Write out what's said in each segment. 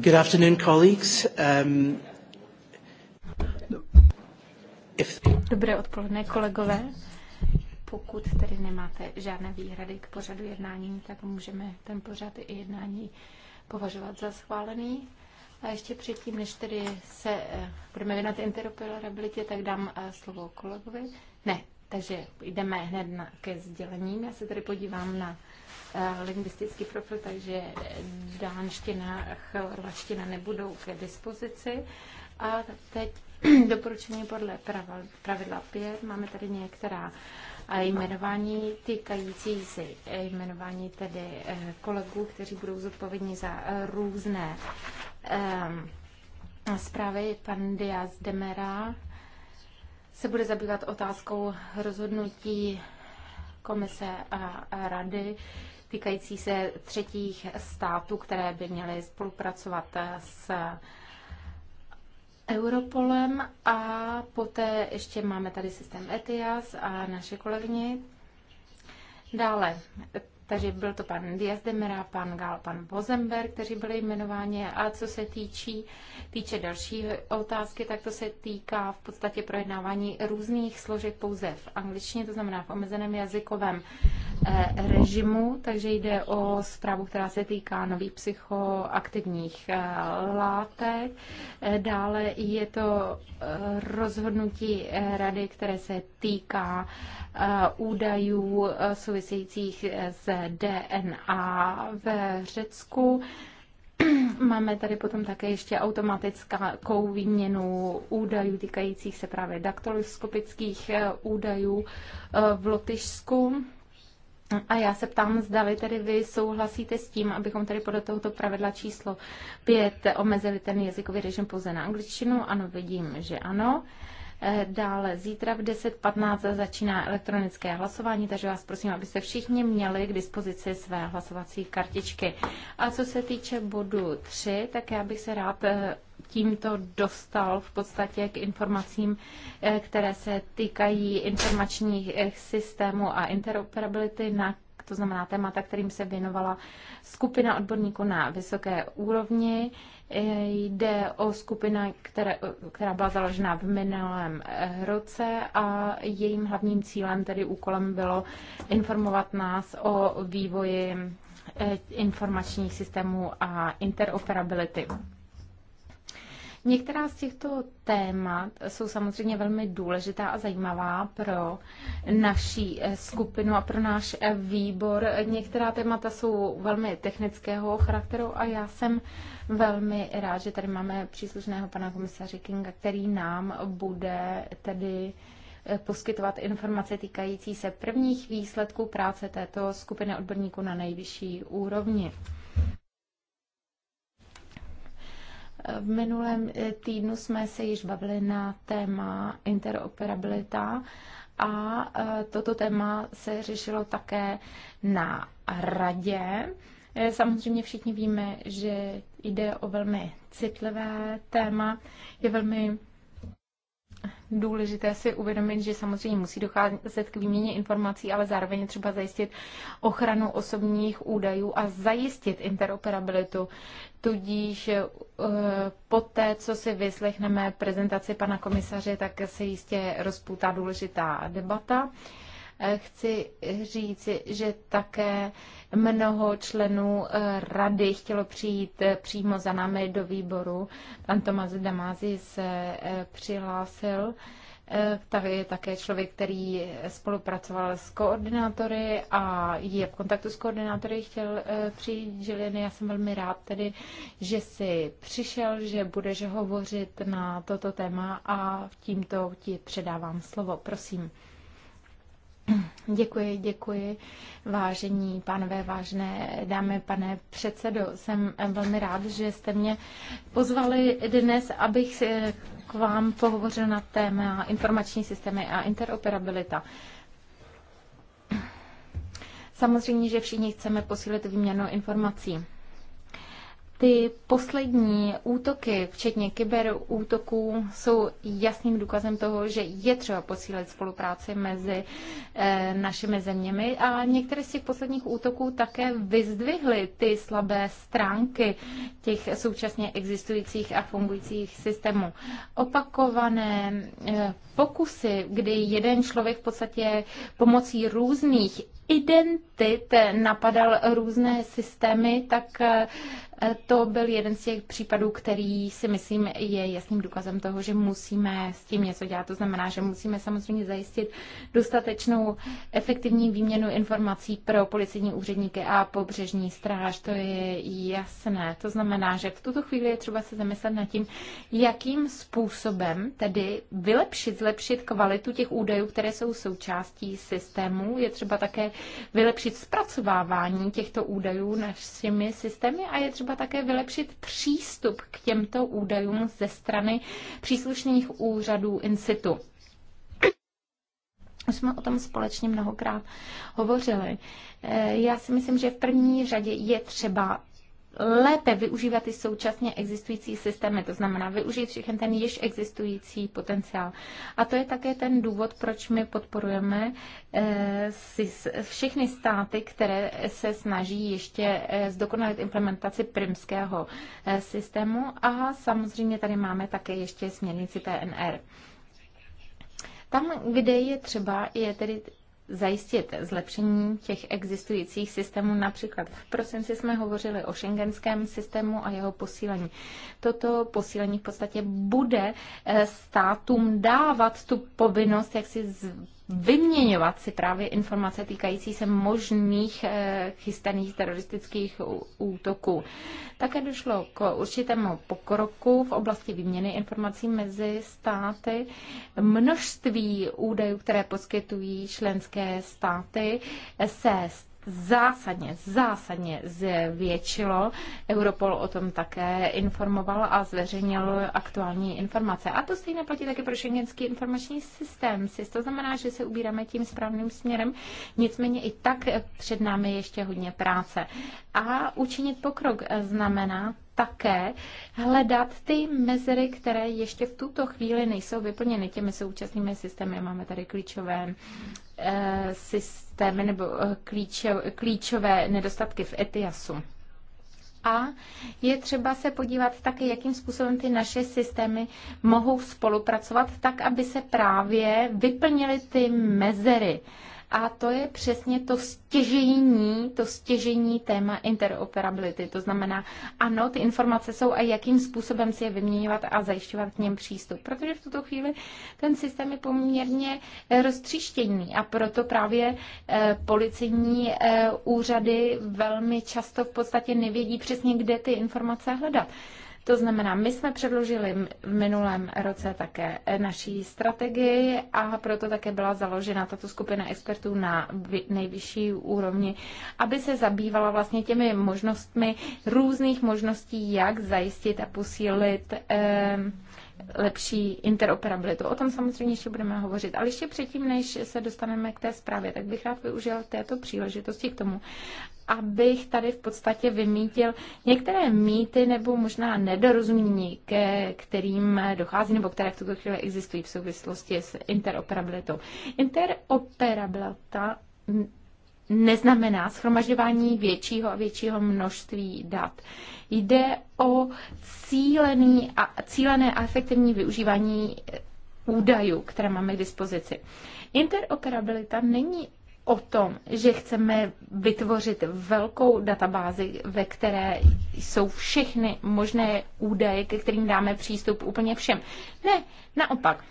Good afternoon, colleagues. Um, if... Dobré odpoledne, kolegové. Pokud tedy nemáte žádné výhrady k pořadu jednání, tak můžeme ten pořad i jednání považovat za schválený. A ještě předtím, než tedy se eh, budeme věnat interoperabilitě, tak dám eh, slovo kolegovi. Ne, takže jdeme hned na, ke sdělením. Já se tady podívám na uh, lingvistický profil, takže eh, dánština a chorvačtina nebudou ke dispozici. A teď doporučení podle pravidla 5. Máme tady některá eh, jmenování týkající se jmenování tedy kolegů, kteří budou zodpovědní za různé um, zprávy. Pan Diaz Demera se bude zabývat otázkou rozhodnutí komise a rady týkající se třetích států, které by měly spolupracovat s Europolem a poté ještě máme tady systém ETIAS a naše kolegyně. Dále, takže byl to pan Diaz de Mera, pan Gal, pan Vozenberg, kteří byli jmenováni. A co se týčí, týče další otázky, tak to se týká v podstatě projednávání různých složek pouze v angličtině, to znamená v omezeném jazykovém eh, režimu, takže jde o zprávu, která se týká nových psychoaktivních eh, látek. Eh, dále je to rozhodnutí rady, které se týká údajů souvisejících s DNA v Řecku. Máme tady potom také ještě automatickou výměnu údajů týkajících se právě daktyloskopických eh, údajů eh, v Lotyšsku. A já se ptám, zdali tedy vy souhlasíte s tím, abychom tady podle tohoto pravidla číslo 5 omezili ten jazykový režim pouze na angličtinu. Ano, vidím, že ano. Eh, dále zítra v 10.15 začíná elektronické hlasování, takže vás prosím, abyste všichni měli k dispozici své hlasovací kartičky. A co se týče bodu 3, tak já bych se rád eh, tímto dostal v podstatě k informacím, eh, které se týkají informačních systémů a interoperability na to znamená témata, kterým se věnovala skupina odborníků na vysoké úrovni. Jde o skupinu, která byla založena v minulém roce a jejím hlavním cílem, tedy úkolem, bylo informovat nás o vývoji eh, informačních systémů a interoperability. Některá z těchto témat jsou samozřejmě velmi důležitá a zajímavá pro naší eh, skupinu a pro náš eh, výbor. Některá témata jsou velmi technického charakteru a já jsem velmi rád, že tady máme příslušného pana komisaře Kinga, který nám bude tedy eh, poskytovat informace týkající se prvních výsledků práce této skupiny odborníků na nejvyšší úrovni. V minulém eh, týdnu jsme se již bavili na téma interoperabilita a eh, toto téma se řešilo také na radě. Eh, samozřejmě všichni víme, že jde o velmi citlivé téma, je velmi důležité si uvědomit, že samozřejmě musí docházet k výměně informací, ale zároveň třeba zajistit ochranu osobních údajů a zajistit interoperabilitu. Tudíž eh, po té, co si vyslechneme prezentaci pana komisaře, tak se jistě rozpoutá důležitá debata. Eh, chci říci, že také mnoho členů eh, rady chtělo přijít eh, přímo za námi do výboru. Pan Tomas Damázi se přihlásil. Tady je také člověk, který spolupracoval s koordinátory a je v kontaktu s koordinátory, chtěl přijít Žilin. Já jsem velmi rád tedy, že jsi přišel, že budeš hovořit na toto téma a tímto ti předávám slovo. Prosím. Děkuji, děkuji, vážení pánové, vážné dámy, pane předsedo. Jsem velmi rád, že jste mě pozvali dnes, abych k vám pohovořil na téma informační systémy a interoperabilita. Samozřejmě, že všichni chceme posílit výměnu informací. Ty poslední útoky, včetně kyberútoků, jsou jasným důkazem toho, že je třeba posílit spolupráci mezi eh, našimi zeměmi a některé z těch posledních útoků také vyzdvihly ty slabé stránky těch současně existujících a fungujících systémů. Opakované eh, pokusy, kdy jeden člověk v podstatě pomocí různých ident Tit napadal různé systémy, tak eh, to byl jeden z těch případů, který si myslím je jasným důkazem toho, že musíme s tím něco dělat. To znamená, že musíme samozřejmě zajistit dostatečnou efektivní výměnu informací pro policijní úředníky a pobřežní stráž. To je jasné. To znamená, že v tuto chvíli je třeba se zamyslet nad tím, jakým způsobem tedy vylepšit, zlepšit kvalitu těch údajů, které jsou součástí systému. Je třeba také vylepšit vylepšit zpracovávání těchto údajů našimi systémy a je třeba také vylepšit přístup k těmto údajům ze strany příslušných úřadů situ. Už jsme o tom společně mnohokrát hovořili. Eh, já si myslím, že v první řadě je třeba lépe využívat i současně existující systémy, to znamená využít všechen ten již existující potenciál. A to je také ten důvod, proč my podporujeme eh, všechny státy, které se snaží ještě eh, zdokonalit implementaci primského eh, systému a samozřejmě tady máme také ještě směrnici TNR. Tam, kde je třeba, je tedy zajistit zlepšení těch existujících systémů. Například v prosinci jsme hovořili o šengenském systému a jeho posílení. Toto posílení v podstatě bude eh, státům dávat tu povinnost, jak si z vyměňovat si právě informace týkající se možných eh, chystaných teroristických útoků. Také došlo k určitému pokroku v oblasti výměny informací mezi státy. Množství údajů, které poskytují členské státy, se zásadně, zásadně zvětšilo. Europol o tom také informoval a zveřejnil aktuální informace. A to stejně platí také pro šengenský informační systém. SIS to znamená, že se ubíráme tím správným směrem, nicméně i tak před námi ještě hodně práce. A učinit pokrok znamená také hledat ty mezery, které ještě v tuto chvíli nejsou vyplněny těmi současnými systémy. Máme tady klíčové Eh, systémy nebo eh, klíčové nedostatky v ETIASu. A je třeba se podívat také, jakým způsobem ty naše systémy mohou spolupracovat tak, aby se právě vyplnily ty mezery a to je přesně to stěžení, to stěžení téma interoperability. To znamená, ano, ty informace jsou a jakým způsobem si je vyměňovat a zajišťovat k něm přístup. Protože v tuto chvíli ten systém je poměrně eh, roztříštěný a proto právě eh, policejní eh, úřady velmi často v podstatě nevědí přesně, kde ty informace hledat. To znamená, my jsme předložili v minulém roce také eh, naší strategii a proto také byla založena tato skupina expertů na nejvyšší úrovni, aby se zabývala vlastně těmi možnostmi, různých možností, jak zajistit a posílit eh, lepší interoperabilitu. O tom samozřejmě ještě budeme hovořit. Ale ještě předtím, než se dostaneme k té zprávě, tak bych rád využil této příležitosti k tomu, abych tady v podstatě vymítil některé mýty nebo možná nedorozumění, ke kterým dochází nebo které v tuto chvíli existují v souvislosti s interoperabilitou. Interoperabilita neznamená schromažďování většího a většího množství dat. Jde o cílený a, cílené a efektivní využívání eh, údajů, které máme k dispozici. Interoperabilita není o tom, že chceme vytvořit velkou databázi, ve které jsou všechny možné údaje, ke kterým dáme přístup úplně všem. Ne, naopak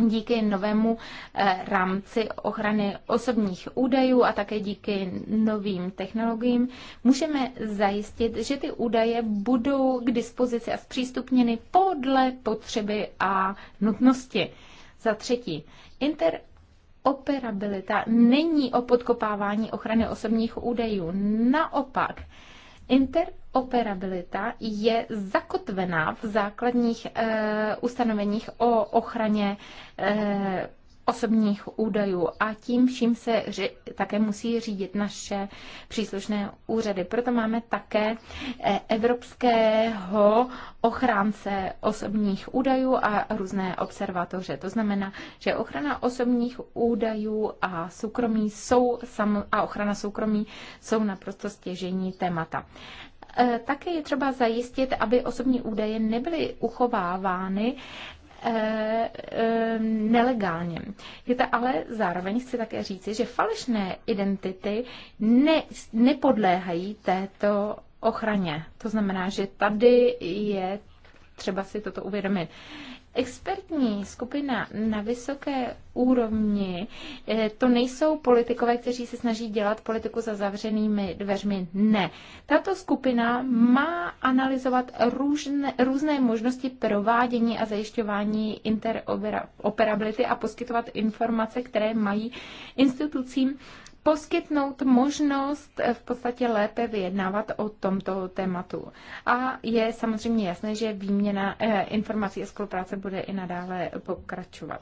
díky novému eh, rámci ochrany osobních údajů a také díky novým technologiím můžeme zajistit, že ty údaje budou k dispozici a zpřístupněny podle potřeby a nutnosti. Za třetí, inter Operabilita není o podkopávání ochrany osobních údajů. Naopak, Interoperabilita je zakotvená v základních e, ustanoveních o ochraně e, osobních údajů a tím vším se ři- také musí řídit naše příslušné úřady. Proto máme také e, evropského ochránce osobních údajů a různé observatoře. To znamená, že ochrana osobních údajů a soukromí jsou a ochrana soukromí jsou naprosto stěžení témata. E, také je třeba zajistit, aby osobní údaje nebyly uchovávány Eh, eh, nelegálně. Je to ale zároveň chci také říci, že falešné identity ne, nepodléhají této ochraně. To znamená, že tady je třeba si toto uvědomit. Expertní skupina na vysoké úrovni, eh, to nejsou politikové, kteří se snaží dělat politiku za zavřenými dveřmi. Ne. Tato skupina má analyzovat různé, různé možnosti provádění a zajišťování interoperability a poskytovat informace, které mají institucím poskytnout možnost eh, v podstatě lépe vyjednávat o tomto tématu. A je samozřejmě jasné, že výměna eh, informací a spolupráce bude i nadále pokračovat.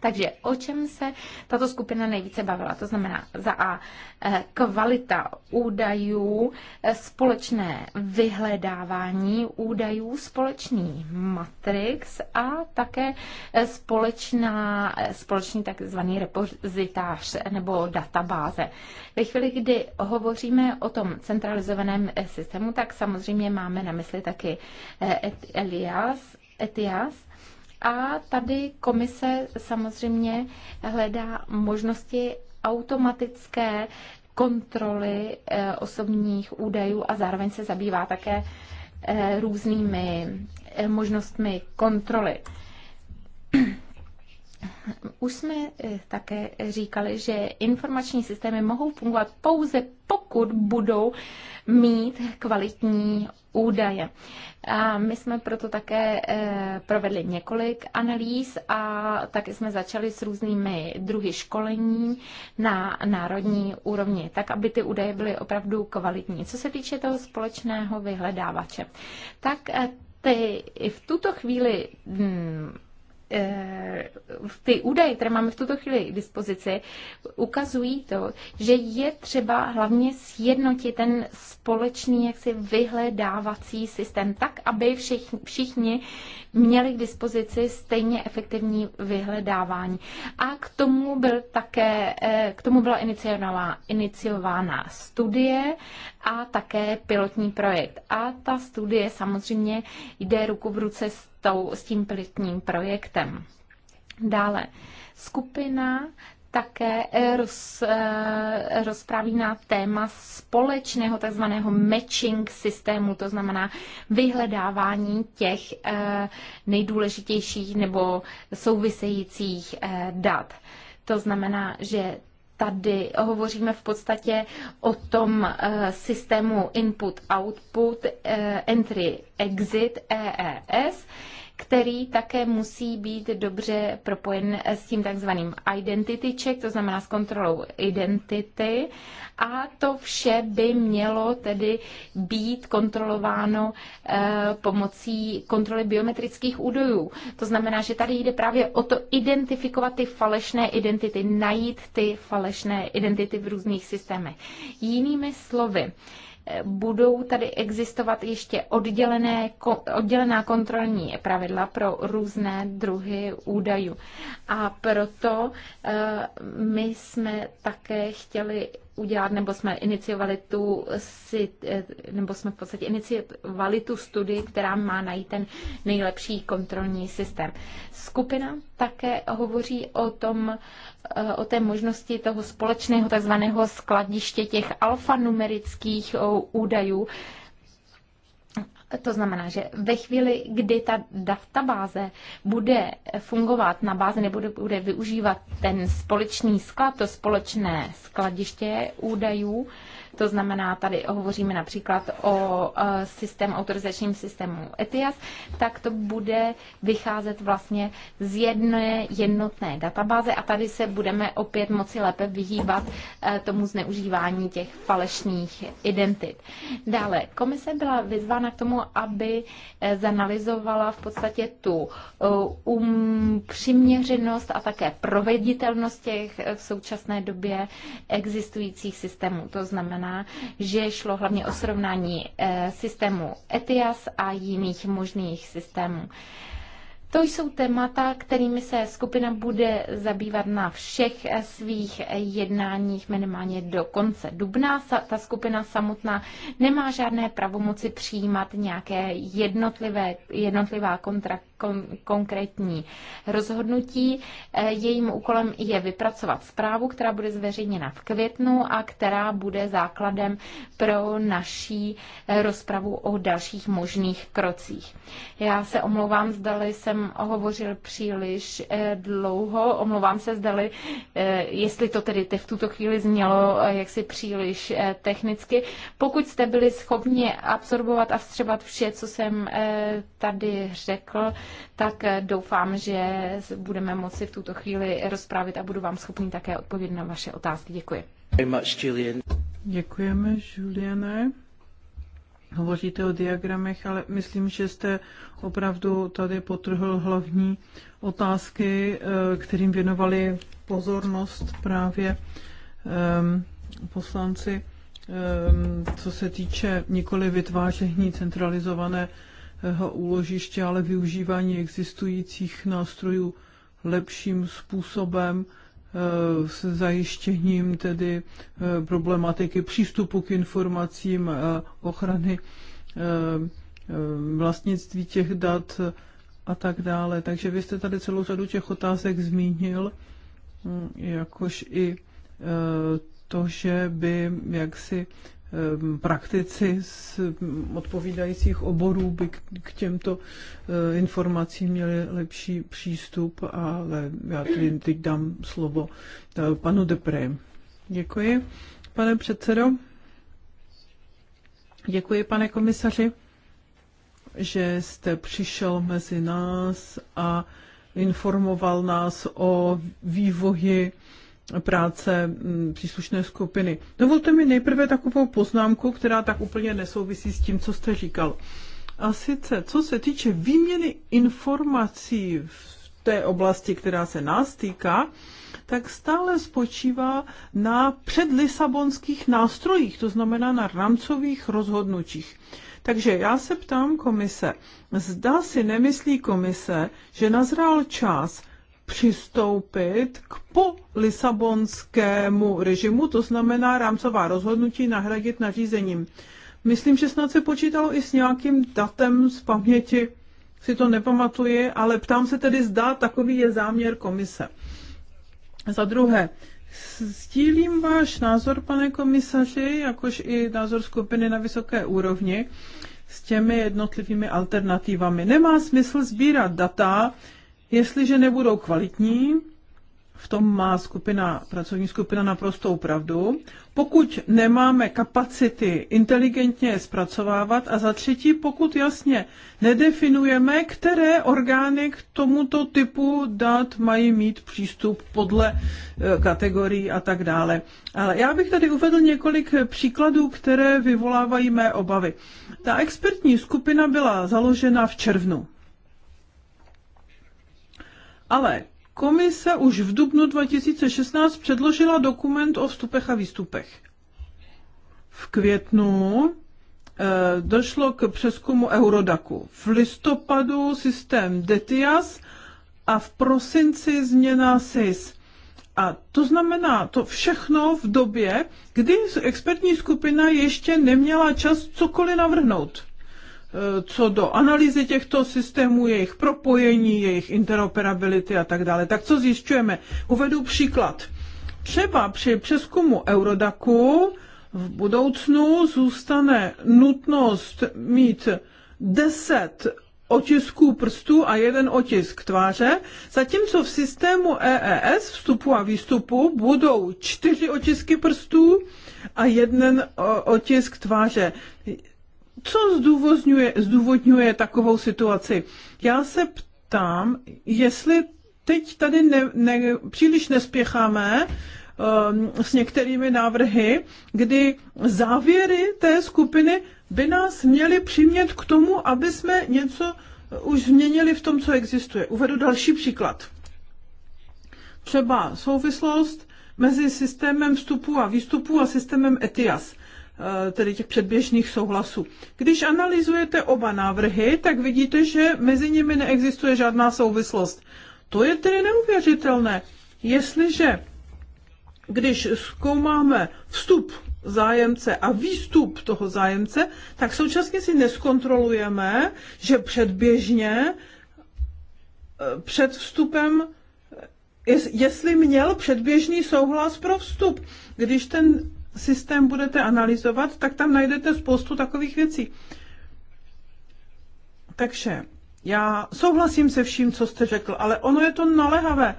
Takže o čem se tato skupina nejvíce bavila? To znamená za A eh, kvalita údajů, eh, společné vyhledávání údajů, společný matrix a také eh, společná, společný takzvaný repozitář nebo databáze. Ve chvíli, kdy hovoříme o tom centralizovaném systému, tak samozřejmě máme na mysli taky Elias, ETIAS a tady komise samozřejmě hledá možnosti automatické kontroly eh, osobních údajů a zároveň se zabývá také eh, různými eh, možnostmi kontroly. Už jsme eh, také říkali, že informační systémy mohou fungovat pouze pokud budou mít kvalitní údaje. A my jsme proto také eh, provedli několik analýz a také jsme začali s různými druhy školení na národní úrovni, tak aby ty údaje byly opravdu kvalitní. Co se týče toho společného vyhledávače, tak eh, ty v tuto chvíli hm, Eh, ty údaje, které máme v tuto chvíli k dispozici, ukazují to, že je třeba hlavně sjednotit ten společný jaksi vyhledávací systém tak, aby všichni, všichni měli k dispozici stejně efektivní vyhledávání. A k tomu byl také, eh, k tomu byla iniciována, iniciována studie a také pilotní projekt. A ta studie samozřejmě jde ruku v ruce s tou, s tím pilotním projektem. Dále, skupina také eh, roz, eh, rozpráví na téma společného takzvaného matching systému, to znamená vyhledávání těch eh, nejdůležitějších nebo souvisejících dat. To znamená, že tady hovoříme v podstatě o tom eh, systému input-output, eh, entry-exit, EES, který také musí být dobře propojen s tím takzvaným identity check, to znamená s kontrolou identity. A to vše by mělo tedy být kontrolováno eh, pomocí kontroly biometrických údajů. To znamená, že tady jde právě o to identifikovat ty falešné identity, najít ty falešné identity v různých systémech. Jinými slovy, budou tady existovat ještě oddělené, oddělená kontrolní pravidla pro různé druhy údajů. A proto eh, my jsme také chtěli udělat, nebo jsme iniciovali tu, si eh, nebo jsme v podstatě iniciovali tu studii, která má najít ten nejlepší kontrolní systém. Skupina také hovoří o tom, eh, o té možnosti toho společného takzvaného skladiště těch alfanumerických eh, údajů, to znamená, že ve chvíli, kdy ta databáze bude fungovat na bázi nebo bude využívat ten společný sklad, to společné skladiště údajů, to znamená, tady hovoříme například o e, systém, autorizačním systému ETIAS, tak to bude vycházet vlastně z jedné jednotné databáze a tady se budeme opět moci lépe vyhýbat e, tomu zneužívání těch falešných identit. Dále, komise byla vyzvána k tomu, aby e, zanalizovala v podstatě tu um, přiměřenost a také proveditelnost těch v současné době existujících systémů. To znamená, znamená, že šlo hlavně o srovnání eh, systému ETIAS a jiných možných systémů. To jsou témata, kterými se skupina bude zabývat na všech svých jednáních minimálně do konce dubna. Ta skupina samotná nemá žádné pravomoci přijímat nějaké jednotlivé, jednotlivá kontra, kon, konkrétní rozhodnutí. Eh, jejím úkolem je vypracovat zprávu, která bude zveřejněna v květnu a která bude základem pro naší eh, rozpravu o dalších možných krocích. Já se omlouvám, zdali jsem hovořil příliš eh, dlouho. Omlouvám se, zdali, eh, jestli to tedy v tuto chvíli znělo eh, jaksi příliš technicky. Pokud jste byli schopni absorbovat a vstřebat vše, co jsem tady řekl, tak doufám, že budeme moci v tuto chvíli rozprávit a budu vám schopný také odpovědět na vaše otázky. Děkuji. Děkujeme, Juliane. Hovoříte o diagramech, ale myslím, že jste opravdu tady potrhl hlavní otázky, eh, kterým věnovali pozornost právě ehm, poslanci, ehm, co se týče nikoli vytváření centralizovaného úložiště, ale využívání existujících nástrojů lepším způsobem Eh, s zajištěním tedy eh, problematiky přístupu k informacím, eh, ochrany vlastnictví těch dat a tak dále. Takže vy jste tady celou řadu těch otázek zmínil, mm, jakož i to, že by jaksi praktici z mm, odpovídajících oborů by k těmto eh, informacím měli lepší přístup, ale já tedy teď dám slovo eh, panu Depré. Děkuji, pane předsedo. Děkuji, pane komisaři, že jste přišel mezi nás a informoval nás o vývoji práce mm, příslušné skupiny. Dovolte mi nejprve takovou poznámku, která tak úplně nesouvisí s tím, co jste říkal. A sice, co se týče výměny informací v té oblasti, která se nás týká, tak stále spočívá na předlisabonských nástrojích, to znamená na rámcových rozhodnutích. Takže já se ptám komise, zda si nemyslí komise, že nazrál čas přistoupit k po lisabonskému režimu, to znamená rámcová rozhodnutí nahradit nařízením. Myslím, že snad se počítalo i s nějakým datem z paměti, si to nepamatuji, ale ptám se tedy, zda takový je záměr komise. Za druhé, sdílím váš názor, pane komisaři, jakož i názor skupiny na vysoké úrovni s těmi jednotlivými alternativami. Nemá smysl sbírat data, Jestliže nebudou kvalitní, v tom má skupina, pracovní skupina naprostou pravdu. Pokud nemáme kapacity inteligentně je zpracovávat a za třetí, pokud jasně nedefinujeme, které orgány k tomuto typu dat mají mít přístup podle eh, kategorií a tak dále. Ale já bych tady uvedl několik příkladů, které vyvolávají mé obavy. Ta expertní skupina byla založena v červnu ale komise už v dubnu 2016 předložila dokument o vstupech a výstupech. V květnu eh, došlo k přeskumu Eurodaku. V listopadu systém DETIAS a v prosinci změna SIS. A to znamená to všechno v době, kdy expertní skupina ještě neměla čas cokoliv navrhnout. Eh, co do analýzy těchto systémů, jejich propojení, jejich interoperability a tak dále. Tak co zjišťujeme? Uvedu příklad. Třeba při přeskumu Eurodaku v budoucnu zůstane nutnost mít 10 otisků prstů a jeden otisk tváře, zatímco v systému EES vstupu a výstupu budou čtyři otisky prstů a jeden eh, otisk tváře co zdůvodňuje, zdůvodňuje takovou situaci? Já se ptám, jestli teď tady ne, ne, příliš nespěcháme um, s některými návrhy, kdy závěry té skupiny by nás měly přimět k tomu, aby jsme něco eh, už změnili v tom, co existuje. Uvedu další příklad. Třeba souvislost mezi systémem vstupu a výstupu a systémem ETIAS. Eh, tedy těch předběžných souhlasů. Když analyzujete oba návrhy, tak vidíte, že mezi nimi neexistuje žádná souvislost. To je tedy neuvěřitelné. Jestliže, když zkoumáme vstup zájemce a výstup toho zájemce, tak současně si neskontrolujeme, že předběžně eh, před vstupem, eh, jestli měl předběžný souhlas pro vstup. Když ten systém budete analyzovat, tak tam najdete spoustu takových věcí. Takže já souhlasím se vším, co jste řekl, ale ono je to nalehavé,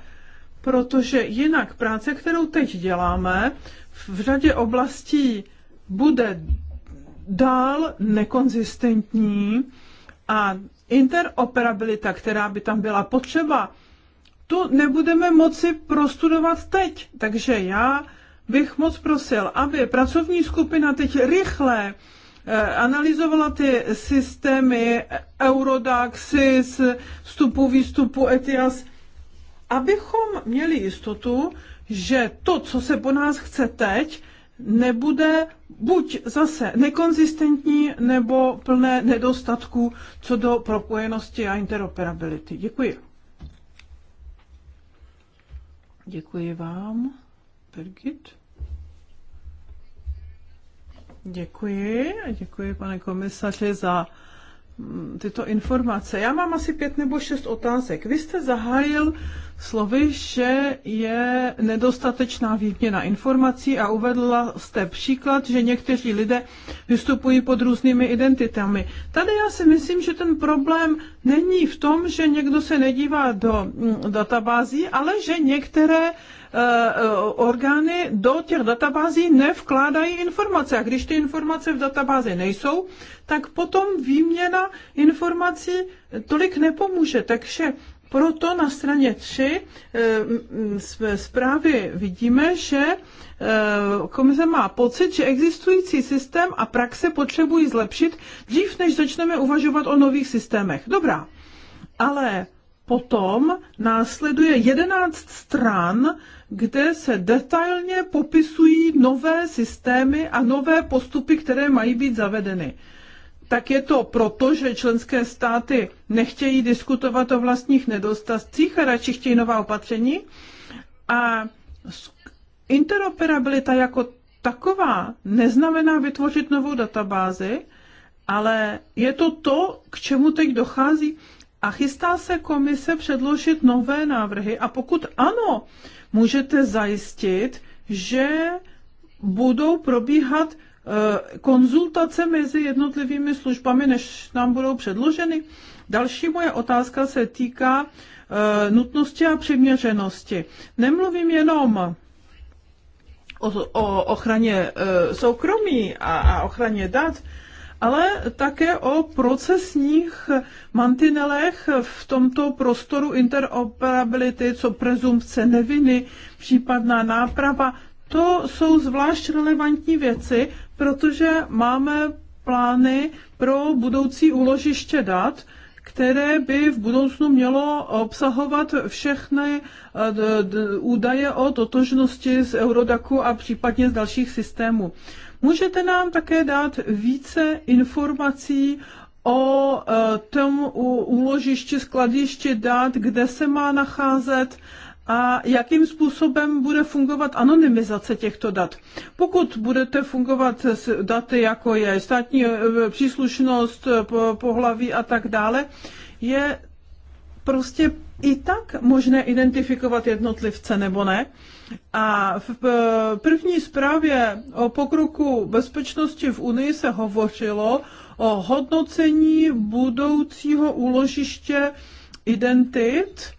protože jinak práce, kterou teď děláme, v řadě oblastí bude dál nekonzistentní a interoperabilita, která by tam byla potřeba, tu nebudeme moci prostudovat teď. Takže já bych moc prosil, aby pracovní skupina teď rychle eh, analyzovala ty systémy Eurodac, SIS, vstupu, výstupu, ETIAS, abychom měli jistotu, že to, co se po nás chce teď, nebude buď zase nekonzistentní nebo plné nedostatků co do propojenosti a interoperability. Děkuji. Děkuji vám. Birgit. Děkuji a děkuji, pane komisaři, za mm, tyto informace. Já mám asi pět nebo šest otázek. Vy jste zahájil slovy, že je nedostatečná výměna informací a uvedla jste příklad, že někteří lidé vystupují pod různými identitami. Tady já si myslím, že ten problém není v tom, že někdo se nedívá do mm, databází, ale že některé e, e, orgány do těch databází nevkládají informace. A když ty informace v databázi nejsou, tak potom výměna informací tolik nepomůže. Takže proto na straně 3 eh, zprávy vidíme, že eh, komise má pocit, že existující systém a praxe potřebují zlepšit dřív, než začneme uvažovat o nových systémech. Dobrá, ale potom následuje 11 stran, kde se detailně popisují nové systémy a nové postupy, které mají být zavedeny tak je to proto, že členské státy nechtějí diskutovat o vlastních nedostatcích a radši chtějí nová opatření. A interoperabilita jako taková neznamená vytvořit novou databázi, ale je to to, k čemu teď dochází. A chystá se komise předložit nové návrhy a pokud ano, můžete zajistit, že budou probíhat Eh, konzultace mezi jednotlivými službami, než nám budou předloženy? Další moje otázka se týká eh, nutnosti a přiměřenosti. Nemluvím jenom o, o ochraně eh, soukromí a, a ochraně dat, ale také o procesních mantinelech v tomto prostoru interoperability, co prezumpce neviny, případná náprava. To jsou zvlášť relevantní věci protože máme plány pro budoucí úložiště dat, které by v budoucnu mělo obsahovat všechny eh, údaje o totožnosti z Eurodaku a případně z dalších systémů. Můžete nám také dát více informací o eh, tom úložišti, skladišti dat, kde se má nacházet a jakým způsobem bude fungovat anonymizace těchto dat. Pokud budete fungovat s daty, jako je státní eh, příslušnost, eh, pohlaví a tak dále, je prostě i tak možné identifikovat jednotlivce nebo ne. A v eh, první zprávě o pokroku bezpečnosti v Unii se hovořilo o hodnocení budoucího úložiště identit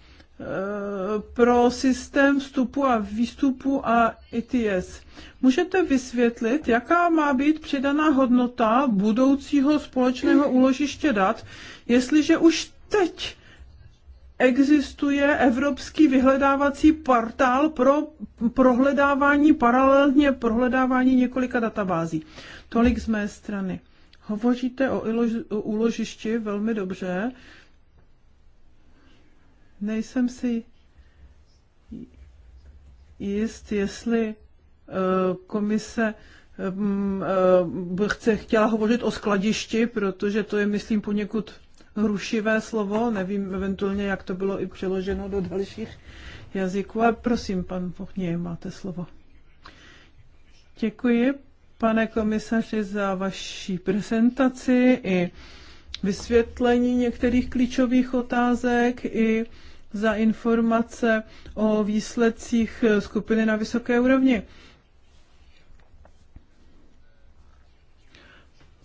pro systém vstupu a výstupu a ETS. Můžete vysvětlit, jaká má být přidaná hodnota budoucího společného úložiště dat, jestliže už teď existuje evropský vyhledávací portál pro prohledávání, paralelně prohledávání několika databází. Tolik z mé strany. Hovoříte o úložišti velmi dobře nejsem si jist, jestli eh, komise eh, eh, chce, chtěla hovořit o skladišti, protože to je, myslím, poněkud rušivé slovo. Nevím eventuálně, jak to bylo i přeloženo do dalších jazyků. A prosím, pan Pochně, máte slovo. Děkuji, pane komisaři, za vaši prezentaci i vysvětlení některých klíčových otázek i za informace o výsledcích eh, skupiny na vysoké úrovni.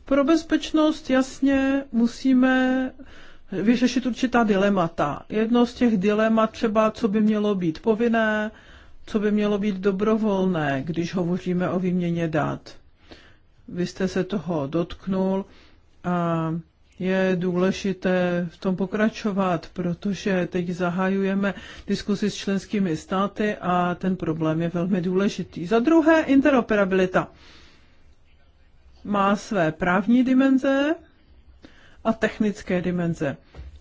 Pro bezpečnost jasně musíme vyřešit určitá dilemata. Jedno z těch dilemat třeba, co by mělo být povinné, co by mělo být dobrovolné, když hovoříme o výměně dat. Vy jste se toho dotknul a je důležité v tom pokračovat, protože teď zahajujeme diskusi s členskými státy a ten problém je velmi důležitý. Za druhé, interoperabilita má své právní dimenze a technické dimenze.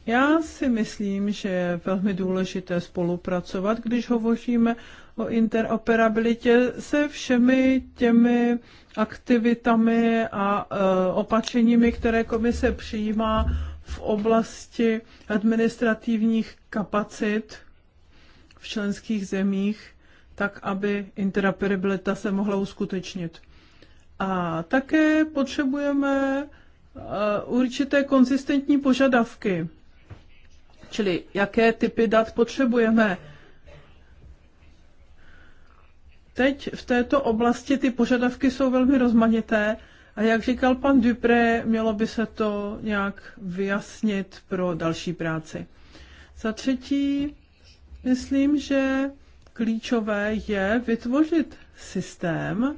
Já si myslím, že je velmi důležité spolupracovat, když hovoříme o interoperabilitě se všemi těmi aktivitami a e, opatřeními, které komise přijímá v oblasti administrativních kapacit v členských zemích, tak aby interoperabilita se mohla uskutečnit. A také potřebujeme e, určité konzistentní požadavky, čili jaké typy dat potřebujeme teď v této oblasti ty požadavky jsou velmi rozmanité a jak říkal pan Dupré, mělo by se to nějak vyjasnit pro další práci. Za třetí, myslím, že klíčové je vytvořit systém,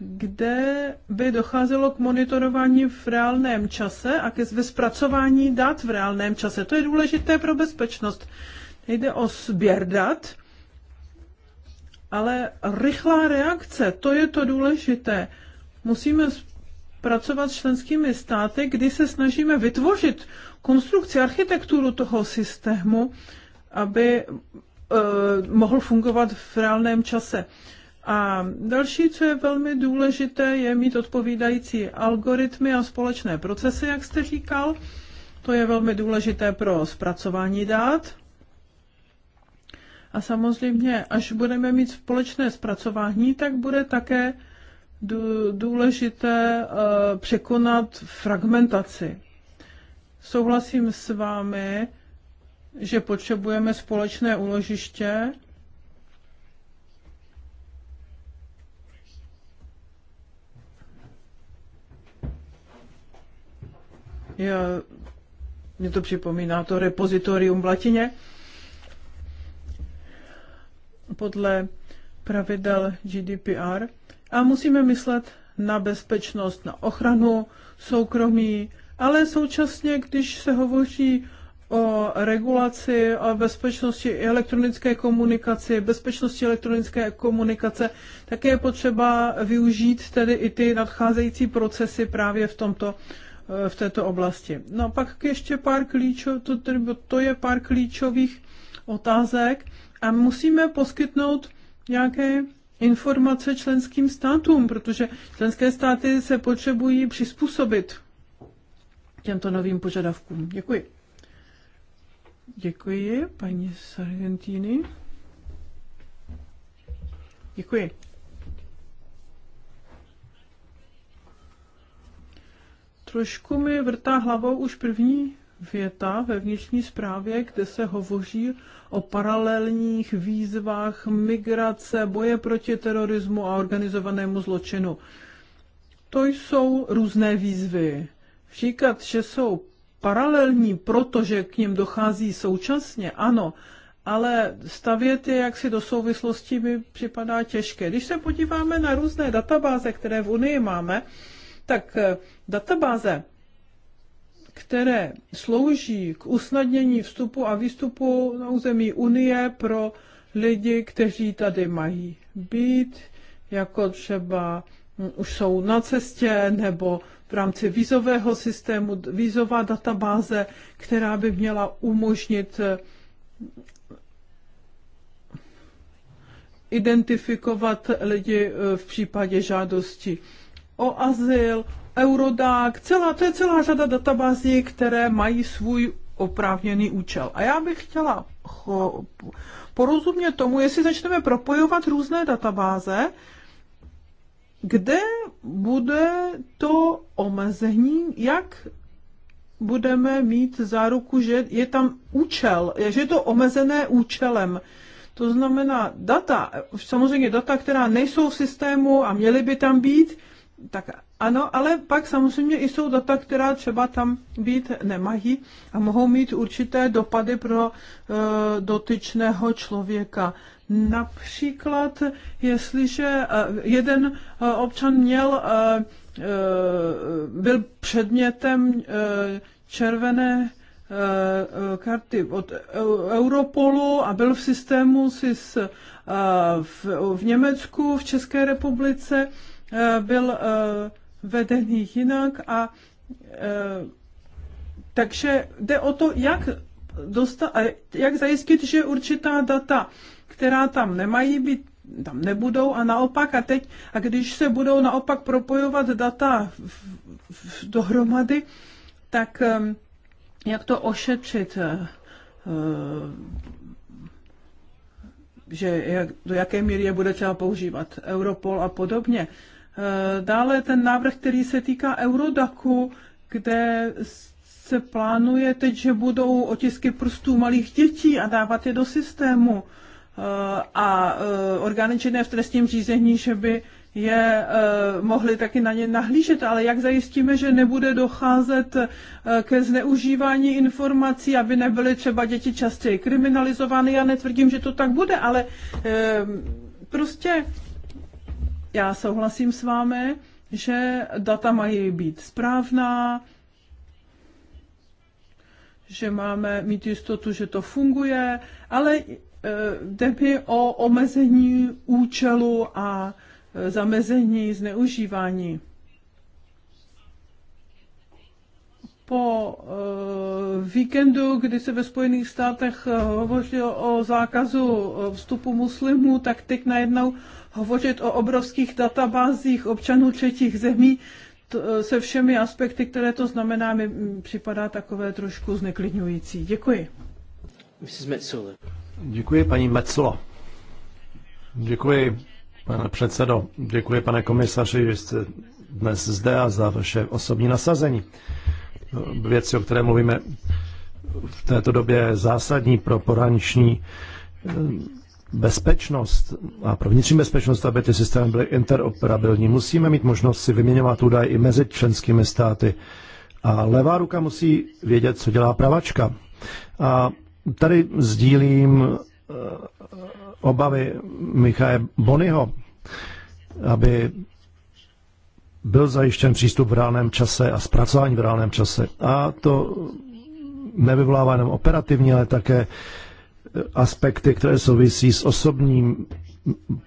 kde by docházelo k monitorování v reálném čase a ke zpracování dat v reálném čase. To je důležité pro bezpečnost. Jde o sběr dat, ale rychlá reakce, to je to důležité. Musíme pracovat s členskými státy, kdy se snažíme vytvořit konstrukci, architekturu toho systému, aby e, mohl fungovat v reálném čase. A další, co je velmi důležité, je mít odpovídající algoritmy a společné procesy, jak jste říkal. To je velmi důležité pro zpracování dát. A samozřejmě, až budeme mít společné zpracování, tak bude také důležité eh, překonat fragmentaci. Souhlasím s vámi, že potřebujeme společné úložiště. Já, mě to připomíná to repozitorium v latině podle pravidel GDPR a musíme myslet na bezpečnost, na ochranu soukromí, ale současně, když se hovoří o regulaci a bezpečnosti elektronické komunikaci, bezpečnosti elektronické komunikace, tak je potřeba využít tedy i ty nadcházející procesy právě v tomto eh, v této oblasti. No a pak ještě pár klíčov, to, to je pár klíčových otázek a musíme poskytnout nějaké informace členským státům, protože členské státy se potřebují přizpůsobit těmto novým požadavkům. Děkuji. Děkuji, paní Sargentini. Děkuji. Trošku mi vrtá hlavou už první věta ve vnitřní zprávě, kde se hovoří o paralelních výzvách migrace, boje proti terorismu a organizovanému zločinu. To jsou různé výzvy. Říkat, že jsou paralelní, protože k ním dochází současně, ano, ale stavět je jaksi do souvislosti mi připadá těžké. Když se podíváme na různé databáze, které v Unii máme, tak eh, databáze které slouží k usnadnění vstupu a výstupu na území Unie pro lidi, kteří tady mají být, jako třeba hm, už jsou na cestě nebo v rámci vízového systému, vízová databáze, která by měla umožnit eh, identifikovat lidi eh, v případě žádosti o azyl, Eurodac, celá, to je celá řada databází, které mají svůj oprávněný účel. A já bych chtěla porozumět tomu, jestli začneme propojovat různé databáze, kde bude to omezení, jak budeme mít záruku, že je tam účel, že je to omezené účelem. To znamená data, samozřejmě data, která nejsou v systému a měly by tam být, tak ano, ale pak samozřejmě i jsou data, která třeba tam být nemají a mohou mít určité dopady pro e, dotyčného člověka. Například, jestliže e, jeden e, občan měl, e, e, byl předmětem e, červené e, e, karty od Europolu a byl v systému SIS e, v, v Německu, v České republice, byl vedených jinak a e, takže jde o to, jak, dostat, jak zajistit, že určitá data, která tam nemají být, tam nebudou a naopak a teď, a když se budou naopak propojovat data v, v, dohromady, tak e, jak to ošetřit, e, e, že jak, do jaké míry je bude třeba používat Europol a podobně. Eh, dále ten návrh, který se týká Eurodaku, kde se plánuje teď, že budou otisky prstů malých dětí a dávat je do systému. Eh, a eh, orgány činné v trestním řízení, že by je mohli taky na ně nahlížet, ale jak zajistíme, že nebude docházet ke zneužívání informací, aby nebyly třeba děti častěji kriminalizovány. Já netvrdím, že to tak bude, ale prostě já souhlasím s vámi, že data mají být správná, že máme mít jistotu, že to funguje, ale e, jde mi o omezení účelu a e, zamezení zneužívání. Po e, víkendu, kdy se ve Spojených státech hovořilo o zákazu vstupu muslimů, tak teď najednou hovořit o obrovských databázích občanů třetích zemí to, eh, se všemi aspekty, které to znamená, mi mm, připadá takové trošku zneklidňující. Děkuji. Děkuji, paní Meclo. Děkuji, pane předsedo. Děkuji, pane komisaři, že jste dnes zde a za vaše osobní nasazení. Eh, věci, o které mluvíme v této době, je zásadní pro poraniční eh, bezpečnost a pro vnitřní bezpečnost, aby ty systémy byly interoperabilní, musíme mít možnost si vyměňovat údaje i mezi členskými státy. A levá ruka musí vědět, co dělá pravačka. A tady sdílím eh, obavy Michaje Bonyho, aby byl zajištěn přístup v reálném čase a zpracování v reálném čase. A to nevyvolává jenom operativní, ale také aspekty, které souvisí s osobním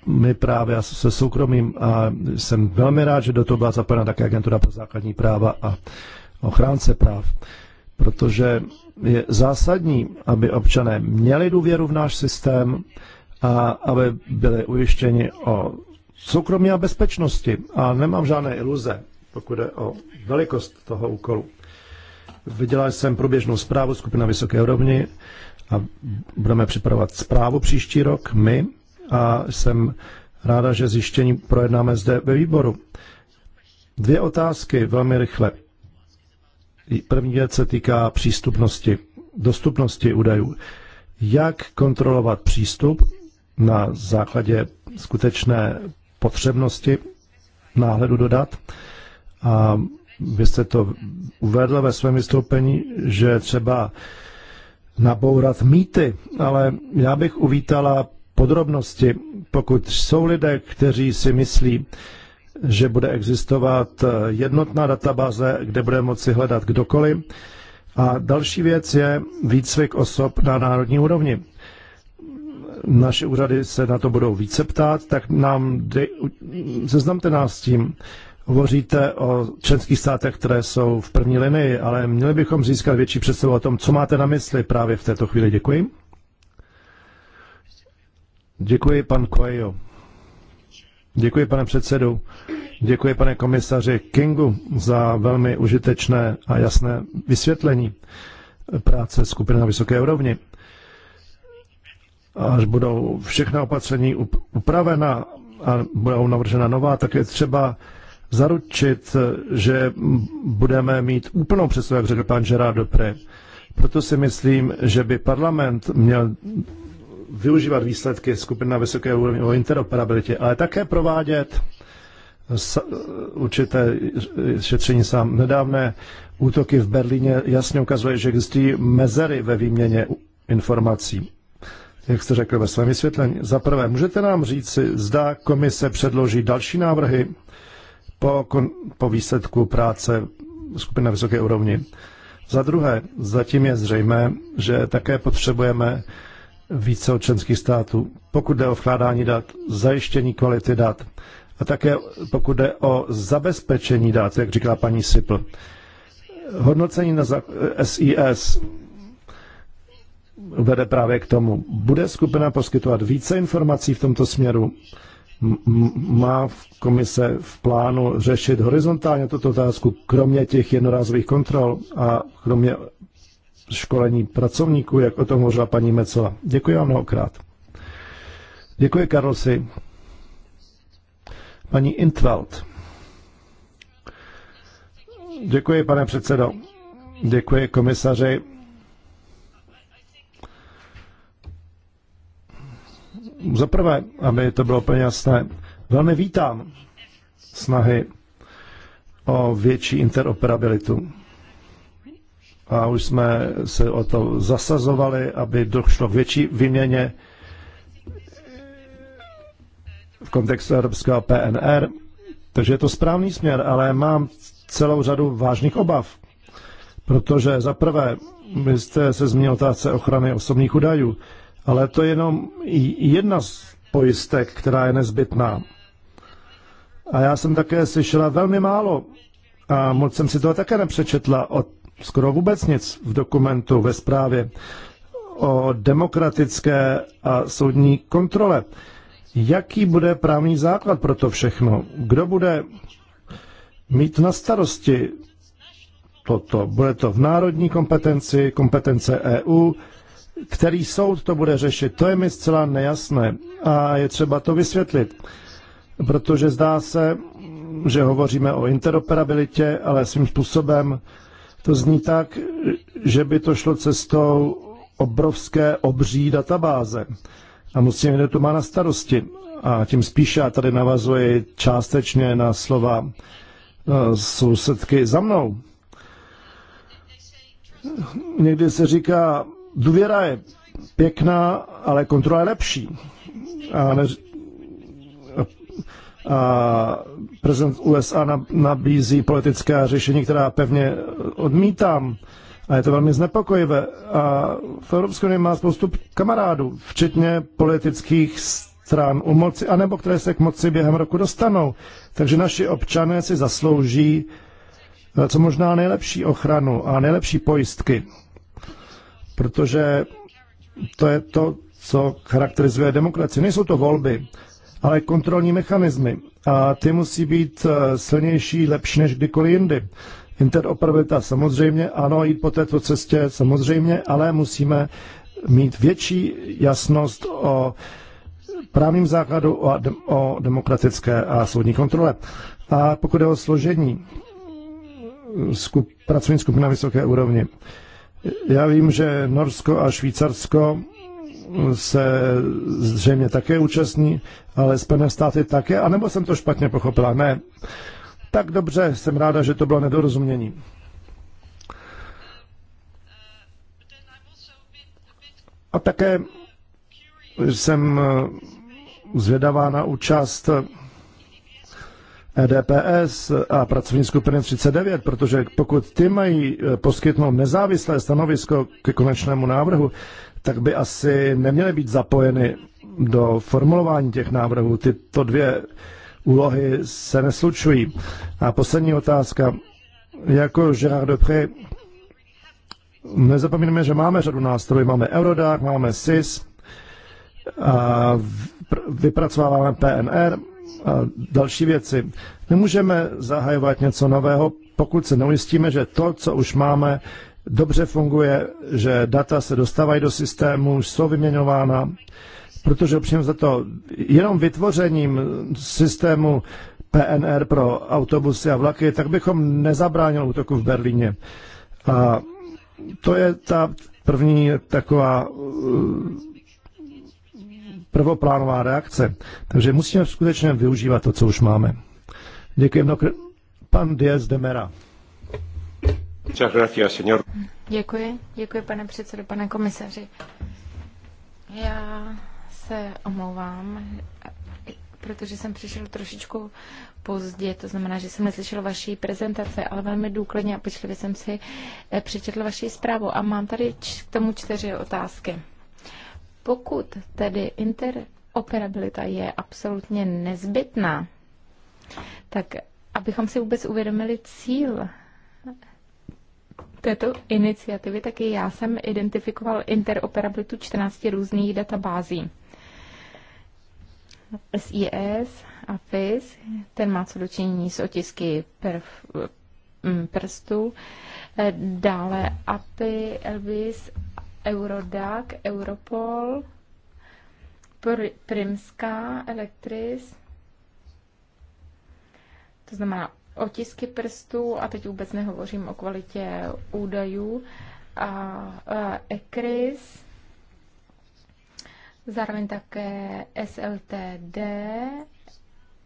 my právě se soukromím a jsem velmi rád, že do toho byla zapojena také agentura pro základní práva a ochránce práv, protože je zásadní, aby občané měli důvěru v náš systém a aby byli ujištěni o soukromí a bezpečnosti. A nemám žádné iluze, pokud je o velikost toho úkolu. Vydělal jsem průběžnou zprávu skupina vysoké rovni a budeme připravovat zprávu příští rok my a jsem ráda, že zjištění projednáme zde ve výboru. Dvě otázky velmi rychle. První věc se týká přístupnosti, dostupnosti údajů. Jak kontrolovat přístup na základě skutečné potřebnosti náhledu dodat? A vy jste to uvedl ve svém vystoupení, že třeba nabourat mýty, ale já bych uvítala podrobnosti. Pokud jsou lidé, kteří si myslí, že bude existovat jednotná databáze, kde bude moci hledat kdokoliv. A další věc je výcvik osob na národní úrovni. Naše úřady se na to budou více ptát, tak nám de, seznamte nás s tím. Hovoříte o členských státech, které jsou v první linii, ale měli bychom získat větší představu o tom, co máte na mysli právě v této chvíli. Děkuji. Děkuji, pan Coelho. Děkuji, pane předsedu. Děkuji, pane komisaři Kingu, za velmi užitečné a jasné vysvětlení práce skupiny na vysoké úrovni. Až budou všechna opatření upravena a budou navržena nová, tak je třeba zaručit, že budeme mít úplnou představu, jak řekl pan Gerard Dopré. Proto si myslím, že by parlament měl využívat výsledky skupin na vysoké úrovni o interoperabilitě, ale také provádět určité šetření sám. Nedávné útoky v Berlíně jasně ukazuje, že existují mezery ve výměně informací. Jak jste řekl ve svém vysvětlení. Za prvé, můžete nám říci, zda komise předloží další návrhy po, po výsledku práce skupiny na vysoké úrovni. Za druhé, zatím je zřejmé, že také potřebujeme více od členských států, pokud jde o vkládání dat, zajištění kvality dat a také pokud jde o zabezpečení dat, jak říká paní Sipl. Hodnocení na SIS vede právě k tomu. Bude skupina poskytovat více informací v tomto směru má v komise v plánu řešit horizontálně tuto otázku, kromě těch jednorázových kontrol a kromě školení pracovníků, jak o tom hovořila paní Mecela. Děkuji vám mnohokrát. Děkuji, Karolsi. Paní Intveld. Děkuji, pane předsedo. Děkuji, komisaři. Za prvé, aby to bylo úplně jasné, velmi vítám snahy o větší interoperabilitu. A už jsme se o to zasazovali, aby došlo k větší výměně v kontextu evropského PNR. Takže je to správný směr, ale mám celou řadu vážných obav. Protože za prvé, vy jste se zmínil otázce ochrany osobních údajů ale to je jenom jedna z pojistek, která je nezbytná. A já jsem také slyšela velmi málo a moc jsem si toho také nepřečetla od skoro vůbec nic v dokumentu, ve zprávě o demokratické a soudní kontrole. Jaký bude právní základ pro to všechno? Kdo bude mít na starosti toto? Bude to v národní kompetenci, kompetence EU, který soud to bude řešit, to je mi zcela nejasné a je třeba to vysvětlit, protože zdá se, že hovoříme o interoperabilitě, ale svým způsobem to zní tak, že by to šlo cestou obrovské obří databáze. A musím kdo to má na starosti. A tím spíše já tady navazuji částečně na slova eh, sousedky za mnou. Někdy se říká, Důvěra je pěkná, ale kontrola je lepší. A, ne, a prezident USA nabízí politické řešení, která pevně odmítám. A je to velmi znepokojivé. A v Evropské unii má spoustu kamarádů, včetně politických stran u moci, anebo které se k moci během roku dostanou. Takže naši občané si zaslouží eh, co možná nejlepší ochranu a nejlepší pojistky protože to je to, co charakterizuje demokracii. Nejsou to volby, ale kontrolní mechanismy. A ty musí být eh, silnější, lepší než kdykoliv jindy. Interoperabilita samozřejmě, ano, jít po této cestě samozřejmě, ale musíme mít větší jasnost o právním základu o, o demokratické a soudní kontrole. A pokud je o složení eh, skup, pracovní skupina vysoké úrovni, já vím, že Norsko a Švýcarsko se zřejmě také účastní, ale Spojené státy také, anebo jsem to špatně pochopila? Ne. Tak dobře, jsem ráda, že to bylo nedorozumění. A také jsem zvědavá na účast EDPS a pracovní skupiny 39, protože pokud ty mají eh, poskytnout nezávislé stanovisko ke konečnému návrhu, tak by asi neměly být zapojeny do formulování těch návrhů. Tyto dvě úlohy se neslučují. A poslední otázka. Jako Gérard Dupré, nezapomínáme, že máme řadu nástrojů. Máme Eurodac, máme SIS, a vypracováváme PNR, a další věci. Nemůžeme zahajovat něco nového, pokud se neujistíme, že to, co už máme, dobře funguje, že data se dostávají do systému, jsou vyměňována, protože opřím za to jenom vytvořením systému PNR pro autobusy a vlaky, tak bychom nezabránili útoku v Berlíně. A to je ta první taková uh, prvoplánová reakce. Takže musíme skutečně využívat to, co už máme. Děkuji mnohokrát. Pan Diaz de Mera. Děkuji, děkuji pane předsedo, pane komisaři. Já se omlouvám, protože jsem přišel trošičku pozdě, to znamená, že jsem neslyšel vaší prezentace, ale velmi důkladně a pečlivě jsem si eh, přečetl vaši zprávu a mám tady k tomu čtyři otázky. Pokud tedy interoperabilita je absolutně nezbytná, tak abychom si vůbec uvědomili cíl této iniciativy, taky já jsem identifikoval interoperabilitu 14 různých databází. SIS a FIS, ten má co dočinění s otisky perf, mm, prstů, dále API, Elvis Eurodac, Europol, Pr- Primská, Elektris, to znamená otisky prstů a teď vůbec nehovořím o kvalitě údajů, a, a ECRIS, zároveň také SLTD,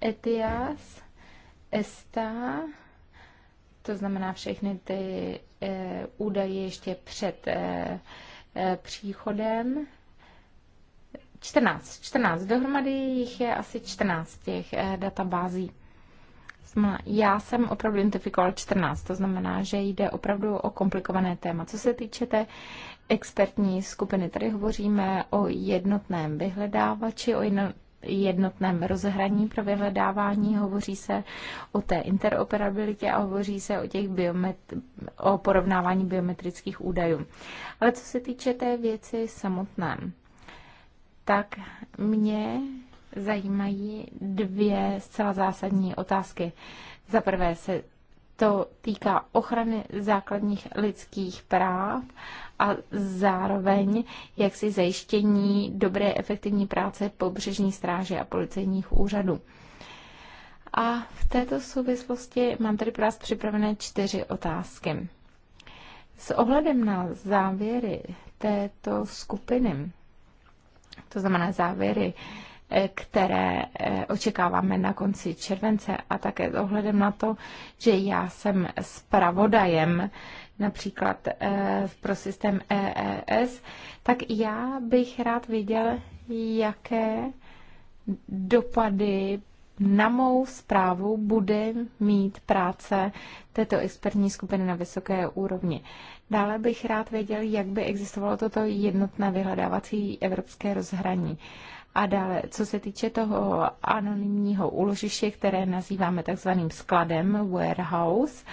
ETIAS, ESTA, to znamená všechny ty e, údaje ještě před e, Eh, příchodem. 14, 14, dohromady jich je asi 14 těch eh, databází. Já jsem opravdu identifikoval 14, to znamená, že jde opravdu o komplikované téma. Co se týče té expertní skupiny, tady hovoříme o jednotném vyhledávači, o jednotném jednotném rozhraní pro vyhledávání, hovoří se o té interoperabilitě a hovoří se o, těch biomet- o porovnávání biometrických údajů. Ale co se týče té věci samotné, tak mě zajímají dvě zcela zásadní otázky. Za prvé se to týká ochrany základních lidských práv a zároveň jaksi zajištění dobré efektivní práce pobřežní stráže a policejních úřadů. A v této souvislosti mám tady pro vás připravené čtyři otázky. S ohledem na závěry této skupiny, to znamená závěry, eh, které eh, očekáváme na konci července a také s ohledem na to, že já jsem spravodajem například eh, pro systém EES, tak já bych rád viděl, jaké dopady na mou zprávu bude mít práce této expertní skupiny na vysoké úrovni. Dále bych rád věděl, jak by existovalo toto jednotné vyhledávací evropské rozhraní. A dále, co se týče toho anonymního úložiště, které nazýváme takzvaným skladem, warehouse,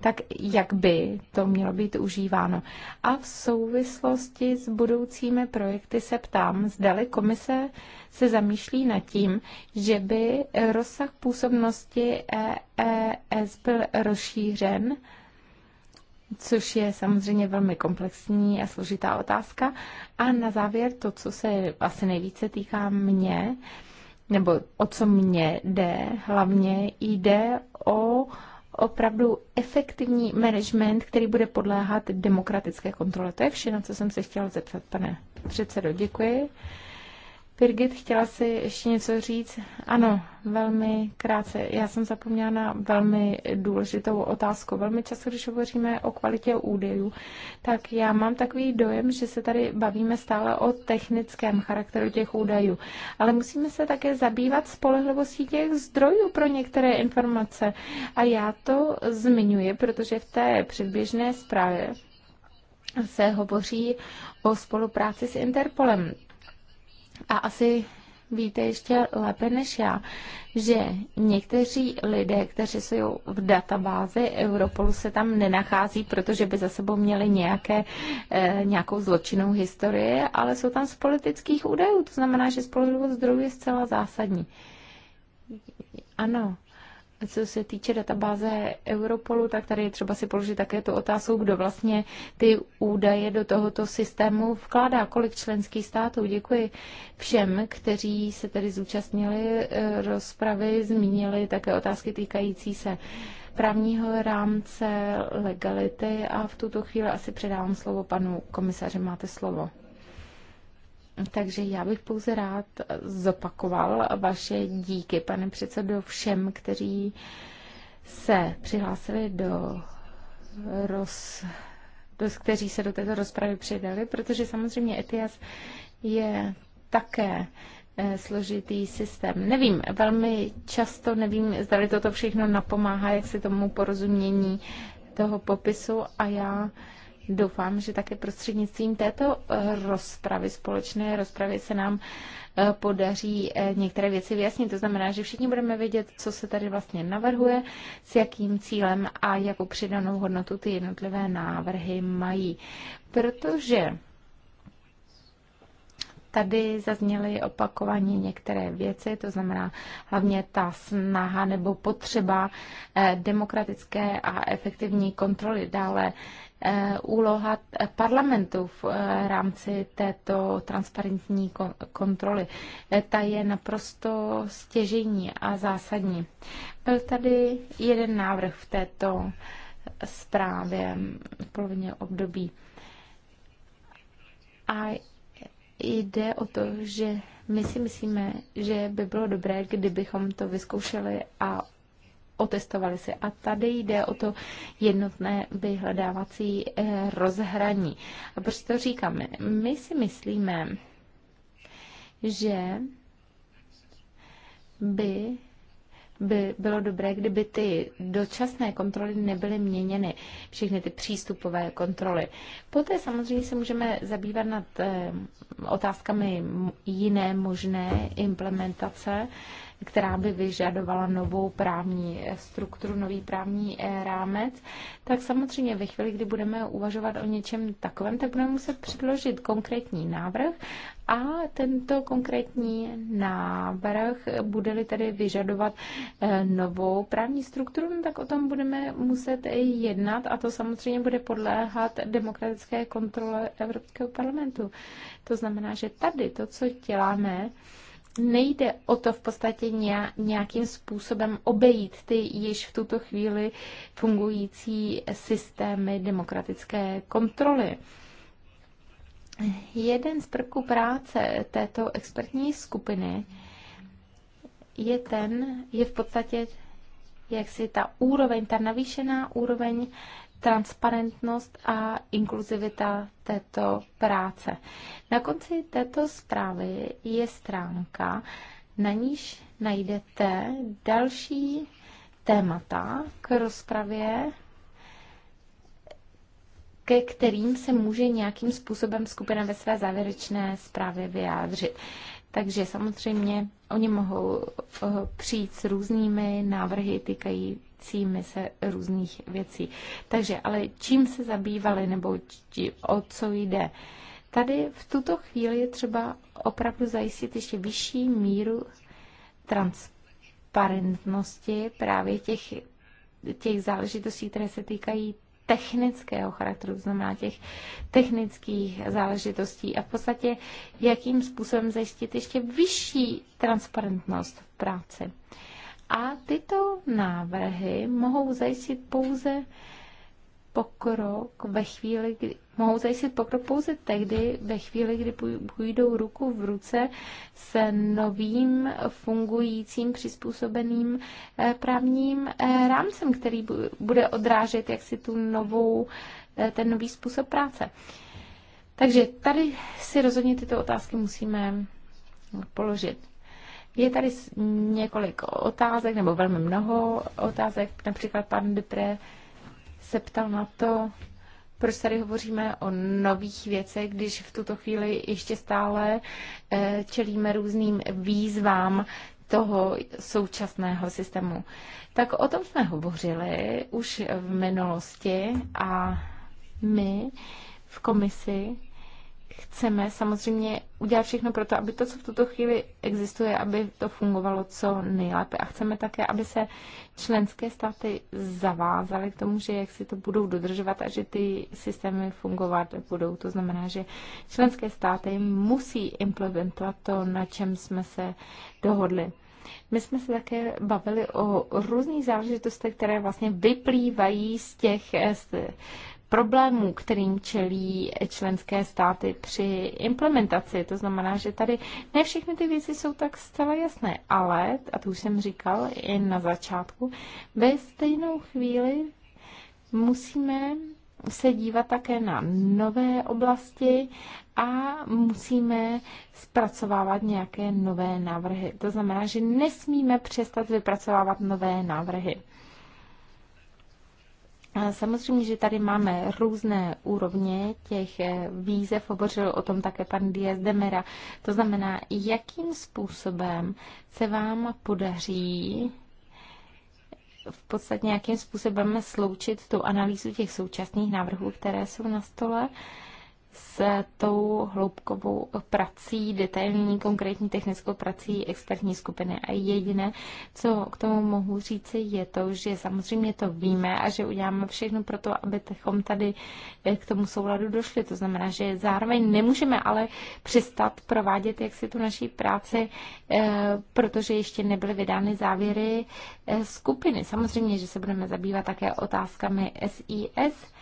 tak jak by to mělo být užíváno. A v souvislosti s budoucími projekty se ptám, zdali komise se zamýšlí nad tím, že by rozsah působnosti EES byl rozšířen což je samozřejmě velmi komplexní a složitá otázka. A na závěr to, co se asi nejvíce týká mě, nebo o co mě jde, hlavně jde o opravdu efektivní management, který bude podléhat demokratické kontrole. To je vše, na co jsem se chtěla zeptat, pane předsedo. Děkuji. Birgit, chtěla si ještě něco říct? Ano, velmi krátce. Já jsem zapomněla na velmi důležitou otázku. Velmi často, když hovoříme o kvalitě údajů, tak já mám takový dojem, že se tady bavíme stále o technickém charakteru těch údajů. Ale musíme se také zabývat spolehlivostí těch zdrojů pro některé informace. A já to zmiňuji, protože v té předběžné zprávě se hovoří o spolupráci s Interpolem a asi víte ještě lépe než já, že někteří lidé, kteří jsou v databázi Europolu, se tam nenachází, protože by za sebou měli nějaké, eh, nějakou zločinnou historii, ale jsou tam z politických údajů. To znamená, že spolehlivost zdrojů je zcela zásadní. Ano, co se týče databáze Europolu, tak tady je třeba si položit také tu otázku, kdo vlastně ty údaje do tohoto systému vkládá, kolik členských států. Děkuji všem, kteří se tedy zúčastnili eh, rozpravy, zmínili také otázky týkající se právního rámce, legality a v tuto chvíli asi předávám slovo panu komisaři. Máte slovo. Takže já bych pouze rád zopakoval vaše díky, pane předsedo, všem, kteří se přihlásili do roz, do, kteří se do této rozpravy přidali, protože samozřejmě ETIAS je také eh, složitý systém. Nevím, velmi často nevím, zda toto všechno napomáhá, jak se tomu porozumění toho popisu a já doufám, že také prostřednictvím této eh, rozpravy, společné rozpravy se nám eh, podaří eh, některé věci vyjasnit. To znamená, že všichni budeme vědět, co se tady vlastně navrhuje, s jakým cílem a jakou přidanou hodnotu ty jednotlivé návrhy mají. Protože Tady zazněly opakovaně některé věci, to znamená hlavně ta snaha nebo potřeba demokratické a efektivní kontroly. Dále Eh, úloha parlamentu v eh, rámci této transparentní kontroly. Eh, ta je naprosto stěžení a zásadní. Byl tady jeden návrh v této zprávě v polovině období. A jde o to, že my si myslíme, že by bylo dobré, kdybychom to vyzkoušeli a Otestovali se. A tady jde o to jednotné vyhledávací eh, rozhraní. A proč to říkáme? My si myslíme, že by by bylo dobré, kdyby ty dočasné kontroly nebyly měněny, všechny ty přístupové kontroly. Poté samozřejmě se můžeme zabývat nad eh, otázkami jiné možné implementace která by vyžadovala novou právní strukturu, nový právní eh, rámec, tak samozřejmě ve chvíli, kdy budeme uvažovat o něčem takovém, tak budeme muset předložit konkrétní návrh a tento konkrétní návrh bude-li tedy vyžadovat eh, novou právní strukturu, no tak o tom budeme muset jednat a to samozřejmě bude podléhat demokratické kontrole Evropského parlamentu. To znamená, že tady to, co děláme, nejde o to v podstatě nějakým způsobem obejít ty již v tuto chvíli fungující systémy demokratické kontroly. Jeden z prvků práce této expertní skupiny je ten, je v podstatě jak ta úroveň, ta navýšená úroveň transparentnost a inkluzivita této práce. Na konci této zprávy je stránka, na níž najdete další témata k rozpravě, ke kterým se může nějakým způsobem skupina ve své závěrečné zprávě vyjádřit. Takže samozřejmě oni mohou eh, přijít s různými návrhy týkají, akcí, se různých věcí. Takže ale čím se zabývali nebo či, o co jde? Tady v tuto chvíli je třeba opravdu zajistit ještě vyšší míru transparentnosti právě těch, těch záležitostí, které se týkají technického charakteru, znamená těch technických záležitostí a v podstatě jakým způsobem zajistit ještě vyšší transparentnost v práci. A tyto návrhy mohou zajistit pouze pokrok ve chvíli, kdy, mohou zajistit pokrok pouze tehdy, ve chvíli, kdy půjdou ruku v ruce s novým fungujícím přizpůsobeným eh, právním eh, rámcem, který bude odrážet jaksi tu novou, eh, ten nový způsob práce. Takže tady si rozhodně tyto otázky musíme položit. Je tady několik otázek, nebo velmi mnoho otázek. Například pan Dupré se ptal na to, proč tady hovoříme o nových věcech, když v tuto chvíli ještě stále eh, čelíme různým výzvám toho současného systému. Tak o tom jsme hovořili už v minulosti a my v komisi chceme samozřejmě udělat všechno pro to, aby to, co v tuto chvíli existuje, aby to fungovalo co nejlépe. A chceme také, aby se členské státy zavázaly k tomu, že jak si to budou dodržovat a že ty systémy fungovat budou. To znamená, že členské státy musí implementovat to, na čem jsme se dohodli. My jsme se také bavili o různých záležitostech, které vlastně vyplývají z těch problémů, kterým čelí členské státy při implementaci. To znamená, že tady ne všechny ty věci jsou tak zcela jasné, ale, a to už jsem říkal i na začátku, ve stejnou chvíli musíme se dívat také na nové oblasti a musíme zpracovávat nějaké nové návrhy. To znamená, že nesmíme přestat vypracovávat nové návrhy. Samozřejmě, že tady máme různé úrovně těch eh, výzev, hovořil o tom také pan de Mera. To znamená, jakým způsobem se vám podaří v podstatě nějakým způsobem sloučit tu analýzu těch současných návrhů, které jsou na stole, s tou hloubkovou prací, detailní, konkrétní technickou prací expertní skupiny. A jediné, co k tomu mohu říci, je to, že samozřejmě to víme a že uděláme všechno pro to, abychom tady eh, k tomu souladu došli. To znamená, že zároveň nemůžeme ale přestat provádět jak si tu naší práci, eh, protože ještě nebyly vydány závěry eh, skupiny. Samozřejmě, že se budeme zabývat také otázkami SIS,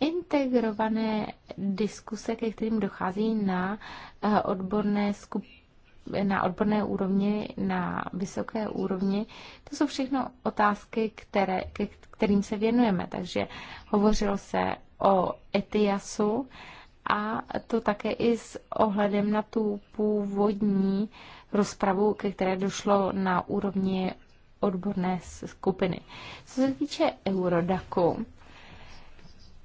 integrované diskuse, ke kterým dochází na eh, odborné skupině na odborné úrovni, na vysoké úrovni. To jsou všechno otázky, které, ke kterým se věnujeme. Takže hovořilo se o etiasu a to také i s ohledem na tu původní rozpravu, ke které došlo na úrovni odborné skupiny. Co se týče Eurodaku,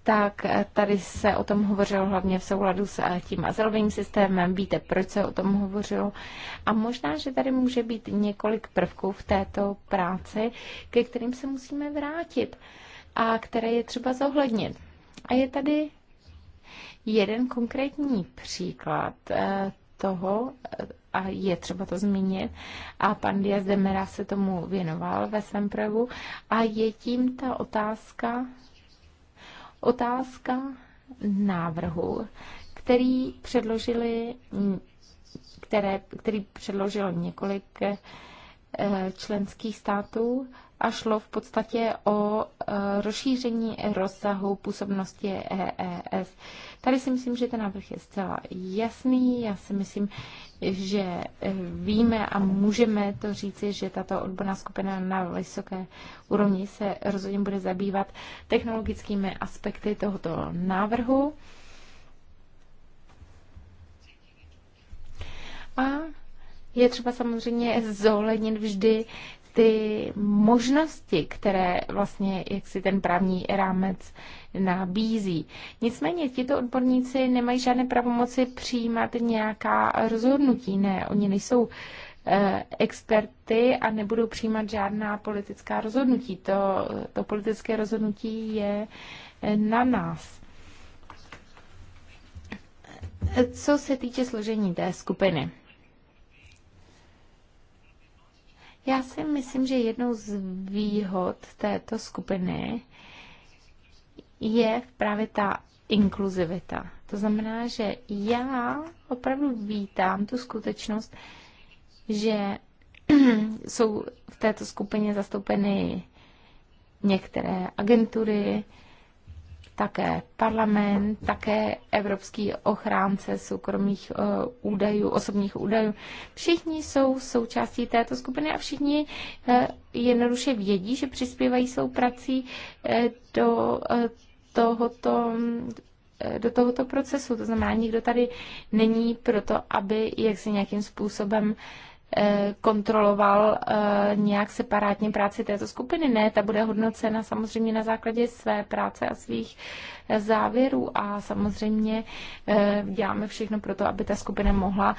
tak eh, tady se o tom hovořilo hlavně v souladu s eh, tím azylovým systémem. Víte, proč se o tom hovořilo? A možná, že tady může být několik prvků v této práci, ke kterým se musíme vrátit a které je třeba zohlednit. A je tady jeden konkrétní příklad eh, toho, a je třeba to zmínit, a pan Diaz de Mera se tomu věnoval ve svém projevu, a je tím ta otázka otázka návrhu, který předložili, které, který předložilo několik eh, členských států a šlo v podstatě o e, rozšíření rozsahu působnosti EES. Tady si myslím, že ten návrh je zcela jasný. Já si myslím, že e, víme a můžeme to říci, že tato odborná skupina na vysoké úrovni se rozhodně bude zabývat technologickými aspekty tohoto návrhu. A je třeba samozřejmě zohlednit vždy ty možnosti, které vlastně jak si ten právní rámec nabízí. Nicméně tito odborníci nemají žádné pravomoci přijímat nějaká rozhodnutí. Ne, oni nejsou eh, experty a nebudou přijímat žádná politická rozhodnutí. To, to politické rozhodnutí je eh, na nás. Co se týče složení té skupiny, Já si myslím, že jednou z výhod této skupiny je právě ta inkluzivita. To znamená, že já opravdu vítám tu skutečnost, že jsou v této skupině zastoupeny některé agentury, také parlament, také evropský ochránce soukromých eh, údajů, osobních údajů. Všichni jsou součástí této skupiny a všichni eh, jednoduše vědí, že přispívají svou prací eh, do tohoto do tohoto procesu. To znamená, nikdo tady není proto, aby jak se nějakým způsobem eh, Eh, kontroloval eh, nějak separátně práci této skupiny. Ne, ta bude hodnocena samozřejmě na základě své práce a svých eh, závěrů a samozřejmě děláme všechno pro to, aby ta skupina mohla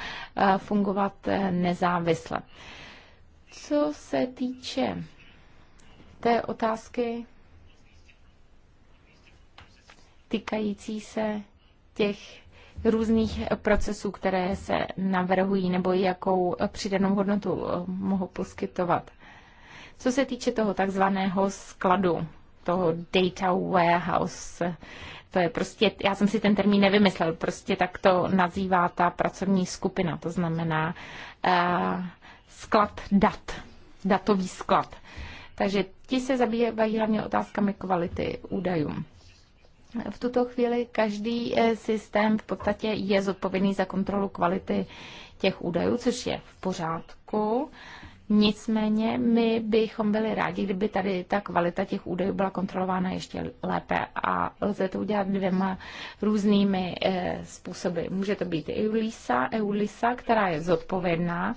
fungovat nezávisle. Co se týče té otázky týkající se těch různých procesů, které se navrhují nebo jakou přidanou hodnotu eh, mohou poskytovat. Co se týče toho takzvaného skladu, toho data warehouse, to je prostě, já jsem si ten termín nevymyslel, prostě tak to nazývá ta pracovní skupina, to znamená uh, sklad dat, datový sklad. Takže ti se zabývají hlavně otázkami kvality údajů v tuto chvíli každý eh, systém v podstatě je zodpovědný za kontrolu kvality těch údajů, což je v pořádku. Nicméně my bychom byli rádi, kdyby tady ta kvalita těch údajů byla kontrolována ještě lépe a lze to udělat dvěma různými eh, způsoby. Může to být EULISA, EULISA která je zodpovědná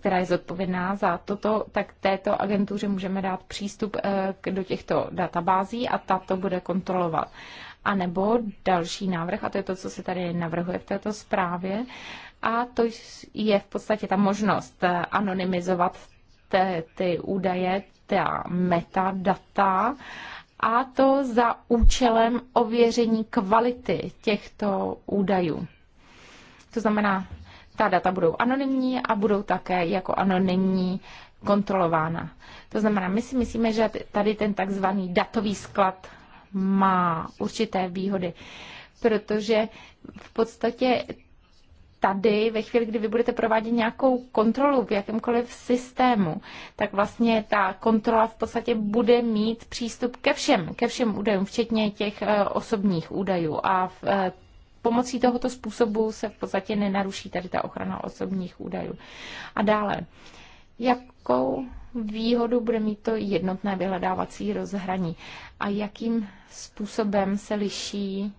která je zodpovědná za toto, tak této agentuře můžeme dát přístup eh, do těchto databází a ta to bude kontrolovat. A nebo další návrh, a to je to, co se tady navrhuje v této zprávě, a to je v podstatě ta možnost eh, anonymizovat ty, ty údaje, ta metadata, a to za účelem ověření kvality těchto údajů. To znamená, ta data budou anonymní a budou také jako anonymní kontrolována. To znamená, my si myslíme, že tady ten takzvaný datový sklad má určité výhody, protože v podstatě tady, ve chvíli, kdy vy budete provádět nějakou kontrolu v jakémkoliv systému, tak vlastně ta kontrola v podstatě bude mít přístup ke všem, ke všem údajům, včetně těch eh, osobních údajů. A v eh, pomocí tohoto způsobu se v podstatě nenaruší tady ta ochrana osobních údajů. A dále, jakou výhodu bude mít to jednotné vyhledávací rozhraní a jakým způsobem se liší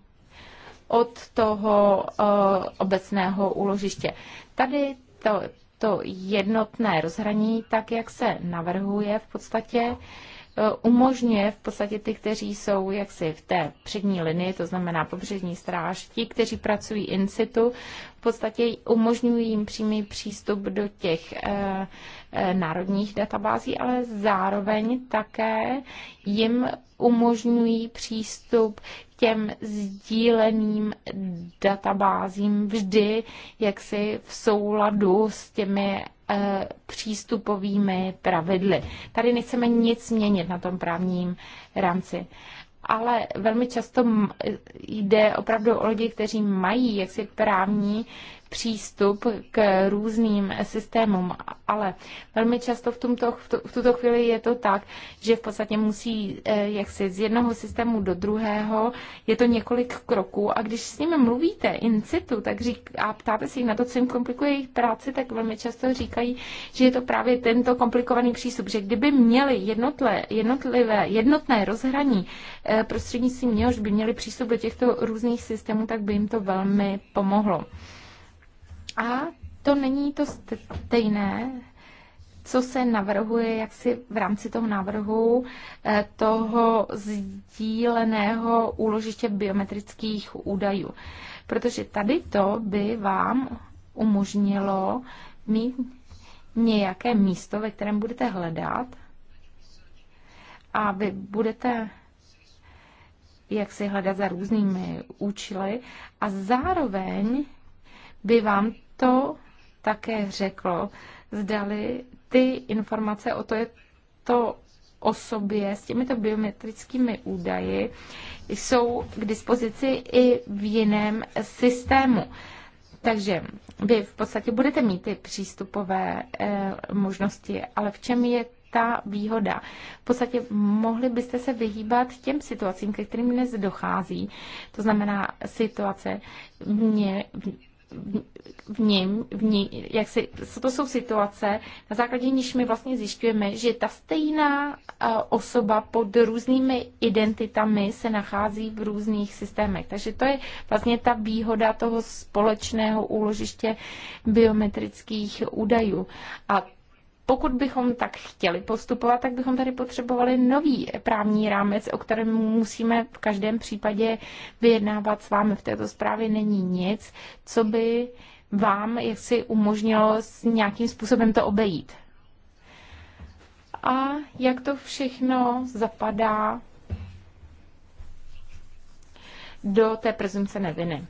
od toho uh, obecného úložiště. Tady to, to jednotné rozhraní, tak jak se navrhuje v podstatě, uh, Eh, umožňuje v podstatě ty, kteří jsou jaksi v té přední linii, to znamená pobřežní stráž, ti, kteří pracují in situ, v podstatě umožňují jim přímý přístup do těch eh, eh, národních databází, ale zároveň také jim umožňují přístup těm sdíleným databázím vždy jaksi v souladu s těmi Eh, přístupovými pravidly. Tady nechceme nic měnit na tom právním rámci ale velmi často jde opravdu o lidi, kteří mají jaksi právní přístup k různým systémům, ale velmi často v, tomto, v tuto chvíli je to tak, že v podstatě musí eh, jaksi z jednoho systému do druhého, je to několik kroků a když s nimi mluvíte in situ tak řík, a ptáte se jich na to, co jim komplikuje jejich práci, tak velmi často říkají, že je to právě tento komplikovaný přístup, že kdyby měli jednotle, jednotlivé, jednotné rozhraní eh, prostřednictvím něhož by měli přístup do těchto různých systémů, tak by jim to velmi pomohlo. A to není to stejné, co se navrhuje, jak si v rámci toho návrhu eh, toho sdíleného úložiště biometrických údajů. Protože tady to by vám umožnilo mít nějaké místo, ve kterém budete hledat a vy budete jak si hledat za různými účely a zároveň by vám to také řeklo, zdali ty informace o to je to sobě s těmito biometrickými údaji jsou k dispozici i v jiném systému. Takže vy v podstatě budete mít ty přístupové e, možnosti, ale v čem je ta výhoda. V podstatě mohli byste se vyhýbat těm situacím, ke kterým dnes dochází. To znamená situace, mě, v ním, v ní, jak si, to jsou situace, na základě níž my vlastně zjišťujeme, že ta stejná osoba pod různými identitami se nachází v různých systémech. Takže to je vlastně ta výhoda toho společného úložiště biometrických údajů. A pokud bychom tak chtěli postupovat, tak bychom tady potřebovali nový právní rámec, o kterém musíme v každém případě vyjednávat s vámi. V této zprávě není nic, co by vám jaksi umožnilo umožnilo nějakým způsobem to obejít. A jak to všechno zapadá do té prezumce neviny.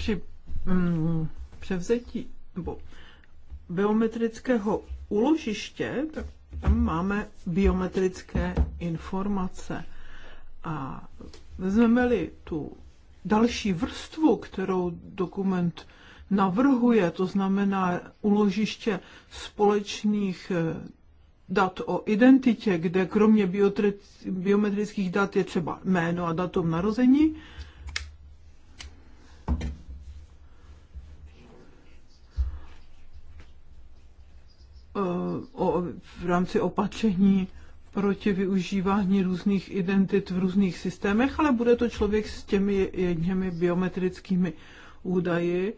při mm, převzetí nebo biometrického uložiště, tak tam máme biometrické informace. A vezmeme-li tu další vrstvu, kterou dokument navrhuje, to znamená uložiště společných eh, dat o identitě, kde kromě biometrických dat je třeba jméno a datum narození, v rámci opatření proti využívání různých identit v různých systémech, ale bude to člověk s těmi jedněmi biometrickými údaji.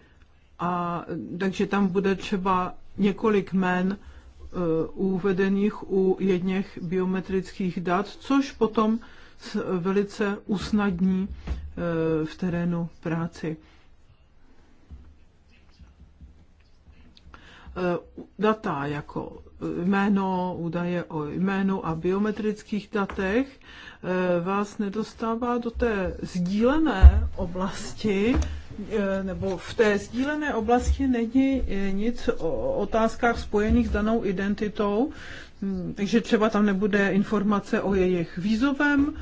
A, takže tam bude třeba několik men uh, e, uvedených u jedněch biometrických dat, což potom velice usnadní uh, v terénu práci. Eh, data jako eh, jméno, údaje o jménu a biometrických datech eh, vás nedostává do té sdílené oblasti, nebo v té sdílené oblasti není nic o otázkách spojených s danou identitou, hm, takže třeba tam nebude informace o jejich vízovém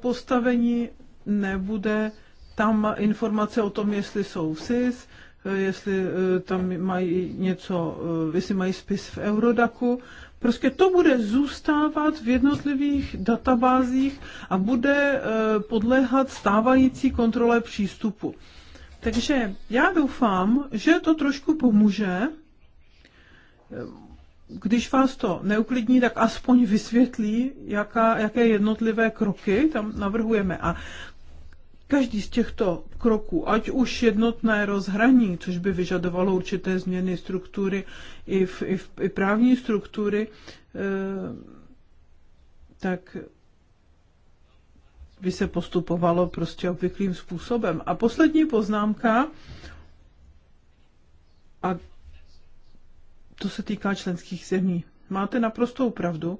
postavení, nebude tam informace o tom, jestli jsou SIS, Eh, jestli eh, tam mají něco, eh, jestli mají spis v Eurodaku. Prostě to bude zůstávat v jednotlivých databázích a bude podléhat stávající kontrole přístupu. Takže já doufám, že to trošku pomůže. Když vás to neuklidní, tak aspoň vysvětlí, jaká, jaké jednotlivé kroky tam navrhujeme. A Každý z těchto kroků, ať už jednotné rozhraní, což by vyžadovalo určité změny struktury i, v, i, v, i právní struktury, eh, tak by se postupovalo prostě obvyklým způsobem. A poslední poznámka, a to se týká členských zemí. Máte naprostou pravdu,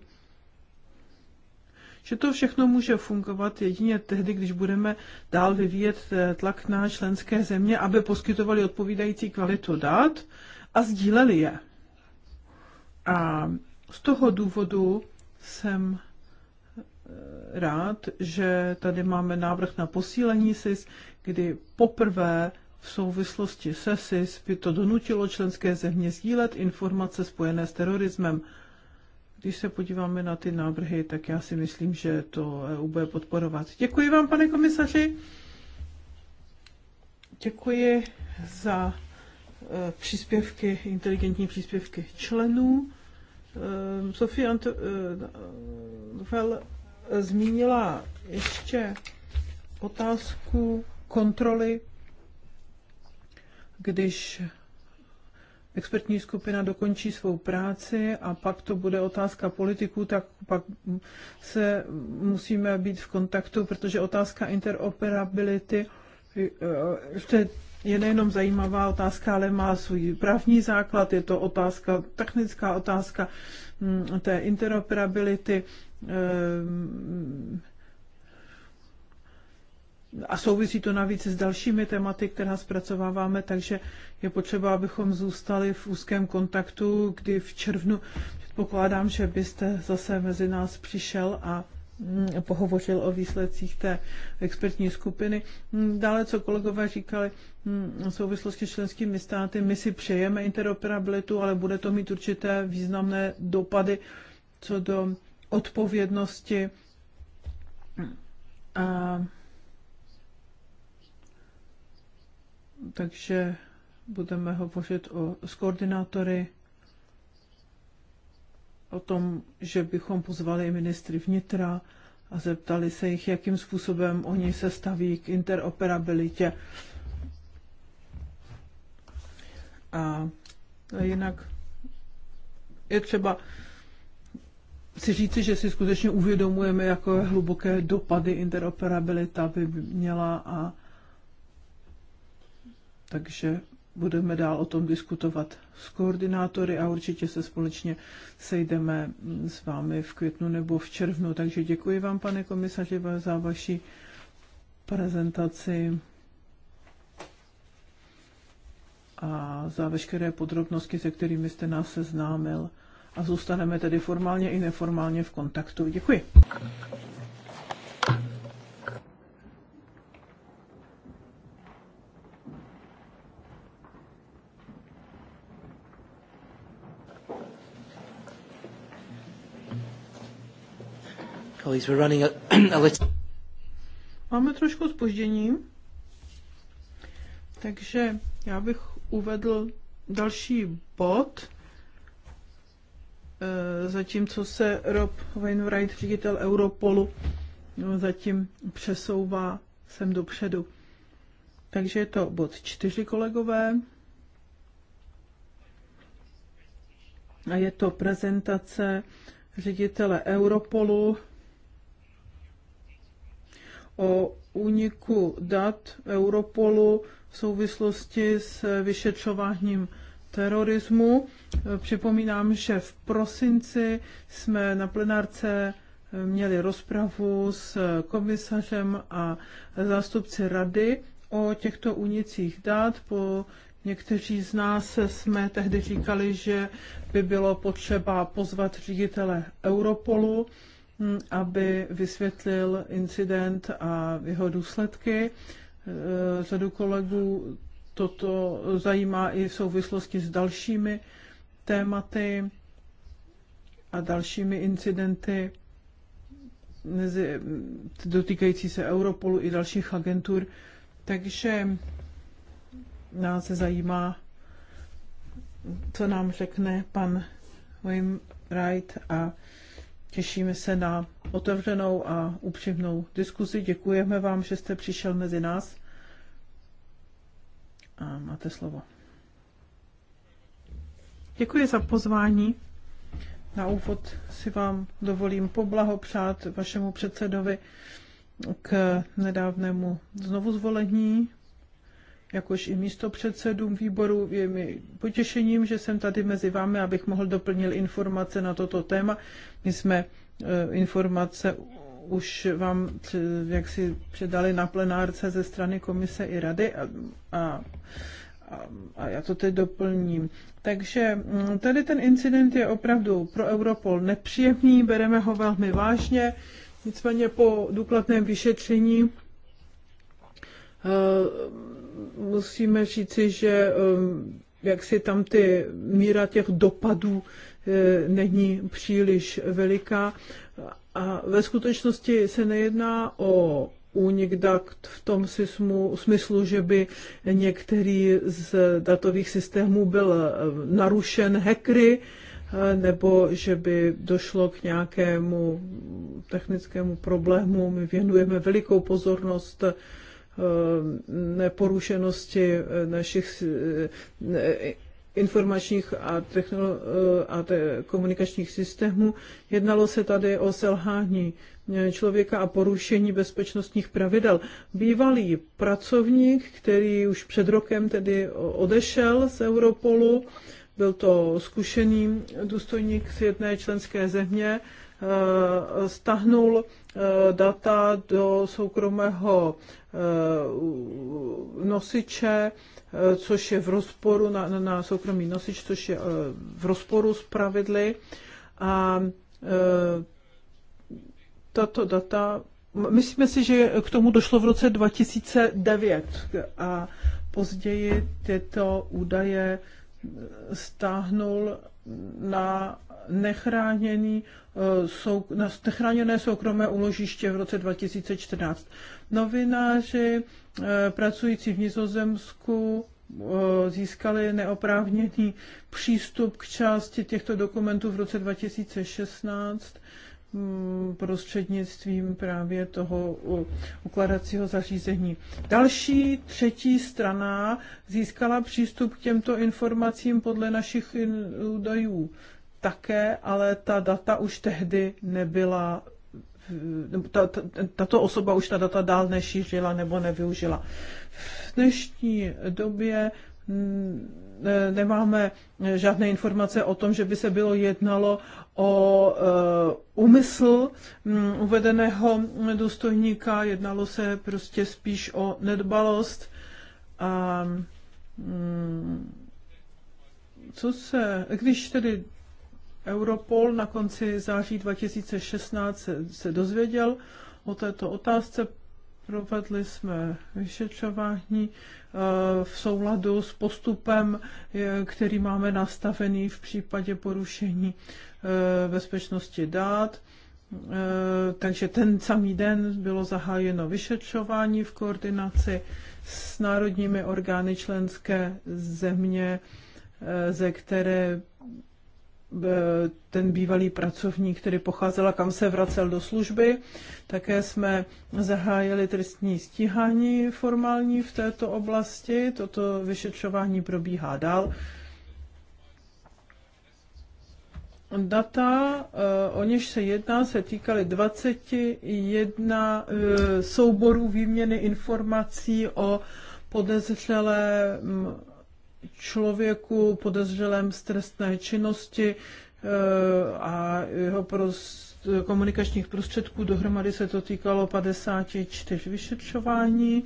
že to všechno může fungovat jedině tehdy, když budeme dál vyvíjet eh, tlak na členské země, aby poskytovali odpovídající kvalitu dat a sdíleli je. A z toho důvodu jsem eh, rád, že tady máme návrh na posílení SIS, kdy poprvé v souvislosti se SIS by to donutilo členské země sdílet informace spojené s terorismem. Když se podíváme na ty návrhy, tak já si myslím, že to EU bude podporovat. Děkuji vám, pane komisaři. Děkuji za e, příspěvky, inteligentní příspěvky členů. E, Sofie Antvel e, zmínila ještě otázku kontroly, když expertní skupina dokončí svou práci a pak to bude otázka politiků, tak pak se musíme být v kontaktu, protože otázka interoperability eh, to je nejenom zajímavá otázka, ale má svůj právní základ, je to otázka, technická otázka mm, té interoperability eh, a souvisí to navíc s dalšími tématy, která zpracováváme, takže je potřeba, abychom zůstali v úzkém kontaktu, kdy v červnu předpokládám, že byste zase mezi nás přišel a mm, pohovořil o výsledcích té expertní skupiny. Mm, dále, co kolegové říkali mm, v souvislosti s členskými státy, my si přejeme interoperabilitu, ale bude to mít určité významné dopady co do odpovědnosti. A takže budeme hovořit o, s koordinátory o tom, že bychom pozvali ministry vnitra a zeptali se jich, jakým způsobem oni se staví k interoperabilitě. A jinak je třeba si říci, že si skutečně uvědomujeme, jaké hluboké dopady interoperabilita by měla a takže budeme dál o tom diskutovat s koordinátory a určitě se společně sejdeme s vámi v květnu nebo v červnu. Takže děkuji vám, pane komisaři, za vaši prezentaci a za veškeré podrobnosti, se kterými jste nás seznámil. A zůstaneme tedy formálně i neformálně v kontaktu. Děkuji. Colleagues, we're running a little... Máme trošku spoždění, takže já bych uvedl další bod, eh, zatímco se Rob Wainwright, ředitel Europolu, no, zatím přesouvá sem dopředu. Takže je to bod čtyři, kolegové. A je to prezentace ředitele Europolu o úniku dat Europolu v souvislosti s vyšetřováním terorismu. Připomínám, že v prosinci jsme na plenárce měli rozpravu s komisařem a zástupci rady o těchto únicích dat. Po někteří z nás jsme tehdy říkali, že by bylo potřeba pozvat ředitele Europolu Hm, aby vysvětlil incident a jeho důsledky. Eh, řadu kolegů toto zajímá i v souvislosti s dalšími tématy a dalšími incidenty dotýkající se Europolu i dalších agentur. Takže nás se zajímá, co nám řekne pan Wim Wright a Těšíme se na otevřenou a upřímnou diskuzi. Děkujeme vám, že jste přišel mezi nás. A máte slovo. Děkuji za pozvání. Na úvod si vám dovolím poblahopřát vašemu předsedovi k nedávnému znovuzvolení jakož i místo předsedům výboru. Je mi potěšením, že jsem tady mezi vámi, abych mohl doplnil informace na toto téma. My jsme e, informace už vám jak si předali na plenárce ze strany komise i rady a, a, a já to teď doplním. Takže mm, tady ten incident je opravdu pro Europol nepříjemný, bereme ho velmi vážně, nicméně po důkladném vyšetření e, musíme říci, že um, jak si tam ty míra těch dopadů uh, není příliš veliká. A ve skutečnosti se nejedná o únik dat v tom sismu, smyslu, že by některý z datových systémů byl uh, narušen hackery, uh, nebo že by došlo k nějakému technickému problému. My věnujeme velikou pozornost Eh, neporušenosti eh, našich eh, informačních a, technolo- a te- komunikačních systémů. Jednalo se tady o selhání člověka a porušení bezpečnostních pravidel. Bývalý pracovník, který už před rokem tedy odešel z Europolu, byl to zkušený důstojník z jedné členské země, Eh, stahnul eh, data do soukromého eh, nosiče, což je v rozporu na, na soukromý nosič, což je v rozporu s pravidly. A tato data, myslíme si, že k tomu došlo v roce 2009 a později tyto údaje stáhnul na nechráněný, eh, sou, na nechráněné soukromé uložiště v roce 2014. Novináři eh, pracující v Nizozemsku eh, získali neoprávněný přístup k části těchto dokumentů v roce 2016 Mm, prostřednictvím právě toho ukladacího zařízení. Další třetí strana získala přístup k těmto informacím podle našich údajů také, ale ta data už tehdy nebyla ta, ta, tato osoba už ta data dál nešířila nebo nevyužila. V dnešní době Mm, e, nemáme žádné informace o tom, že by se bylo jednalo o e, úmysl mm, uvedeného důstojníka, jednalo se prostě spíš o nedbalost. A mm, co se, když tedy Europol na konci září 2016 se, se dozvěděl o této otázce, Provedli jsme vyšetřování eh, v souladu s postupem, který máme nastavený v případě porušení eh, bezpečnosti dát. Eh, takže ten samý den bylo zahájeno vyšetřování v koordinaci s národními orgány členské země, ze které Eh, ten bývalý pracovník, který pocházela, kam se vracel do služby. Také jsme zahájili trestní stíhání formální v této oblasti. Toto vyšetřování probíhá dál. Data, eh, o něž se jedná, se týkaly 21 eh, souborů výměny informací o podezřelém člověku podezřelém z trestné činnosti eh, a jeho prost, komunikačních prostředků. Dohromady se to týkalo 54 vyšetřování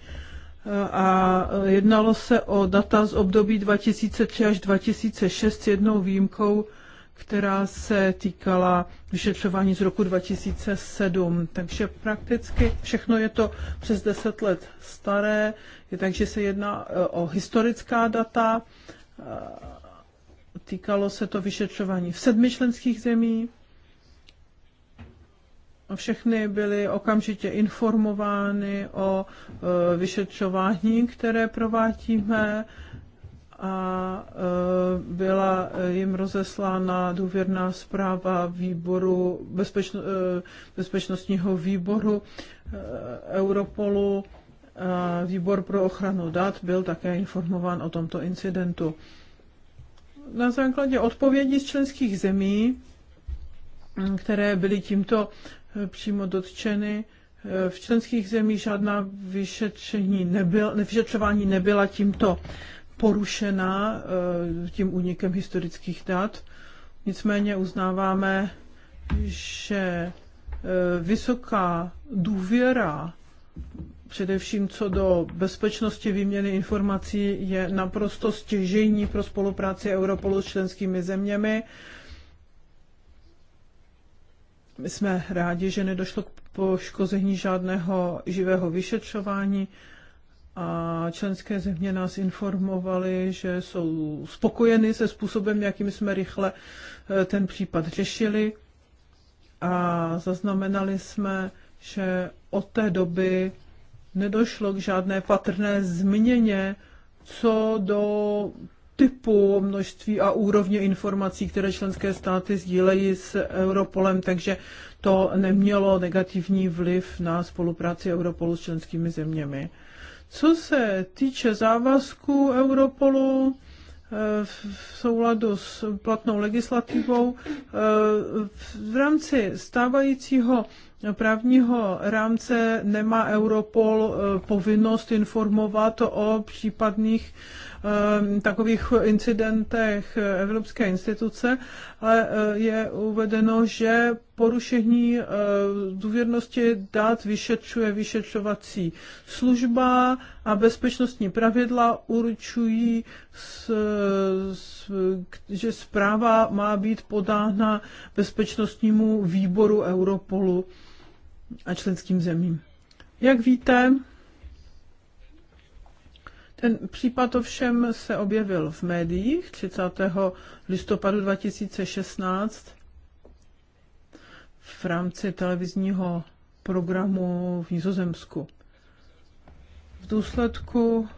eh, a jednalo se o data z období 2003 až 2006 s jednou výjimkou která se týkala vyšetřování z roku 2007. Takže prakticky všechno je to přes 10 let staré, takže se jedná e, o historická data. E, týkalo se to vyšetřování v sedmi členských zemí. Všechny byly okamžitě informovány o e, vyšetřování, které provádíme a e, byla jim rozeslána důvěrná zpráva výboru bezpečno, e, bezpečnostního výboru e, Europolu. Výbor pro ochranu dat byl také informován o tomto incidentu. Na základě odpovědí z členských zemí, které byly tímto přímo dotčeny, v členských zemích žádná vyšetření nebyl, vyšetřování nebyla tímto porušena eh, tím únikem historických dat. Nicméně uznáváme, že eh, vysoká důvěra především co do bezpečnosti výměny informací je naprosto stěžejní pro spolupráci Europolu s členskými zeměmi. My jsme rádi, že nedošlo k poškození žádného živého vyšetřování a členské země nás informovaly, že jsou spokojeny se způsobem, jakým jsme rychle eh, ten případ řešili a zaznamenali jsme, že od té doby nedošlo k žádné patrné změně co do typu, množství a úrovně informací, které členské státy sdílejí s Europolem, takže to nemělo negativní vliv na spolupráci Europolu s členskými zeměmi. Co se týče závazku Europolu eh, v souladu s platnou legislativou, eh, v rámci stávajícího právního rámce nemá Europol eh, povinnost informovat o případných Ehm, takových incidentech Evropské instituce, ale eh, je uvedeno, že porušení eh, důvěrnosti dát vyšetřuje vyšetřovací služba a bezpečnostní pravidla určují, že zpráva má být podána bezpečnostnímu výboru Europolu a členským zemím. Jak víte, ten případ ovšem se objevil v médiích 30. listopadu 2016 v rámci televizního programu v Nizozemsku. V důsledku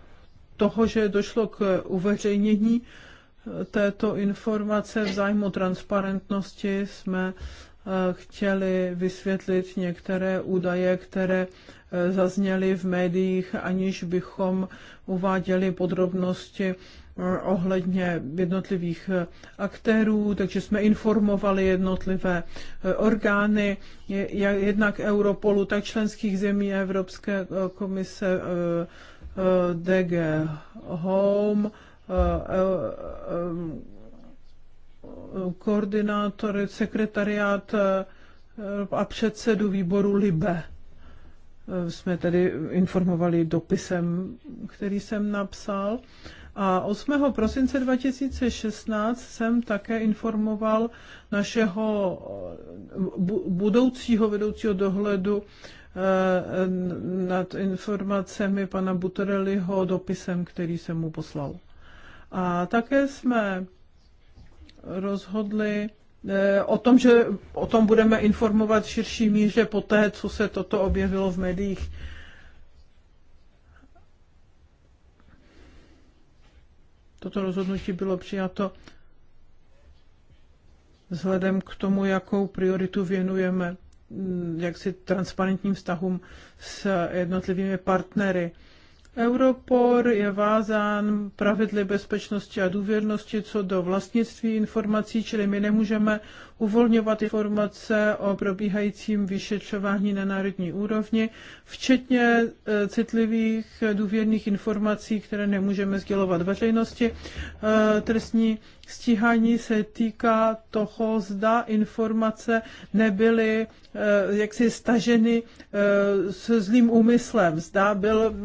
toho, že došlo k uveřejnění eh, této informace v zájmu transparentnosti, jsme eh, chtěli vysvětlit některé údaje, které Eh, zazněly v médiích, aniž bychom uváděli podrobnosti eh, ohledně jednotlivých eh, aktérů, takže jsme informovali jednotlivé orgány, jednak Europolu, tak členských zemí Evropské komise DG Home, koordinátory, sekretariát a předsedu výboru LIBE. Eh, jsme tedy informovali dopisem, který jsem napsal. A 8. prosince 2016 jsem také informoval našeho eh, budoucího vedoucího dohledu eh, nad informacemi pana Butereliho dopisem, který jsem mu poslal. A také jsme rozhodli Eh, o tom, že o tom budeme informovat širší míře poté, co se toto objevilo v médiích. Toto rozhodnutí bylo přijato vzhledem k tomu, jakou prioritu věnujeme mm, jaksi transparentním vztahům s jednotlivými partnery. Europor je vázán pravidly bezpečnosti a důvěrnosti co do vlastnictví informací, čili my nemůžeme uvolňovat informace o probíhajícím vyšetřování na národní úrovni, včetně e, citlivých e, důvěrných informací, které nemůžeme sdělovat veřejnosti. E, trestní stíhání se týká toho, zda informace nebyly jaksi staženy s zlým úmyslem, zda, byl,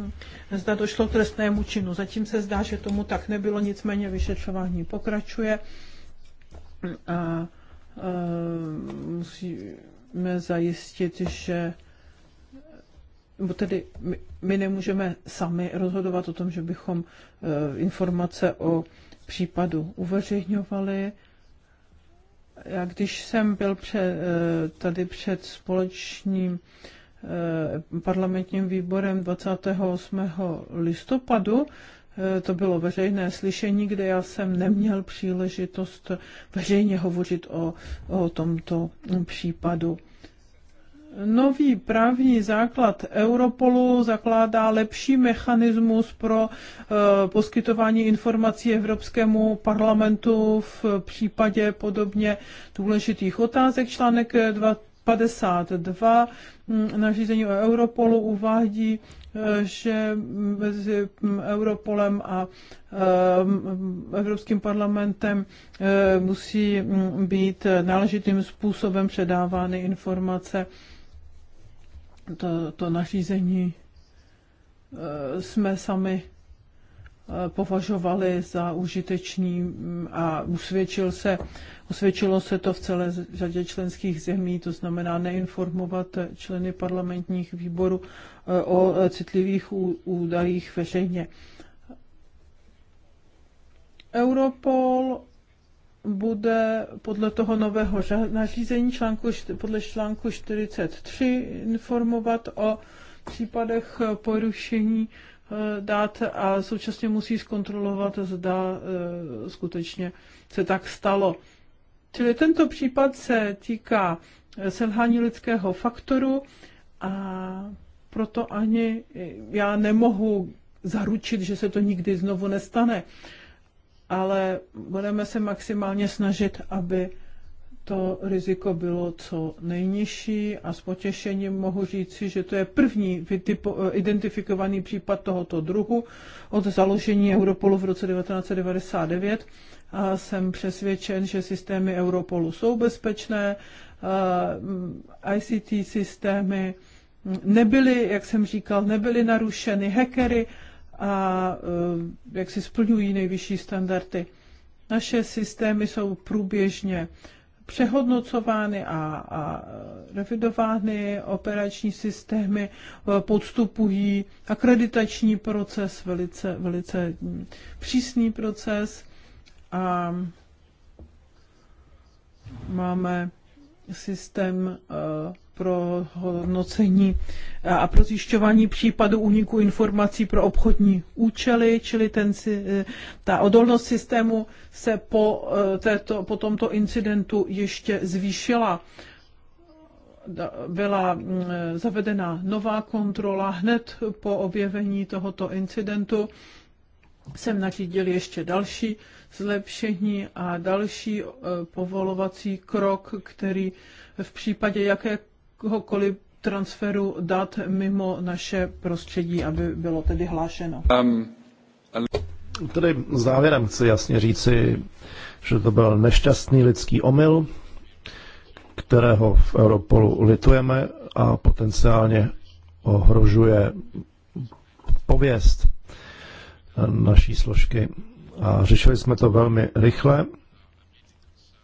zda došlo k trestnému činu. Zatím se zdá, že tomu tak nebylo, nicméně vyšetřování pokračuje. Eh, musíme zajistit, že tedy my, my nemůžeme sami rozhodovat o tom, že bychom eh, informace o případu uveřejňovali. Já když jsem byl před, eh, tady před společným parlamentním výborem 28. listopadu, Eh, to bylo veřejné slyšení, kde já jsem neměl příležitost veřejně hovořit o, o tomto případu. Nový právní základ Europolu zakládá lepší mechanismus pro eh, poskytování informací Evropskému parlamentu v případě podobně důležitých otázek. Článek 52 eh, mm, nařízení o Europolu uvádí že mezi Europolem a eh, Evropským parlamentem eh, musí být náležitým způsobem předávány informace. To, to nařízení eh, jsme sami považovali za užitečný mm, a usvědčil se, usvědčilo se to v celé řadě členských zemí, to znamená neinformovat členy parlamentních výborů e, o e, citlivých údajích veřejně. Europol bude podle toho nového nařízení článku, podle článku 43 informovat o případech porušení Eh, dát a současně musí zkontrolovat, zda eh, skutečně se tak stalo. Čili tento případ se týká eh, selhání lidského faktoru a proto ani já nemohu zaručit, že se to nikdy znovu nestane. Ale budeme se maximálně snažit, aby to riziko bylo co nejnižší a s potěšením mohu říci, že to je první eh, identifikovaný případ tohoto druhu od založení Europolu v roce 1999 a jsem přesvědčen, že systémy Europolu jsou bezpečné, eh, mm, ICT systémy nebyly, jak jsem říkal, nebyly narušeny hackery a eh, jak si splňují nejvyšší standardy. Naše systémy jsou průběžně přehodnocovány a, a revidovány, operační systémy e, podstupují akreditační proces, velice, velice přísný proces a máme systém uh, pro hodnocení a pro zjišťování případů úniku informací pro obchodní účely, čili ten, eh, ta odolnost systému se po, eh, této, po tomto incidentu ještě zvýšila. Byla mm, zavedena nová kontrola hned po objevení tohoto incidentu. Jsem nařídil ještě další zlepšení a další eh, povolovací krok, který v případě jaké jakéhokoliv transferu dat mimo naše prostředí, aby bylo tedy hlášeno. Um, ale... Tedy závěrem chci jasně říci, že to byl nešťastný lidský omyl, kterého v Europolu litujeme a potenciálně ohrožuje pověst naší složky. A řešili jsme to velmi rychle,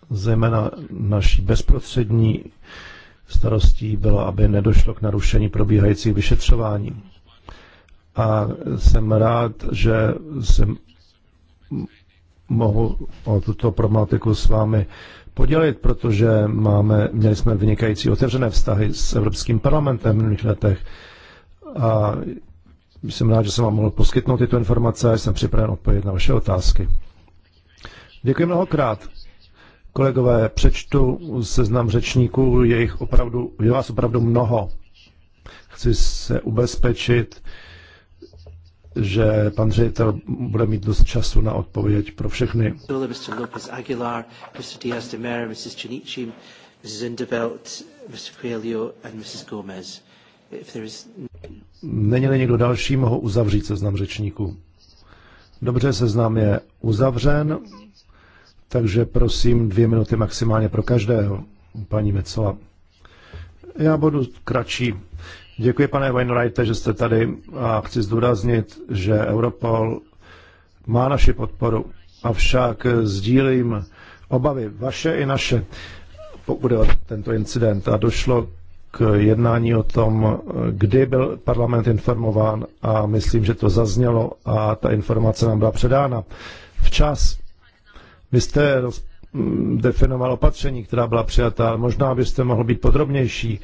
zejména naší bezprostřední starostí bylo, aby nedošlo k narušení probíhajících vyšetřování. A jsem rád, že jsem mohu o tuto problematiku s vámi podělit, protože máme, měli jsme vynikající otevřené vztahy s Evropským parlamentem v minulých letech a jsem rád, že jsem vám mohl poskytnout tyto informace a jsem připraven odpovědět na vaše otázky. Děkuji mnohokrát. Kolegové, přečtu seznam řečníků, je, jich opravdu, je vás opravdu mnoho. Chci se ubezpečit, že pan ředitel bude mít dost času na odpověď pro všechny. Mr. Lopez Aguilar, Mr. Diaz de Mera, Mrs. Mrs. Indebelt, Mr. Coelho and Mrs. Gomez. If there is... Není-li někdo další, mohu uzavřít seznam řečníků. Dobře, seznam je uzavřen. Takže prosím dvě minuty maximálně pro každého, paní Mecola. Já budu kratší. Děkuji, pane Weinreite, že jste tady a chci zdůraznit, že Europol má naši podporu, avšak sdílím obavy vaše i naše, pokud o tento incident. A došlo k jednání o tom, kdy byl parlament informován a myslím, že to zaznělo a ta informace nám byla předána včas. Vy jste definoval opatření, která byla přijata, ale možná byste mohl být podrobnější.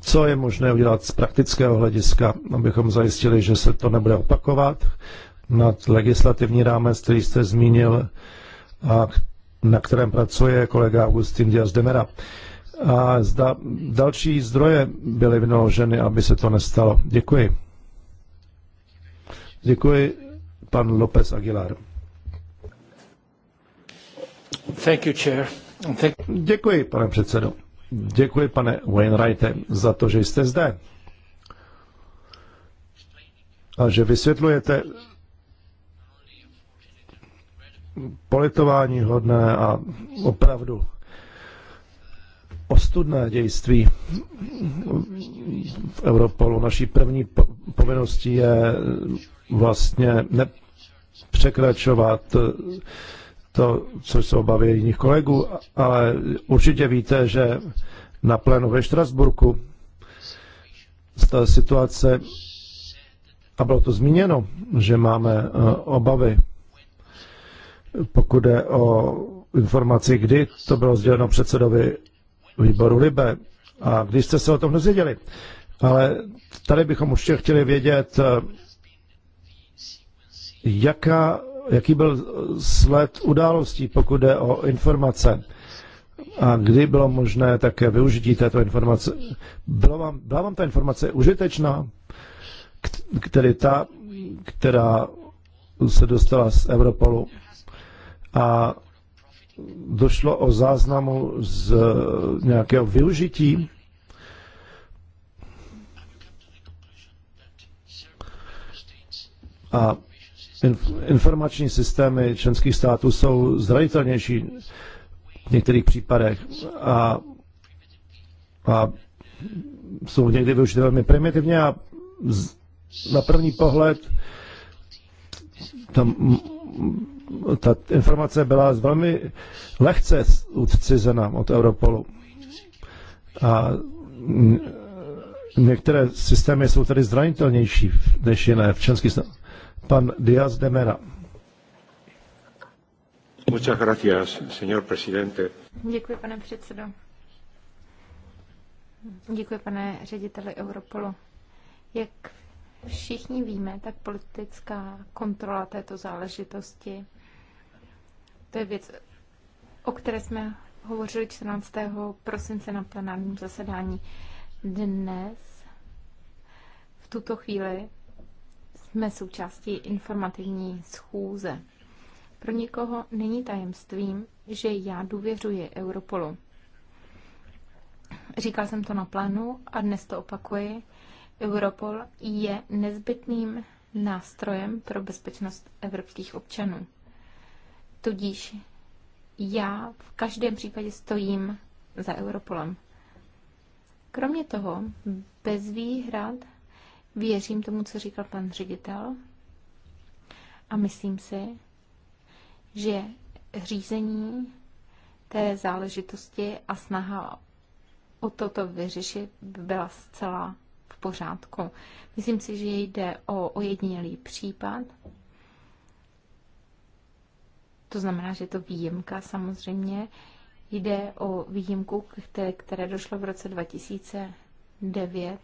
Co je možné udělat z praktického hlediska, abychom zajistili, že se to nebude opakovat nad legislativní rámec, který jste zmínil a na kterém pracuje kolega Augustin Díaz Demera. A zda další zdroje byly vynaloženy, aby se to nestalo. Děkuji. Děkuji, pan López Aguilar. Děkuji, pane předsedo. Děkuji, pane Wainwrighte, za to, že jste zde. A že vysvětlujete politování hodné a opravdu ostudné dějství v Europolu. Naší první povinností je vlastně nepřekračovat to, což jsou obavy jiných kolegů, ale určitě víte, že na plénu ve Štrasburku z situace, a bylo to zmíněno, že máme eh, obavy, pokud je o informaci, kdy to bylo sděleno předsedovi výboru Libe a když jste se o tom dozvěděli. Ale tady bychom určitě chtěli vědět, eh, jaká jaký byl sled událostí, pokud jde o informace a kdy bylo možné také využití této informace. Bylo vám, byla vám ta informace užitečná, který ta, která se dostala z Europolu a došlo o záznamu z nějakého využití. A informační systémy členských států jsou zranitelnější v některých případech a, a jsou někdy využity velmi primitivně a z, na první pohled tam ta informace byla velmi lehce odcizena od Europolu. A některé systémy jsou tedy zranitelnější než jiné v členských státech. Pan Díaz de Mera. Muchas gracias, señor presidente. Děkuji, pane předsedo. Děkuji, pane řediteli Europolu. Jak všichni víme, tak politická kontrola této záležitosti, to je věc, o které jsme hovořili 14. prosince na plenárním zasedání. Dnes, v tuto chvíli, jsme součástí informativní schůze. Pro nikoho není tajemstvím, že já důvěřuji Europolu. Říkal jsem to na plánu a dnes to opakuji. Europol je nezbytným nástrojem pro bezpečnost evropských občanů. Tudíž já v každém případě stojím za Europolem. Kromě toho, bez výhrad Věřím tomu, co říkal pan ředitel a myslím si, že řízení té záležitosti a snaha o toto vyřešit byla zcela v pořádku. Myslím si, že jde o ojedinělý případ. To znamená, že to výjimka samozřejmě. Jde o výjimku, které, které došlo v roce 2009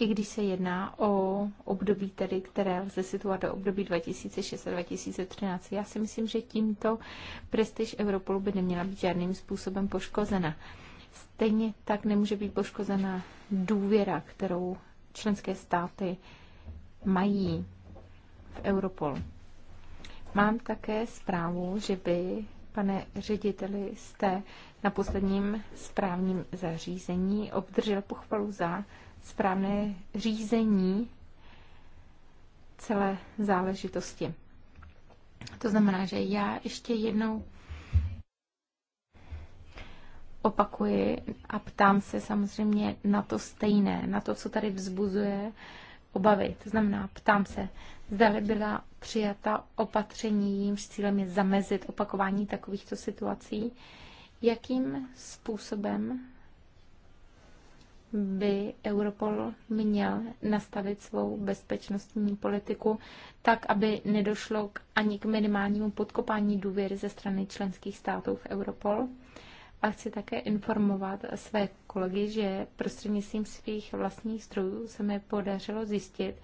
i když se jedná o období, tedy, které lze situovat do období 2006 a 2013. Já si myslím, že tímto prestiž Europolu by neměla být žádným způsobem poškozena. Stejně tak nemůže být poškozena důvěra, kterou členské státy mají v Europol. Mám také zprávu, že by pane řediteli, jste na posledním správním zařízení obdržel pochvalu za správné řízení celé záležitosti. To znamená, že já ještě jednou opakuji a ptám se samozřejmě na to stejné, na to, co tady vzbuzuje obavy. To znamená, ptám se, zda byla přijata opatření, jímž cílem je zamezit opakování takovýchto situací, jakým způsobem by Europol měl nastavit svou bezpečnostní politiku tak, aby nedošlo k, ani k minimálnímu podkopání důvěry ze strany členských států v Europol. A chci také informovat své kolegy, že prostřednictvím svých vlastních zdrojů se mi podařilo zjistit,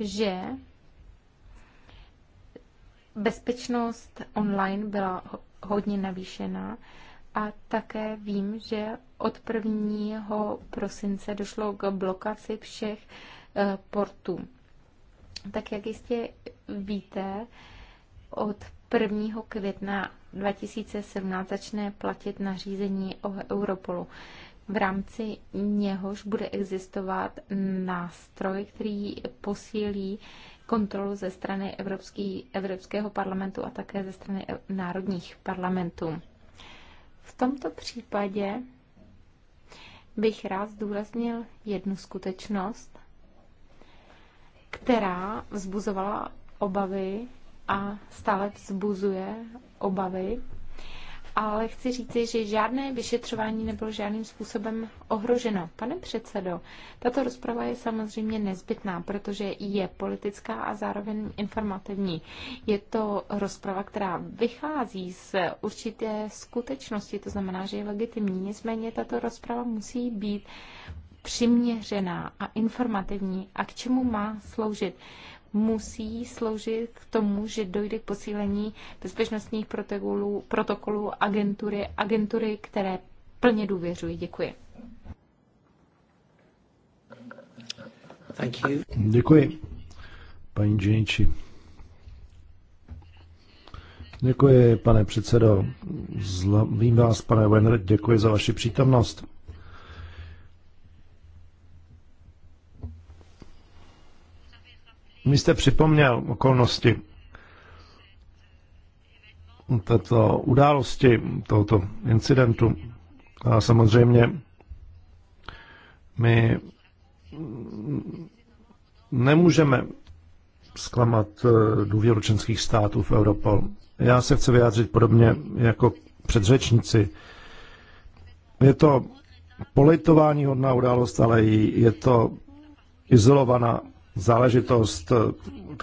že bezpečnost online byla hodně navýšená a také vím, že od 1. prosince došlo k blokaci všech eh, portů. Tak jak jistě víte, od 1. května 2017 začne platit nařízení o Europolu. V rámci něhož bude existovat nástroj, který posílí kontrolu ze strany Evropský, Evropského parlamentu a také ze strany e, národních parlamentů. V tomto případě bych rád zdůraznil jednu skutečnost, která vzbuzovala obavy a stále vzbuzuje obavy ale chci říci, že žádné vyšetřování nebylo žádným způsobem ohroženo. Pane předsedo, tato rozprava je samozřejmě nezbytná, protože je politická a zároveň informativní. Je to rozprava, která vychází z určité skutečnosti, to znamená, že je legitimní. Nicméně tato rozprava musí být přiměřená a informativní a k čemu má sloužit musí sloužit k tomu, že dojde k posílení bezpečnostních protokolů, protokolů agentury, agentury, které plně důvěřují. Děkuji. Thank you. Děkuji. Paní Dženiči. Děkuji, pane předsedo. Zlavím vás, pane Wenner, děkuji za vaši přítomnost. Vy jste připomněl okolnosti této události, tohoto incidentu. A samozřejmě my nemůžeme zklamat eh, důvěru členských států v Europol. Já se chci vyjádřit podobně jako předřečníci. Je to politování hodná událost, ale je to izolovaná záležitost, eh,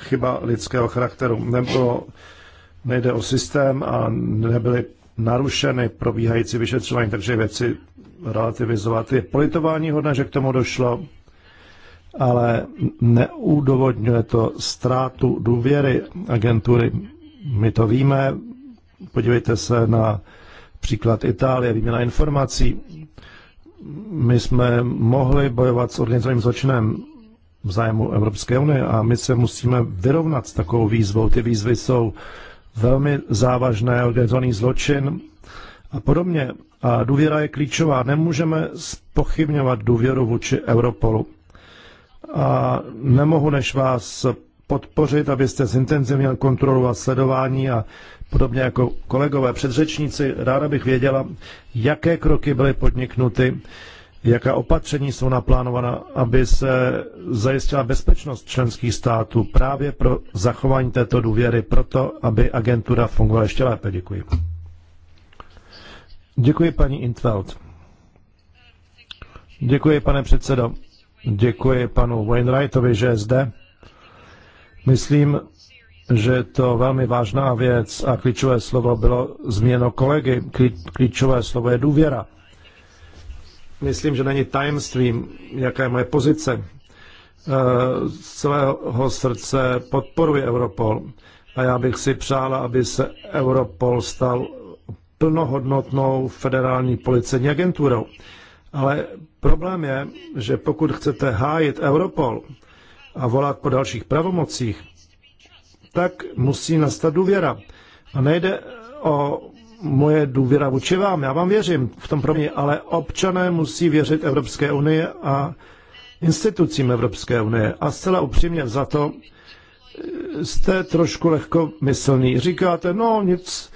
chyba lidského charakteru. Nebo nejde o systém a nebyly narušeny probíhající vyšetřování, takže věci relativizovat. Je politování hodné, že k tomu došlo, ale neudovodňuje to ztrátu důvěry agentury. My to víme, podívejte se na příklad Itálie, výměna informací. My jsme mohli bojovat s organizovaným zločinem v zájmu Evropské unie a my se musíme vyrovnat s takovou výzvou. Ty výzvy jsou velmi závažné, organizovaný zločin a podobně. A důvěra je klíčová. Nemůžeme spochybňovat důvěru vůči Europolu. A nemohu než vás podpořit, abyste zintenzivnil kontrolu a sledování a podobně jako kolegové předřečníci. Ráda bych věděla, jaké kroky byly podniknuty jaká opatření jsou naplánována, aby se zajistila bezpečnost členských států právě pro zachování této důvěry, proto aby agentura fungovala ještě lépe. Děkuji. Děkuji paní Intveld. Děkuji, pane předsedo. Děkuji panu Wainwrightovi, že je zde. Myslím, že je to velmi vážná věc a klíčové slovo bylo změno kolegy. Klíčové slovo je důvěra myslím, že není tajemstvím, jaká je moje pozice. Eh, z celého srdce podporuji Europol a já bych si přála, aby se Europol stal plnohodnotnou federální policejní agenturou. Ale problém je, že pokud chcete hájit Europol a volat po dalších pravomocích, tak musí nastat důvěra. A nejde o moje důvěra vůči vám. Já vám věřím v tom proměně, ale občané musí věřit Evropské unie a institucím Evropské unie. A zcela upřímně za to e, jste trošku lehkomyslný. Říkáte, no nic,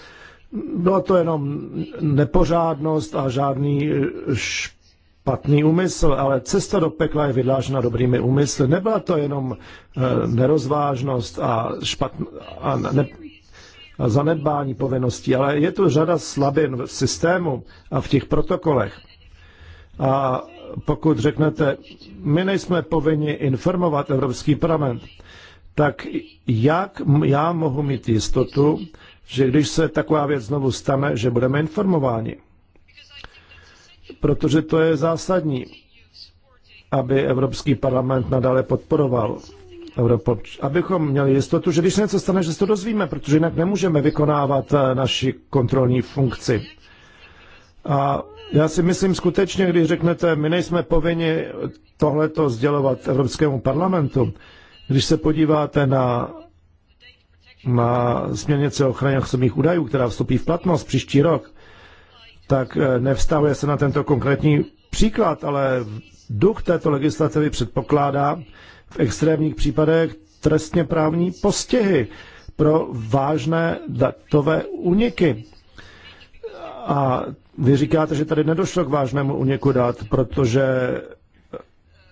byla to jenom nepořádnost a žádný e, špatný úmysl, ale cesta do pekla je vydlážena dobrými úmysly. Nebyla to jenom e, nerozvážnost a, špatn- a ne- zanedbání povinností, ale je tu řada slabin v systému a v těch protokolech. A pokud řeknete, my nejsme povinni informovat Evropský parlament, tak jak já mohu mít jistotu, že když se taková věc znovu stane, že budeme informováni? Protože to je zásadní, aby Evropský parlament nadále podporoval Europol, abychom měli jistotu, že když se něco stane, že se to dozvíme, protože jinak nemůžeme vykonávat eh, naši kontrolní funkci. A já si myslím skutečně, když řeknete, my nejsme povinni tohleto sdělovat Evropskému parlamentu, když se podíváte na, na směrnice o ochraně osobních údajů, která vstoupí v platnost příští rok, tak eh, nevztahuje se na tento konkrétní příklad, ale duch této legislativy předpokládá, v extrémních případech trestně právní postihy pro vážné datové úniky. A vy říkáte, že tady nedošlo k vážnému úniku dat, protože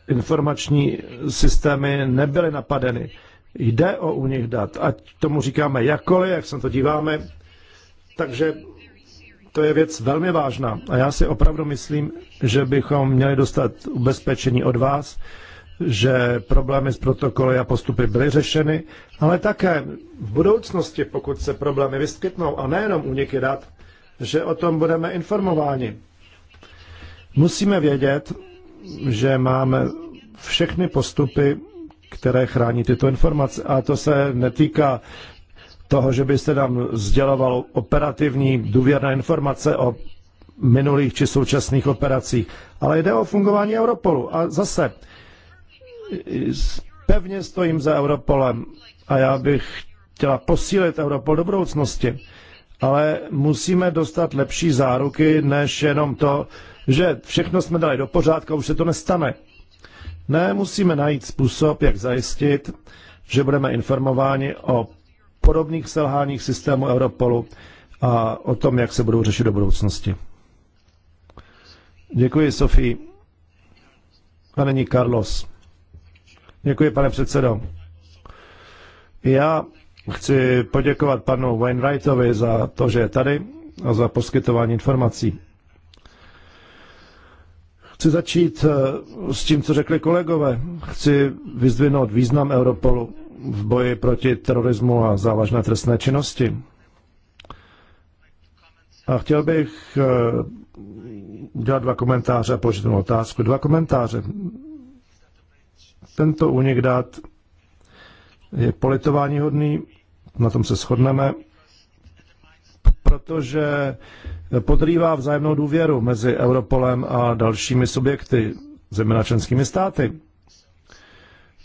informační systémy nebyly napadeny. Jde o únik dat, ať tomu říkáme jakkoliv, jak se to díváme. Takže to je věc velmi vážná. A já si opravdu myslím, že bychom měli dostat ubezpečení od vás, že problémy s protokoly a postupy byly řešeny, ale také v budoucnosti, pokud se problémy vyskytnou a nejenom uniky dat, že o tom budeme informováni. Musíme vědět, že máme všechny postupy, které chrání tyto informace. A to se netýká toho, že byste nám sděloval operativní důvěrné informace o minulých či současných operacích, ale jde o fungování Europolu. A zase pevně stojím za Europolem a já bych chtěla posílit Europol do budoucnosti, ale musíme dostat lepší záruky, než jenom to, že všechno jsme dali do pořádku a už se to nestane. Ne, musíme najít způsob, jak zajistit, že budeme informováni o podobných selháních systému Europolu a o tom, jak se budou řešit do budoucnosti. Děkuji, Sofii. A není Carlos. Děkuji, pane předsedo. Já chci poděkovat panu Wainwrightovi za to, že je tady a za poskytování informací. Chci začít eh, s tím, co řekli kolegové. Chci vyzdvinout význam Europolu v boji proti terorismu a závažné trestné činnosti. A chtěl bych eh, dělat dva komentáře a položit otázku. Dva komentáře. Tento únik dát je politováníhodný, na tom se shodneme, protože podrývá vzájemnou důvěru mezi Europolem a dalšími subjekty, zejména členskými státy.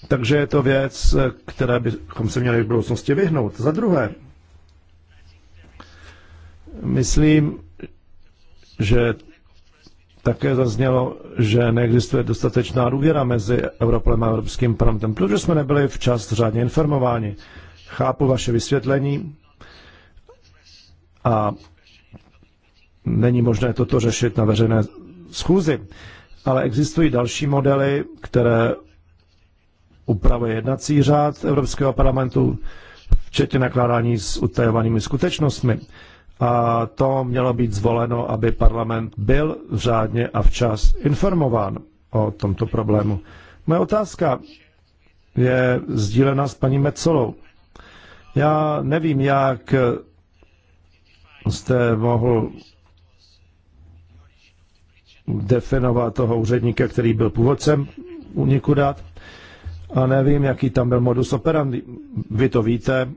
Takže je to věc, které bychom se měli v budoucnosti vyhnout. Za druhé, myslím, že také zaznělo, že neexistuje dostatečná důvěra mezi Europolem a Evropským parlamentem, protože jsme nebyli včas řádně informováni. Chápu vaše vysvětlení a není možné toto řešit na veřejné schůzi. Ale existují další modely, které upravuje jednací řád Evropského parlamentu, včetně nakládání s utajovanými skutečnostmi. A to mělo být zvoleno, aby parlament byl řádně a včas informován o tomto problému. Moje otázka je sdílena s paní Metzolou. Já nevím, jak jste mohl definovat toho úředníka, který byl původcem uniku dat. A nevím, jaký tam byl modus operandi. Vy to víte,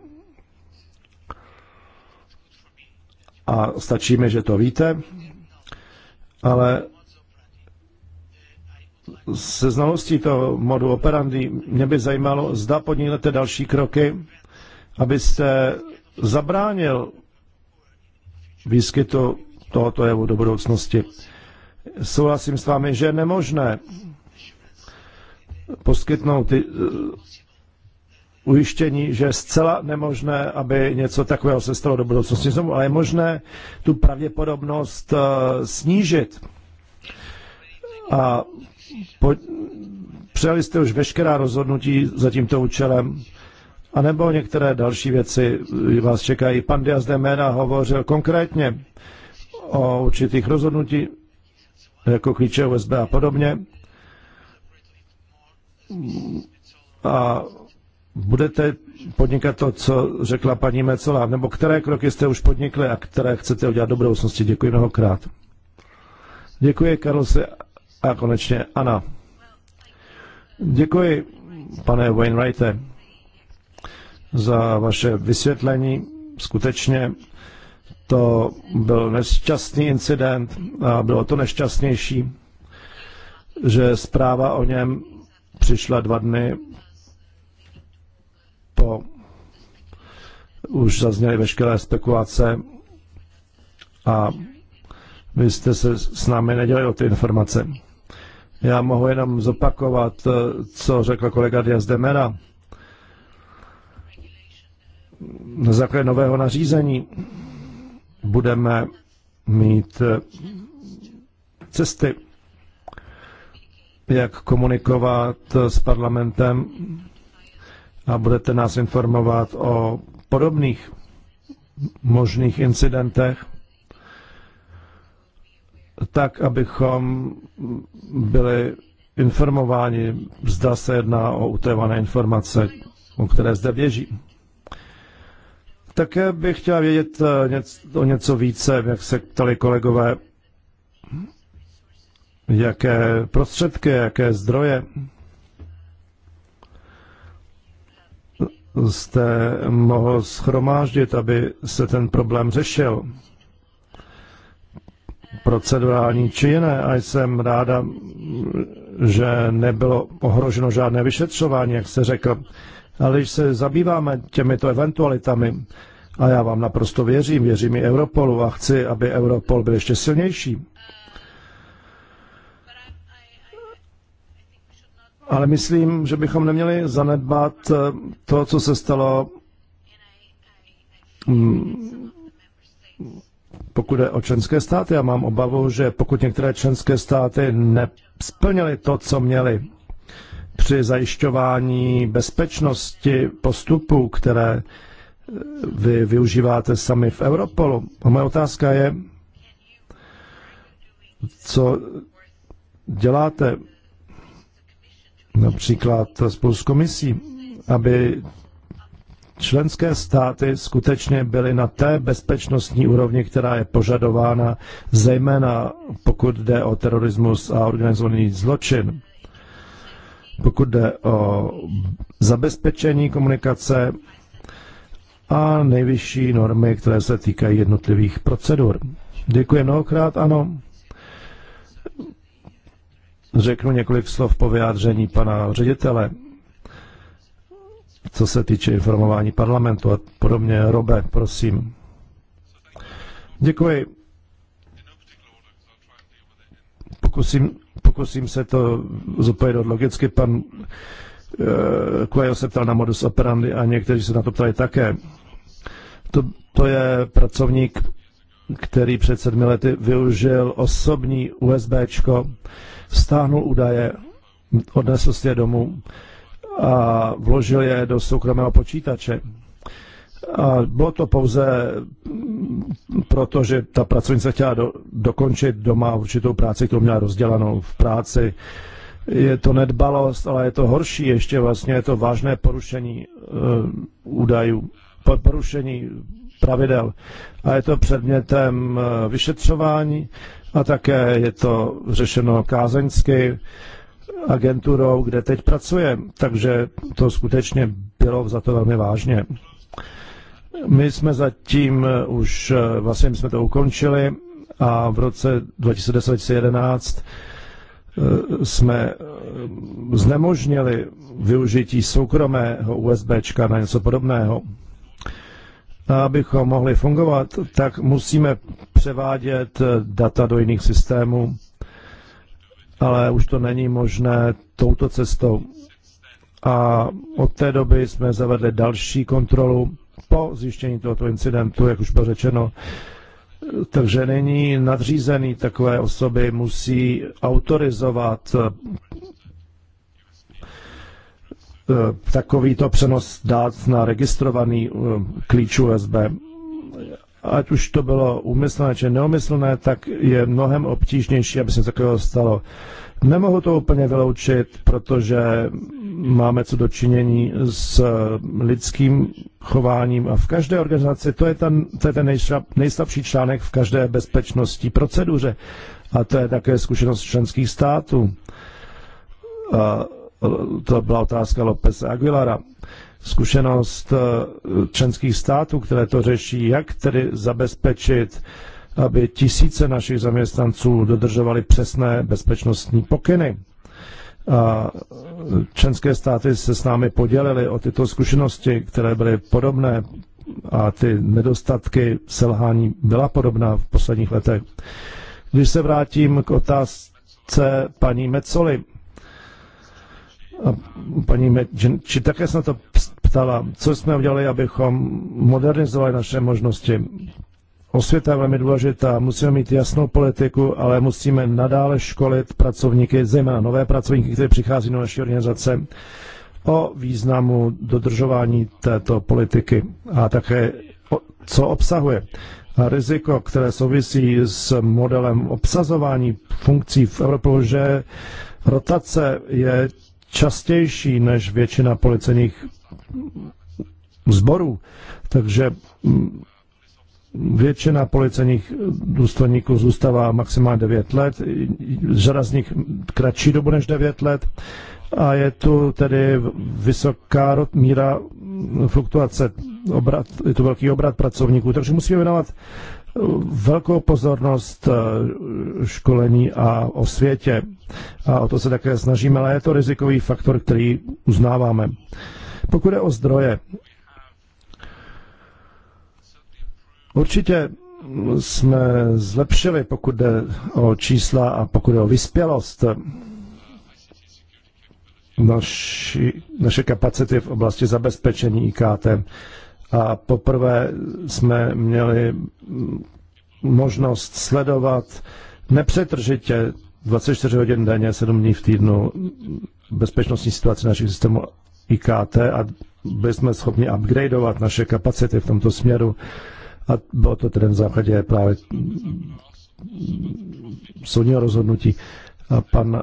a stačí mi, že to víte, ale se znalostí toho modu operandi mě by zajímalo, zda podniknete další kroky, abyste zabránil výskytu tohoto jevu do budoucnosti. Souhlasím s vámi, že je nemožné poskytnout ujištění, že je zcela nemožné, aby něco takového se stalo do budoucnosti znovu, ale je možné tu pravděpodobnost eh, snížit. A po, přijali jste už veškerá rozhodnutí za tímto účelem, anebo některé další věci vás čekají. Pan Diaz de Mena hovořil konkrétně o určitých rozhodnutí, jako klíče USB a podobně. A budete podnikat to, co řekla paní Mecelá, nebo které kroky jste už podnikli a které chcete udělat do budoucnosti. Děkuji mnohokrát. Děkuji, Karlose. A konečně Ana. Děkuji, pane Wainwrighte, za vaše vysvětlení. Skutečně to byl nešťastný incident a bylo to nešťastnější, že zpráva o něm přišla dva dny po už zazněly veškeré spekulace a vy jste se s námi nedělali o ty informace. Já mohu jenom zopakovat, eh, co řekl kolega Diaz de Mera. Na základě nového nařízení budeme mít eh, cesty, jak komunikovat s parlamentem a budete nás informovat o podobných možných incidentech, tak, abychom byli informováni, zda se jedná o utajované informace, o které zde běží. Také bych chtěla vědět eh, o něco více, jak se ptali kolegové, jaké prostředky, jaké zdroje jste mohl schromáždit, aby se ten problém řešil procedurální či jiné a jsem ráda, že nebylo ohroženo žádné vyšetřování, jak se řekl. Ale když se zabýváme těmito eventualitami, a já vám naprosto věřím, věřím i Europolu a chci, aby Europol byl ještě silnější, Ale myslím, že bychom neměli zanedbat eh, to, co se stalo, mm, pokud je o členské státy. Já mám obavu, že pokud některé členské státy nesplnily to, co měly při zajišťování bezpečnosti postupů, které eh, vy využíváte sami v Europolu. A moje otázka je, co děláte například spolu s komisí, aby členské státy skutečně byly na té bezpečnostní úrovni, která je požadována, zejména pokud jde o terorismus a organizovaný zločin. Pokud jde o zabezpečení komunikace a nejvyšší normy, které se týkají jednotlivých procedur. Děkuji mnohokrát, ano řeknu několik slov po vyjádření pana ředitele, co se týče informování parlamentu a podobně. Robe, prosím. Děkuji. Pokusím, pokusím se to zodpovědět logicky. Pan uh, Kuejo se ptal na modus operandi a někteří se na to ptali také. To, to je pracovník který před sedmi lety využil osobní USBčko, stáhnul údaje, odnesl si je domů a vložil je do soukromého počítače. A bylo to pouze proto, že ta pracovnice chtěla do, dokončit doma určitou práci, kterou měla rozdělanou v práci. Je to nedbalost, ale je to horší, ještě vlastně je to vážné porušení e, údajů, porušení pravidel. A je to předmětem eh, vyšetřování a také je to řešeno kázeňsky agenturou, kde teď pracuje. Takže to skutečně bylo za to velmi vážně. My jsme zatím eh, už, eh, vlastně jsme to ukončili a v roce 2011 jsme znemožnili využití soukromého USBčka na něco podobného. A abychom mohli fungovat, tak musíme převádět data do jiných systémů, ale už to není možné touto cestou. A od té doby jsme zavedli další kontrolu po zjištění tohoto incidentu, jak už bylo řečeno. Takže není nadřízený takové osoby, musí autorizovat Eh, takovýto přenos dát na registrovaný eh, klíč USB. Ať už to bylo úmyslné či neumyslné, tak je mnohem obtížnější, aby se takového stalo. Nemohu to úplně vyloučit, protože máme co dočinění s eh, lidským chováním a v každé organizaci, to je ten, to je ten nejslabší článek v každé bezpečnostní proceduře a to je také zkušenost členských států. A to byla otázka Lopez Aguilara, zkušenost eh, členských států, které to řeší, jak tedy zabezpečit, aby tisíce našich zaměstnanců dodržovali přesné bezpečnostní pokyny. A eh, členské státy se s námi podělily o tyto zkušenosti, které byly podobné a ty nedostatky selhání byla podobná v posledních letech. Když se vrátím k otázce paní Mecoli, a paní či také se na to ptala, co jsme udělali, abychom modernizovali naše možnosti. Osvěta je velmi důležitá, musíme mít jasnou politiku, ale musíme nadále školit pracovníky, zejména nové pracovníky, kteří přichází do naší organizace, o významu dodržování této politiky a také o, co obsahuje. A riziko, které souvisí s modelem obsazování funkcí v Evropě, že rotace je častější než většina policejních zborů, Takže mm, většina policejních důstojníků zůstává maximálně 9 let, řada z nich kratší dobu než 9 let a je tu tedy vysoká míra fluktuace, obrat, je to velký obrat pracovníků, takže musíme věnovat velkou pozornost eh, školení a o světě. A o to se také snažíme, ale je to rizikový faktor, který uznáváme. Pokud je o zdroje, určitě jsme zlepšili, pokud jde o čísla a pokud jde o vyspělost naši, naše kapacity v oblasti zabezpečení IKT a poprvé jsme měli možnost sledovat nepřetržitě 24 hodin denně, 7 dní v týdnu bezpečnostní situaci našich systémů IKT a byli jsme schopni upgradeovat naše kapacity v tomto směru. A bylo to tedy v základě právě soudního rozhodnutí. A pan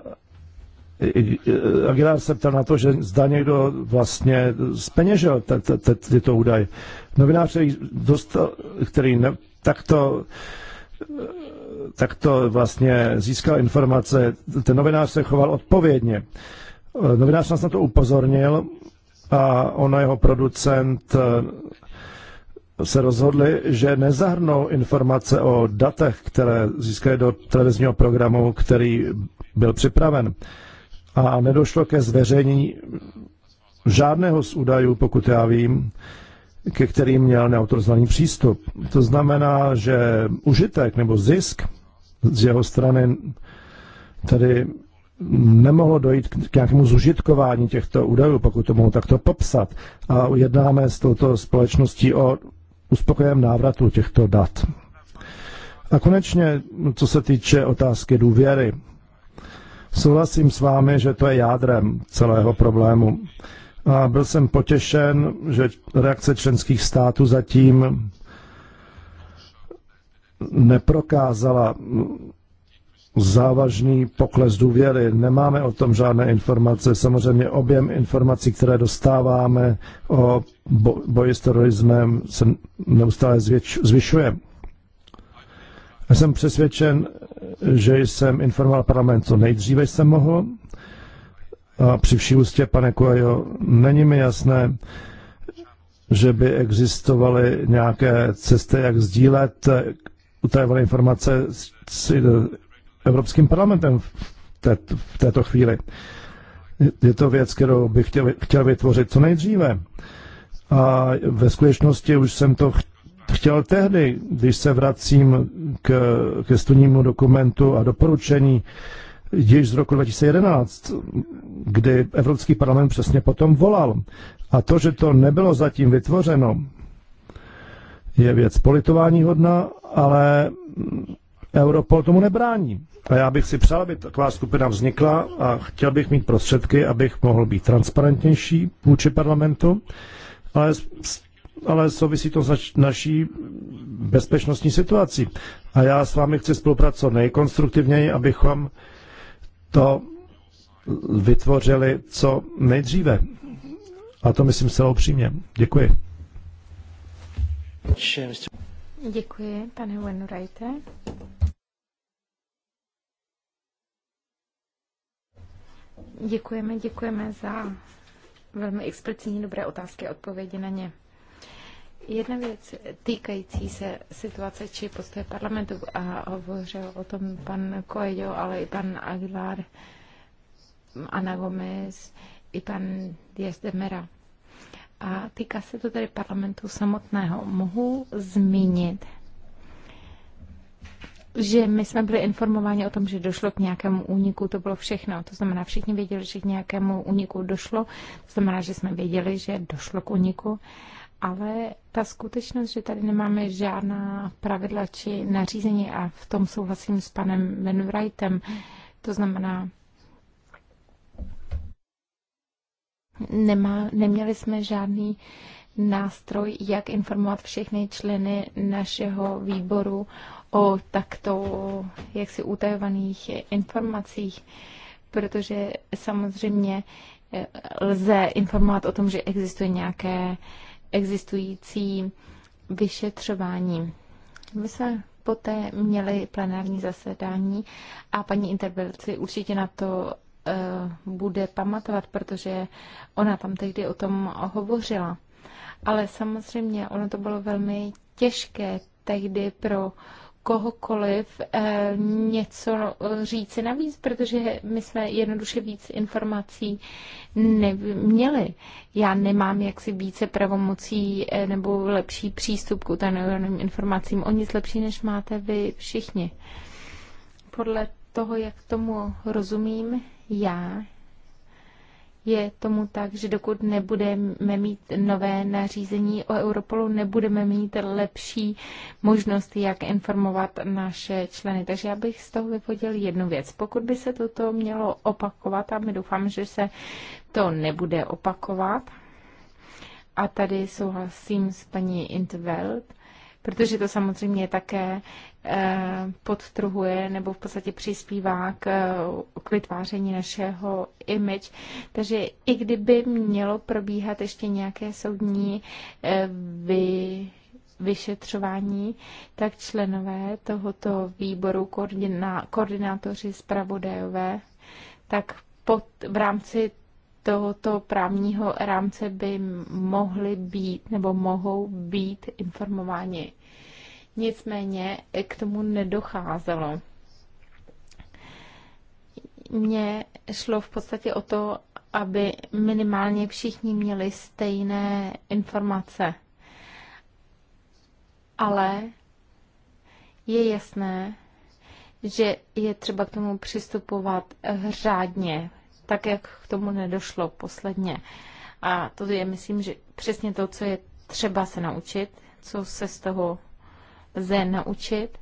Aguilar se ptal na to, že zda někdo vlastně zpeněžil tyto údaje. Novinář, který, dostal, který ne, takto takto vlastně získal informace. Ten novinář se choval odpovědně. Novinář nás na to upozornil a ono jeho producent eh, se rozhodli, že nezahrnou informace o datech, které získali do televizního programu, který byl připraven a nedošlo ke zveřejnění žádného z údajů, pokud já vím, ke kterým měl neautorizovaný přístup. To znamená, že užitek nebo zisk z jeho strany tedy nemohlo dojít k nějakému zužitkování těchto údajů, pokud to mohu takto popsat. A jednáme s touto společností o uspokojivém návratu těchto dat. A konečně, co se týče otázky důvěry, Souhlasím s vámi, že to je jádrem celého problému. A byl jsem potěšen, že reakce členských států zatím neprokázala závažný pokles důvěry. Nemáme o tom žádné informace. Samozřejmě objem informací, které dostáváme o boji s terorismem, se neustále zvyšuje. Já jsem přesvědčen, že jsem informoval parlament co nejdříve jsem mohl. A při vší ústě, pane Kuajo, není mi jasné, že by existovaly nějaké cesty, jak sdílet utajované informace s, s Evropským parlamentem v, té, v této chvíli. Je to věc, kterou bych chtěl, chtěl vytvořit co nejdříve. A ve skutečnosti už jsem to chtěl tehdy, když se vracím k, ke studnímu dokumentu a doporučení již z roku 2011, kdy Evropský parlament přesně potom volal. A to, že to nebylo zatím vytvořeno, je věc politování ale Europol tomu nebrání. A já bych si přál, aby taková skupina vznikla a chtěl bych mít prostředky, abych mohl být transparentnější vůči parlamentu, ale ale souvisí to s naší bezpečnostní situací. A já s vámi chci spolupracovat nejkonstruktivněji, abychom to vytvořili co nejdříve. A to myslím celou upřímně. Děkuji. Děkuji, pane Wenurajte. Děkujeme, děkujeme za velmi explicitní dobré otázky a odpovědi na ně. Jedna věc týkající se situace či postoje parlamentu a hovořil o tom pan Coelho, ale i pan Aguilar, Ana Gomez, i pan Díaz de Mera. A týká se to tedy parlamentu samotného. Mohu zmínit, že my jsme byli informováni o tom, že došlo k nějakému úniku, to bylo všechno. To znamená, všichni věděli, že k nějakému úniku došlo, to znamená, že jsme věděli, že došlo k úniku ale ta skutečnost, že tady nemáme žádná pravidla či nařízení a v tom souhlasím s panem Benwrightem, to znamená, nemá, neměli jsme žádný nástroj, jak informovat všechny členy našeho výboru o takto jaksi utajovaných informacích, protože samozřejmě eh, lze informovat o tom, že existuje nějaké existující vyšetřování. My jsme poté měli plenární zasedání a paní intervenci určitě na to eh, bude pamatovat, protože ona tam tehdy o tom hovořila. Ale samozřejmě ono to bylo velmi těžké tehdy pro kohokoliv eh, něco říci navíc, protože my jsme jednoduše víc informací neměli. Já nemám jaksi více pravomocí eh, nebo lepší přístup k utajeným informacím. O nic lepší, než máte vy všichni. Podle toho, jak tomu rozumím já, je tomu tak, že dokud nebudeme mít nové nařízení o Europolu, nebudeme mít lepší možnost, jak informovat naše členy. Takže já bych z toho vyvodil jednu věc. Pokud by se toto mělo opakovat, a my doufám, že se to nebude opakovat, a tady souhlasím s paní Intveld, protože to samozřejmě také eh, podtrhuje nebo v podstatě přispívá k, eh, k vytváření našeho image. Takže i kdyby mělo probíhat ještě nějaké soudní eh, vy, vyšetřování, tak členové tohoto výboru, koordina koordinátoři, zpravodajové, tak pod, v rámci tohoto právního rámce by mohly být nebo mohou být informováni. Nicméně k tomu nedocházelo. Mně šlo v podstatě o to, aby minimálně všichni měli stejné informace. Ale je jasné, že je třeba k tomu přistupovat řádně, tak jak k tomu nedošlo posledně. A to je, myslím, že přesně to, co je třeba se naučit, co se z toho lze naučit.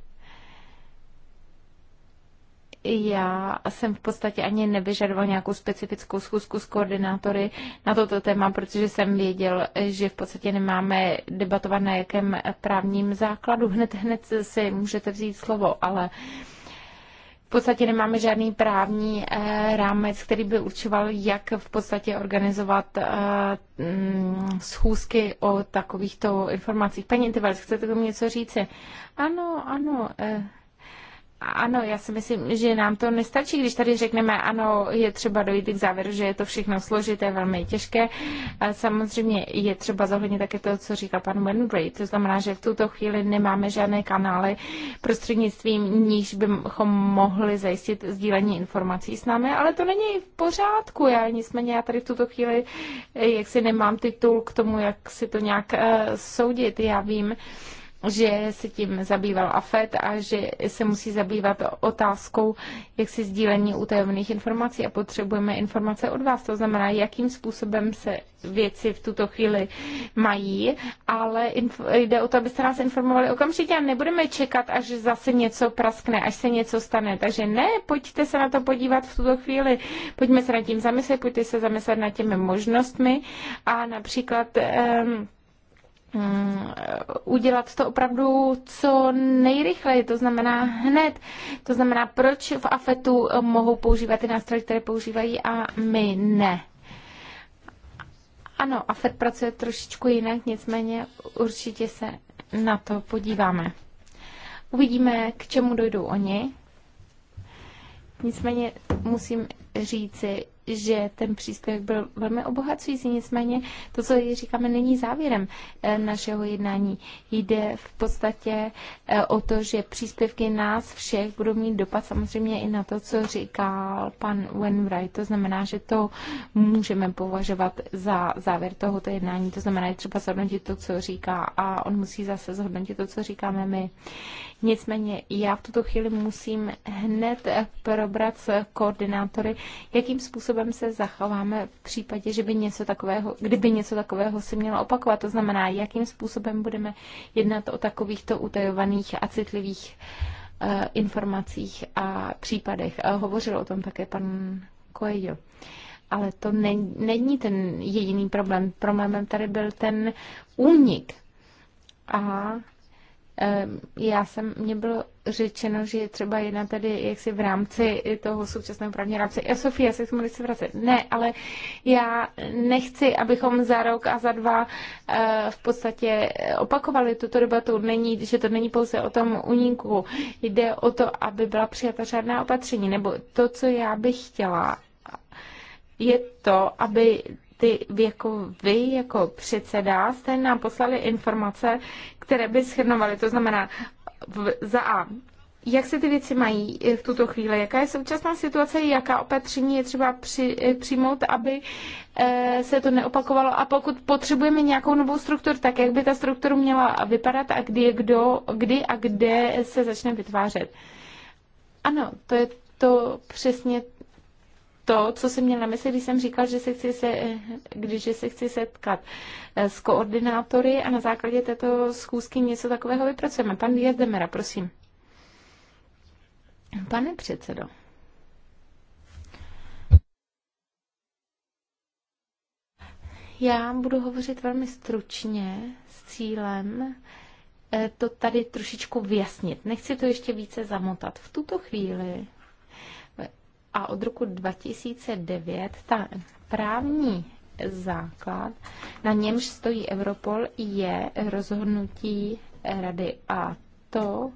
Já jsem v podstatě ani nevyžadoval nějakou specifickou schůzku s koordinátory na toto téma, protože jsem věděl, že v podstatě nemáme debatovat na jakém právním základu. Hned, hned si můžete vzít slovo, ale uh, podstatě nemáme žádný právní eh, rámec, který by určoval, jak v podstatě organizovat eh, mm, schůzky o takovýchto informacích. Paní Intivalis, chcete tomu něco říci? Ano, ano, eh, ano, já si myslím, že nám to nestačí, když tady řekneme, ano, je třeba dojít k závěru, že je to všechno složité, velmi těžké. A samozřejmě je třeba zohlednit také to, co říká pan Wenbray. To znamená, že v tuto chvíli nemáme žádné kanály, prostřednictvím níž bychom mohli zajistit sdílení informací s námi, ale to není v pořádku. Já nicméně já tady v tuto chvíli, eh, jak si nemám titul k tomu, jak si to nějak uh, soudit. Já vím, uh, že se tím zabýval AFET a že se musí zabývat otázkou jak si sdílení utajených informací a potřebujeme informace od vás. To znamená, jakým způsobem se věci v tuto chvíli mají, ale jde o to, abyste nás informovali okamžitě a nebudeme čekat, až zase něco praskne, až se něco stane. Takže ne, pojďte se na to podívat v tuto chvíli, pojďme se nad tím zamyslet, pojďte se zamyslet nad těmi možnostmi a například um, Mm, udělat to opravdu co nejrychleji, to znamená hned. To znamená, proč v AFETu mohou používat ty nástroje, které používají a my ne. Ano, AFET pracuje trošičku jinak, nicméně určitě se na to podíváme. Uvidíme, k čemu dojdou oni. Nicméně musím říci, že ten příspěvek byl velmi obohacující, nicméně to, co říkáme, není závěrem eh, našeho jednání. Jde v podstatě eh, o to, že příspěvky nás všech budou mít dopad samozřejmě i na to, co říkal pan Wainwright. To znamená, že to můžeme považovat za závěr tohoto jednání. To znamená, že třeba zhodnotit to, co říká a on musí zase zhodnotit to, co říkáme my. Nicméně já v tuto chvíli musím hned eh, probrat s koordinátory, jakým způsobem způsobem se zachováme v případě, že by něco takového, kdyby něco takového se mělo opakovat. To znamená, jakým způsobem budeme jednat o takovýchto utajovaných a citlivých eh, informacích a případech. A eh, hovořil o tom také pan Coelho. Ale to ne, není ten jediný problém. Problémem tady byl ten únik. A eh, já jsem, mě bylo řečeno, že je třeba jedna tady jaksi v rámci toho současného právního rámce. Já Sofie, já se k tomu nechci vracet. Ne, ale já nechci, abychom za rok a za dva eh, v podstatě opakovali tuto debatu. Není, že to není pouze o tom úniku. Jde o to, aby byla přijata řádná opatření. Nebo to, co já bych chtěla, je to, aby ty, jako vy, jako předseda, jste nám poslali informace, které by schrnovaly. To znamená, za A. Jak se ty věci mají eh, v tuto chvíli? Jaká je současná situace? Jaká opatření je třeba při, eh, přijmout, aby eh, se to neopakovalo? A pokud potřebujeme nějakou novou strukturu, tak jak by ta struktura měla vypadat a kdy, kdo, kdy a kde se začne vytvářet? Ano, to je to přesně to, co jsem měla na mysli, když jsem říkal, že se chci, se, když, se chci setkat eh, s koordinátory a na základě této schůzky něco takového vypracujeme. Pan Jazdemera, prosím. Pane předsedo. Já budu hovořit velmi stručně s cílem eh, to tady trošičku vyjasnit. Nechci to ještě více zamotat. V tuto chvíli a od roku 2009 ta právní základ, na němž stojí Europol, je rozhodnutí rady a to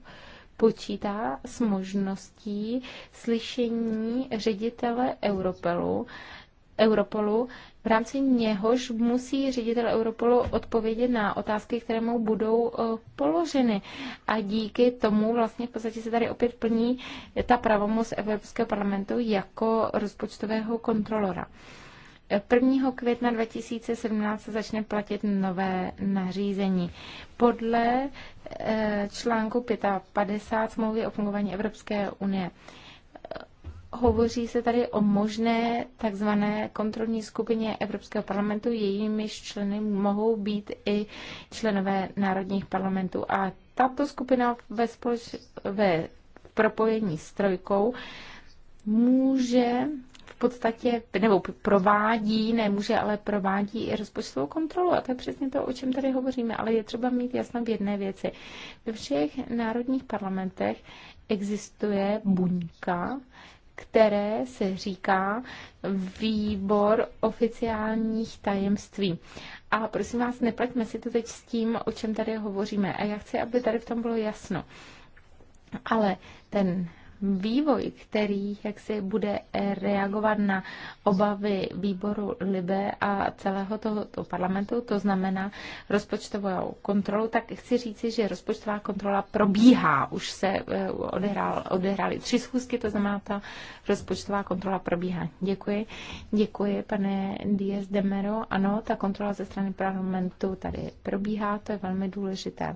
počítá s možností slyšení ředitele Europolu Europolu, v rámci něhož musí ředitel Europolu odpovědět na otázky, které mu budou eh, položeny. A díky tomu vlastně v podstatě se tady opět plní ta pravomoc Evropského parlamentu jako rozpočtového kontrolora. 1. Eh, května 2017 začne platit nové nařízení. Podle eh, článku 55 smlouvy o fungování Evropské unie. Hovoří se tady o možné takzvané kontrolní skupině Evropského parlamentu, jejímiž členy mohou být i členové národních parlamentů. A tato skupina ve, společ... ve propojení s trojkou může v podstatě, nebo provádí, nemůže, ale provádí i rozpočtovou kontrolu. A to je přesně to, o čem tady hovoříme. Ale je třeba mít jasno v jedné věci. Ve všech národních parlamentech existuje buňka, které se říká výbor oficiálních tajemství. A prosím vás, neplaťme si to teď s tím, o čem tady hovoříme. A já chci, aby tady v tom bylo jasno. Ale ten vývoj, který jak si bude reagovat na obavy výboru Libe a celého tohoto parlamentu, to znamená rozpočtovou kontrolu, tak chci říci, že rozpočtová kontrola probíhá. Už se eh, odehrál, odehrály tři schůzky, to znamená, ta rozpočtová kontrola probíhá. Děkuji. Děkuji, pane Díaz Demero. Ano, ta kontrola ze strany parlamentu tady probíhá, to je velmi důležité.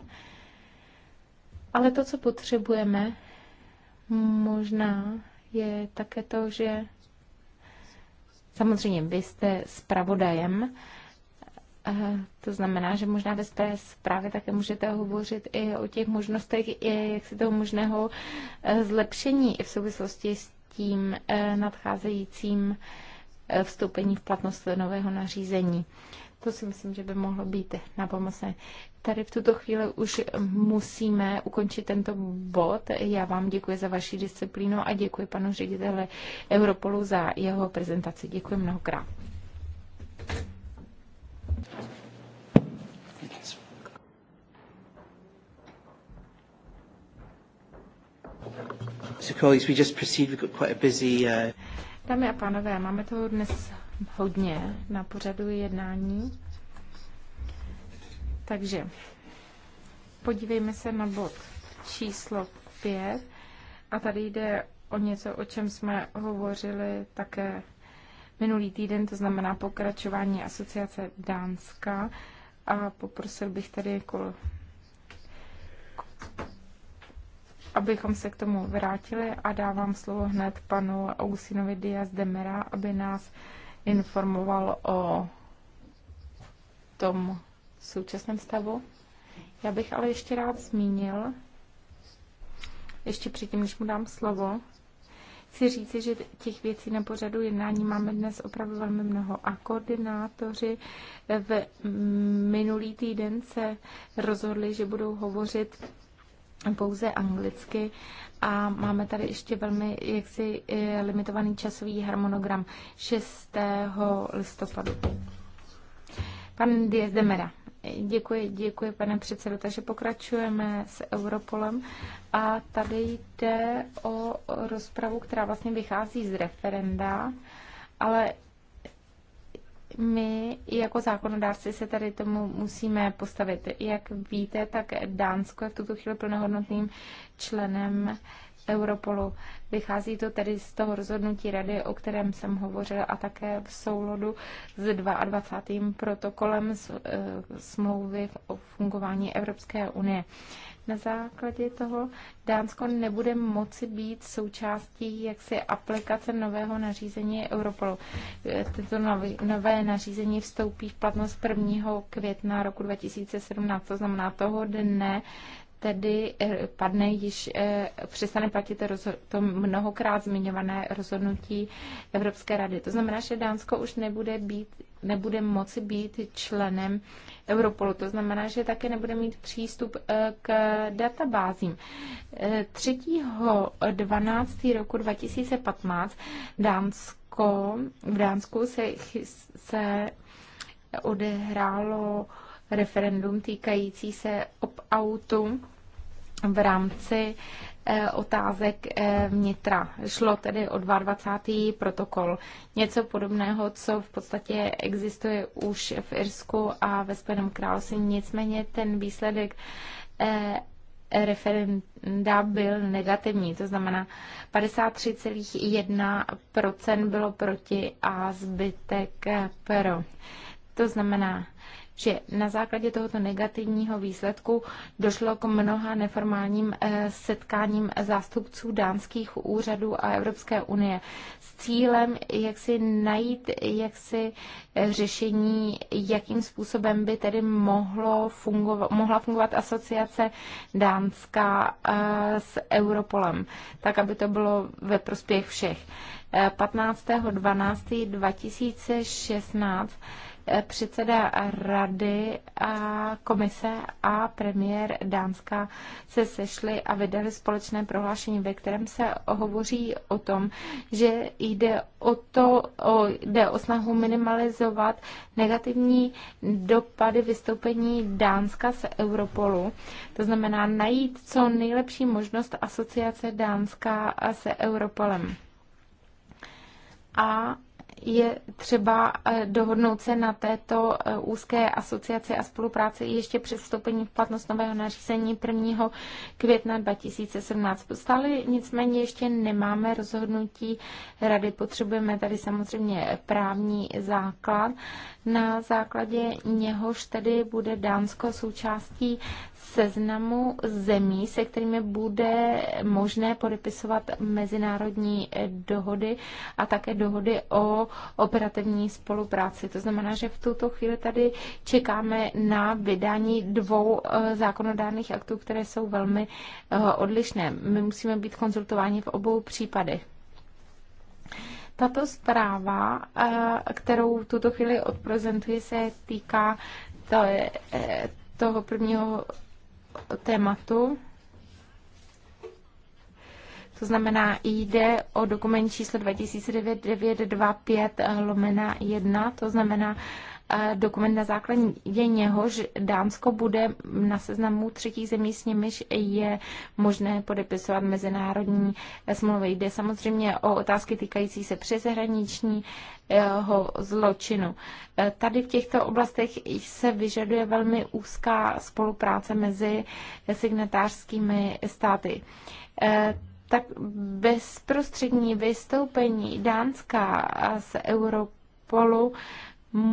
Ale to, co potřebujeme, možná je také to, že samozřejmě vy jste zpravodajem, eh, to znamená, že možná ve té zprávě také můžete hovořit i o těch možnostech, i jak si toho možného eh, zlepšení i v souvislosti s tím eh, nadcházejícím vstoupení v platnost nového nařízení. To si myslím, že by mohlo být pomoce tady v tuto chvíli už musíme ukončit tento bod. Já vám děkuji za vaši disciplínu a děkuji panu řediteli Europolu za jeho prezentaci. Děkuji mnohokrát. we just got quite a busy. Uh, Dámy a pánové, máme toho dnes hodně na pořadu jednání. Takže podívejme se na bod číslo 5. A tady jde o něco, o čem jsme hovořili také minulý týden, to znamená pokračování asociace Dánska. A poprosil bych tady, abychom se k tomu vrátili a dávám slovo hned panu Augustinovi Diaz Demera, aby nás informoval o tom, v současném stavu. Já bych ale ještě rád zmínil, ještě předtím, než mu dám slovo, chci říci, že těch věcí na pořadu jednání máme dnes opravdu velmi mnoho. A koordinátoři v minulý týden se rozhodli, že budou hovořit pouze anglicky a máme tady ještě velmi jaksi eh, limitovaný časový harmonogram 6. listopadu. Pan Diez de Mera. Děkuji, děkuji, pane předsedo. Takže pokračujeme s Europolem a tady jde o rozpravu, která vlastně vychází z referenda, ale my jako zákonodárci se tady tomu musíme postavit. Jak víte, tak Dánsko je v tuto chvíli plnohodnotným členem Europolu. Vychází to tedy z toho rozhodnutí rady, o kterém jsem hovořil, a také v souladu s 22. protokolem e, smlouvy o fungování Evropské unie. Na základě toho Dánsko nebude moci být součástí jaksi aplikace nového nařízení Europolu. E, Toto nové nařízení vstoupí v platnost 1. května roku 2017, to znamená toho dne, tedy eh, padne již, eh, přestane platit to mnohokrát zmiňované rozhodnutí Evropské rady. To znamená, že Dánsko už nebude, být, nebude moci být členem Europolu. To znamená, že také nebude mít přístup eh, k databázím. 3.12. roku 2015 Dánsko, v Dánsku se, se odehrálo referendum týkající se opt-outu v rámci eh, otázek eh, vnitra. Šlo tedy o 22. protokol. Něco podobného, co v podstatě existuje už v Irsku a ve Spojeném království. Nicméně ten výsledek eh, referenda byl negativní, to znamená 53,1% bylo proti a zbytek pro. To znamená, že na základě tohoto negativního výsledku došlo k mnoha neformálním eh, setkáním zástupců dánských úřadů a Evropské unie s cílem, jak si najít jak si eh, řešení, jakým způsobem by tedy mohlo fungovat, mohla fungovat asociace Dánska eh, s Europolem, tak aby to bylo ve prospěch všech. 15. 12. 2016 předseda rady a komise a premiér Dánska se sešli a vydali společné prohlášení, ve kterém se hovoří o tom, že jde o to, o, jde o snahu minimalizovat negativní dopady vystoupení Dánska z Europolu. To znamená najít co nejlepší možnost asociace Dánska se Europolem. A je třeba eh, dohodnout se na této eh, úzké asociaci a spolupráci ještě před vstoupením v platnost nového nařízení 1. května 2017. Stále nicméně ještě nemáme rozhodnutí rady, potřebujeme tady samozřejmě právní základ, na základě něhož tedy bude Dánsko součástí seznamu zemí, se kterými bude možné podepisovat mezinárodní eh, dohody a také dohody o operativní spolupráci. To znamená, že v tuto chvíli tady čekáme na vydání dvou eh, zákonodárných aktů, které jsou velmi eh, odlišné. My musíme být konzultováni v obou případech. Tato zpráva, kterou tuto chvíli odprezentuji, se týká toho prvního tématu. To znamená, jde o dokument číslo 2009-925 lomena 1, to znamená dokument na základě něhož Dánsko bude na seznamu třetí zemí, s nimiž je možné podepisovat mezinárodní smlouvy. Jde samozřejmě o otázky týkající se přeshraničního zločinu. Tady v těchto oblastech se vyžaduje velmi úzká spolupráce mezi signatářskými státy tak bezprostřední vystoupení Dánska z Europolu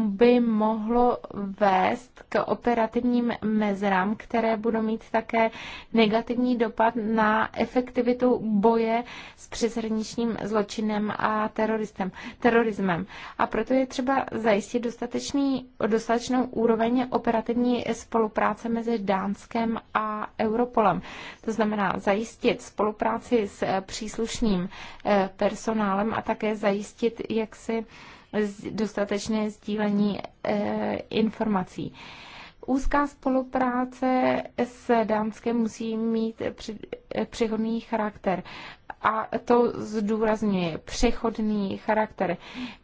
by mohlo vést k operativním mezrám, které budou mít také negativní dopad na efektivitu boje s přeshraničním zločinem a teroristem, terorismem. A proto je třeba zajistit dostatečný, dostatečnou úroveň operativní spolupráce mezi Dánskem a Europolem. To znamená zajistit spolupráci s příslušným eh, personálem a také zajistit, jak si dostatečné sdílení eh, informací. Úzká spolupráce s Dánskem musí mít eh, přechodný charakter. A to zdůrazňuje přechodný charakter.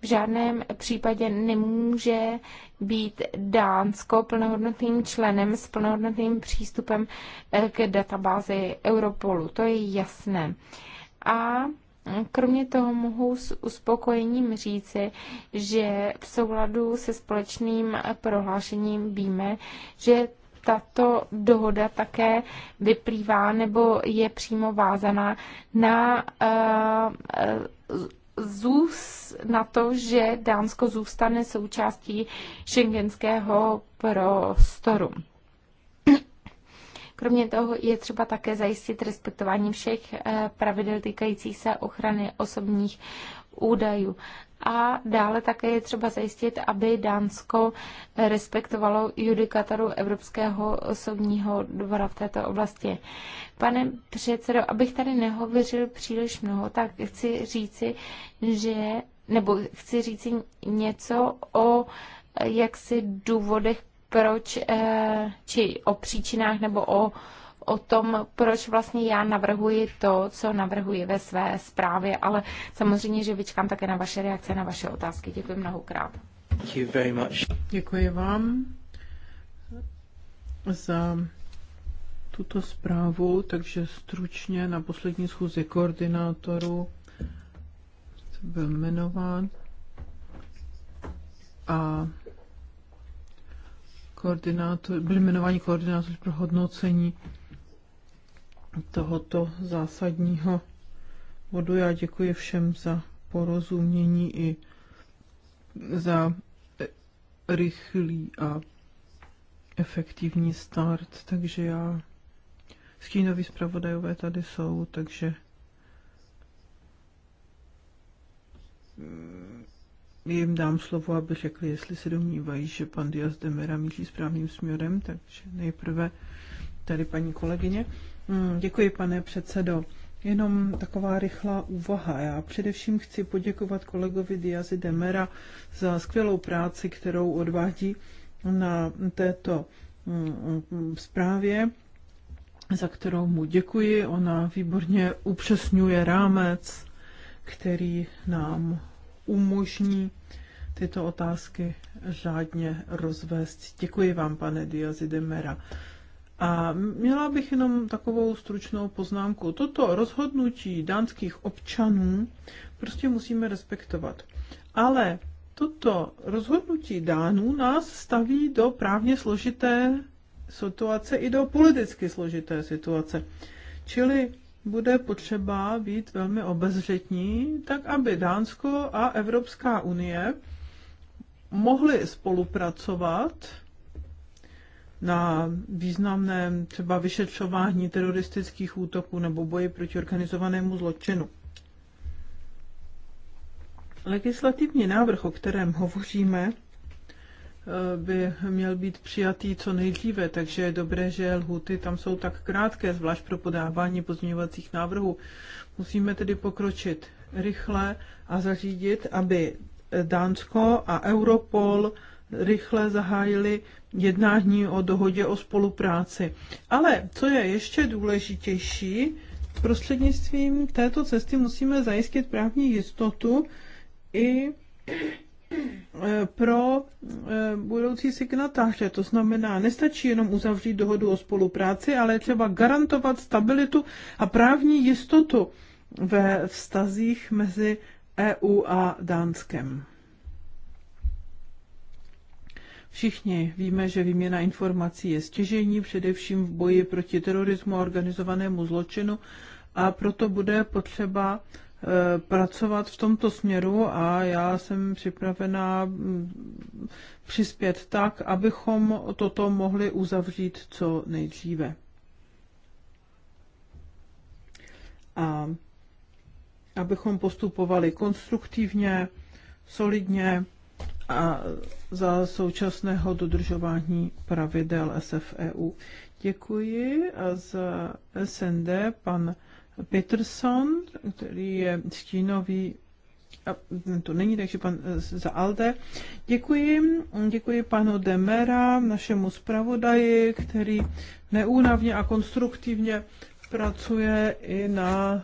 V žádném případě nemůže být Dánsko plnohodnotným členem s plnohodnotným přístupem eh, k databázi Europolu. To je jasné. A Kromě toho mohu s uspokojením říci, že v souladu se společným prohlášením víme, že tato dohoda také vyplývá nebo je přímo vázaná na uh, eh, eh, zůz, na to, že Dánsko zůstane součástí šengenského prostoru. Kromě toho je třeba také zajistit respektování všech eh, pravidel týkajících se ochrany osobních údajů. A dále také je třeba zajistit, aby Dánsko eh, respektovalo judikaturu Evropského osobního dvora v této oblasti. Pane předsedo, abych tady nehovořil příliš mnoho, tak chci říci, že nebo chci říci něco o eh, jaksi důvodech proč, eh, či o příčinách nebo o, o tom, proč vlastně já navrhuji to, co navrhuji ve své zprávě, ale samozřejmě, že vyčkám také na vaše reakce, na vaše otázky. Děkuji mnohokrát. Děkuji vám za tuto zprávu, takže stručně na poslední schůzi koordinátoru byl jmenován a koordinátor, byli jmenováni koordinátoři pro hodnocení tohoto zásadního bodu. Já děkuji všem za porozumění i za rychlý a efektivní start, takže já stínoví zpravodajové tady jsou, takže mm, jim dám slovo, aby řekli, jestli se domnívají, že pan Dias de Mera míří správným směrem, takže nejprve tady paní kolegyně. Hmm, děkuji, pane předsedo. Jenom taková rychlá úvaha. Já především chci poděkovat kolegovi Diazi Demera za skvělou práci, kterou odvádí na této hmm, zprávě, za kterou mu děkuji. Ona výborně upřesňuje rámec, který nám umožní tyto otázky řádně rozvést. Děkuji vám, pane Diazi Demera. A měla bych jenom takovou stručnou poznámku. Toto rozhodnutí dánských občanů prostě musíme respektovat. Ale toto rozhodnutí Dánů nás staví do právně složité situace i do politicky složité situace. Čili bude potřeba být velmi obezřetní, tak aby Dánsko a Evropská unie mohly spolupracovat na významném třeba vyšetřování teroristických útoků nebo boji proti organizovanému zločinu. Legislativní návrh, o kterém hovoříme, by měl být přijatý co nejdříve, takže je dobré, že lhuty tam jsou tak krátké, zvlášť pro podávání pozměňovacích návrhů. Musíme tedy pokročit rychle a zařídit, aby Dánsko a Europol rychle zahájili jednání o dohodě o spolupráci. Ale co je ještě důležitější, prostřednictvím této cesty musíme zajistit právní jistotu i pro eh, budoucí signatáře. To znamená, nestačí jenom uzavřít dohodu o spolupráci, ale třeba garantovat stabilitu a právní jistotu ve vztazích mezi EU a Dánskem. Všichni víme, že výměna informací je stěžení, především v boji proti terorismu a organizovanému zločinu, a proto bude potřeba Eh, pracovat v tomto směru a já jsem připravená mm, přispět tak, abychom toto mohli uzavřít co nejdříve. A abychom postupovali konstruktivně, solidně a za současného dodržování pravidel SFEU. Děkuji a za SND pan Peterson, který je stínový a to není, takže pan eh, za Alde. Děkuji, děkuji panu Demera, našemu zpravodaji, který neúnavně a konstruktivně pracuje i na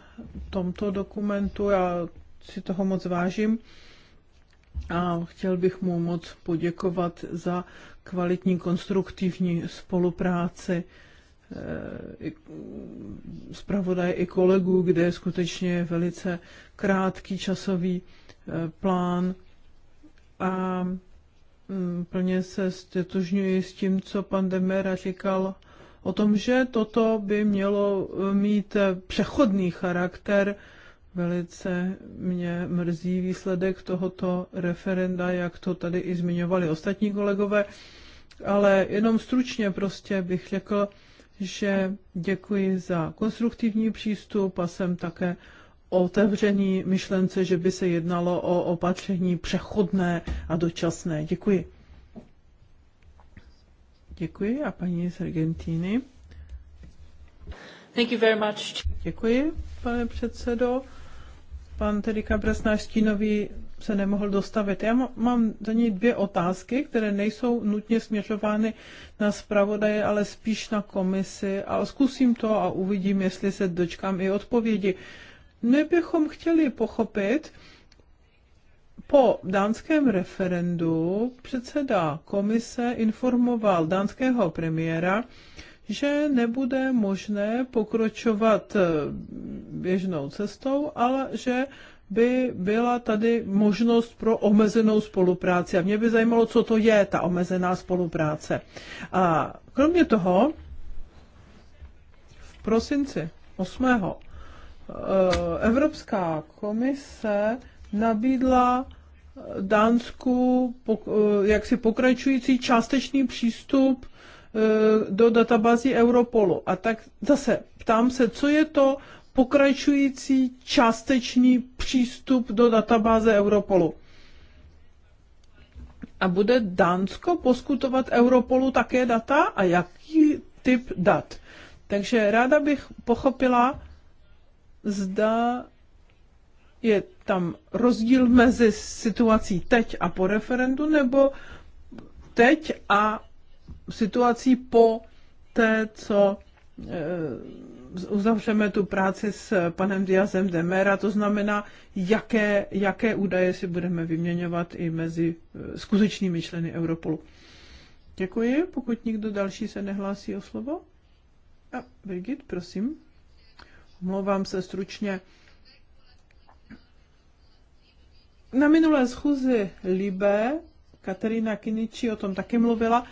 tomto dokumentu. Já si toho moc vážím a chtěl bych mu moc poděkovat za kvalitní konstruktivní spolupráci zpravodaje eh, i kolegů, kde je skutečně velice krátký časový eh, plán a mm, plně se stětožňuji s tím, co pan Demera říkal o tom, že toto by mělo eh, mít přechodný charakter. Velice mě mrzí výsledek tohoto referenda, jak to tady i zmiňovali ostatní kolegové, ale jenom stručně prostě bych řekl, že děkuji za konstruktivní přístup a jsem také otevřený myšlence, že by se jednalo o opatření přechodné a dočasné. Děkuji. Děkuji a paní z Argentíny. Thank you very much. Děkuji, pane předsedo. Pan tedy Kabras, náš stínový se nemohl dostavit. Já mám za něj dvě otázky, které nejsou nutně směřovány na zpravodaje, ale spíš na komisi a zkusím to a uvidím, jestli se dočkám i odpovědi. My bychom chtěli pochopit, po dánském referendu předseda komise informoval dánského premiéra, že nebude možné pokročovat eh, běžnou cestou, ale že by byla tady možnost pro omezenou spolupráci. A mě by zajímalo, co to je ta omezená spolupráce. A kromě toho, v prosinci 8. Eh, Evropská komise nabídla eh, Dánsku eh, jaksi pokračující částečný přístup do databází Europolu. A tak zase ptám se, co je to pokračující částečný přístup do databáze Europolu. A bude Dánsko poskutovat Europolu také data a jaký typ dat? Takže ráda bych pochopila, zda je tam rozdíl mezi situací teď a po referendu, nebo teď a situací po té, co eh, uzavřeme tu práci s panem Diazem Demera, to znamená, jaké, jaké údaje si budeme vyměňovat i mezi eh, skutečnými členy Europolu. Děkuji, pokud nikdo další se nehlásí o slovo. A Birgit, prosím. Omlouvám se stručně. Na minulé schůzi Libe Katerina Kiniči o tom taky mluvila.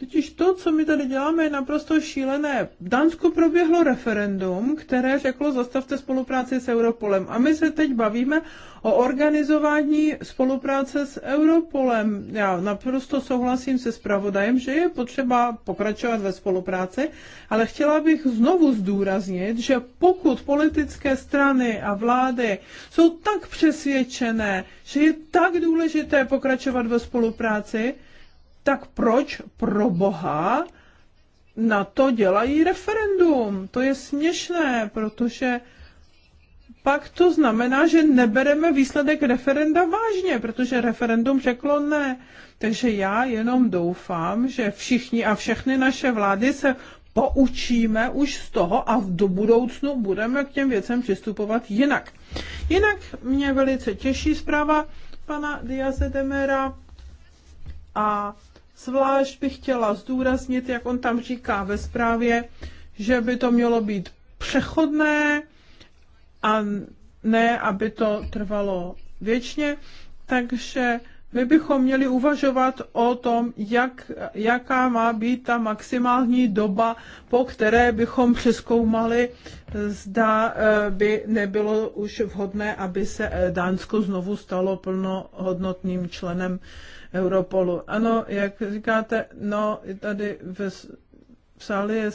Totiž to, co my tady děláme, je naprosto šílené. V Dánsku proběhlo referendum, které řeklo zastavte spolupráci s Europolem. A my se teď bavíme o organizování spolupráce s Europolem. Já naprosto souhlasím se zpravodajem, že je potřeba pokračovat ve spolupráci, ale chtěla bych znovu zdůraznit, že pokud politické strany a vlády jsou tak přesvědčené, že je tak důležité pokračovat ve spolupráci, tak proč pro boha na to dělají referendum? To je směšné, protože pak to znamená, že nebereme výsledek referenda vážně, protože referendum řeklo ne. Takže já jenom doufám, že všichni a všechny naše vlády se poučíme už z toho a do budoucnu budeme k těm věcem přistupovat jinak. Jinak mě velice těší zpráva pana Diaze Demera a Zvlášť bych chtěla zdůraznit, jak on tam říká ve zprávě, že by to mělo být přechodné a ne, aby to trvalo věčně. Takže my bychom měli uvažovat o tom, jak, jaká má být ta maximální doba, po které bychom přeskoumali, zda eh, by nebylo už vhodné, aby se eh, Dánsko znovu stalo plnohodnotným členem Europolu. Ano, jak říkáte, no tady v, v sále je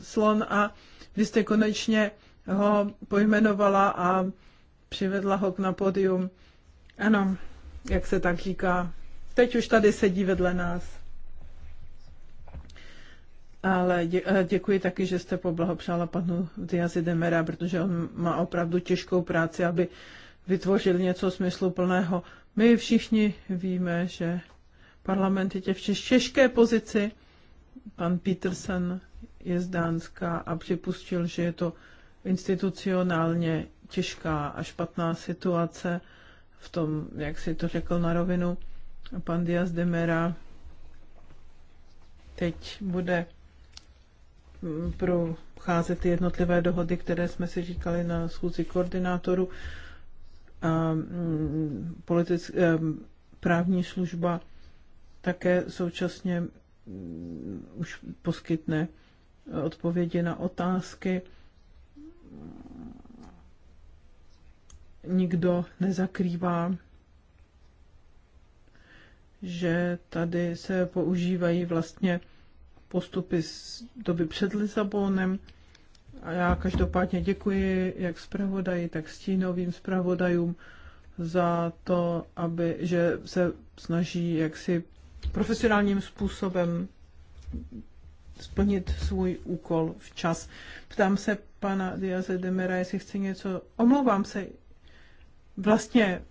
slon a vy jste konečně ho pojmenovala a přivedla ho k na podium. Ano, jak se tak říká. Teď už tady sedí vedle nás. Ale eh, děkuji taky, že jste poblahopřála panu Diazi Demera, protože on má opravdu těžkou práci, aby vytvořil něco smysluplného. My všichni víme, že parlament je v těžké pozici. Pan Peterson je z Dánska a připustil, že je to institucionálně těžká a špatná situace v tom, jak si to řekl na rovinu. Pan Diaz de Mera teď bude procházet ty jednotlivé dohody, které jsme si říkali na schůzi koordinátoru. Mm, politic, mm, právní služba také současně mm, už poskytne odpovědi na otázky. Nikdo nezakrývá, že tady se používají vlastně postupy z doby před Lisabonem, a já každopádně děkuji jak zpravodaji, tak stínovým zpravodajům za to, aby, že se snaží jaksi profesionálním způsobem splnit svůj úkol včas. Ptám se pana Diaze Demera, jestli chce něco... Omlouvám se. Vlastně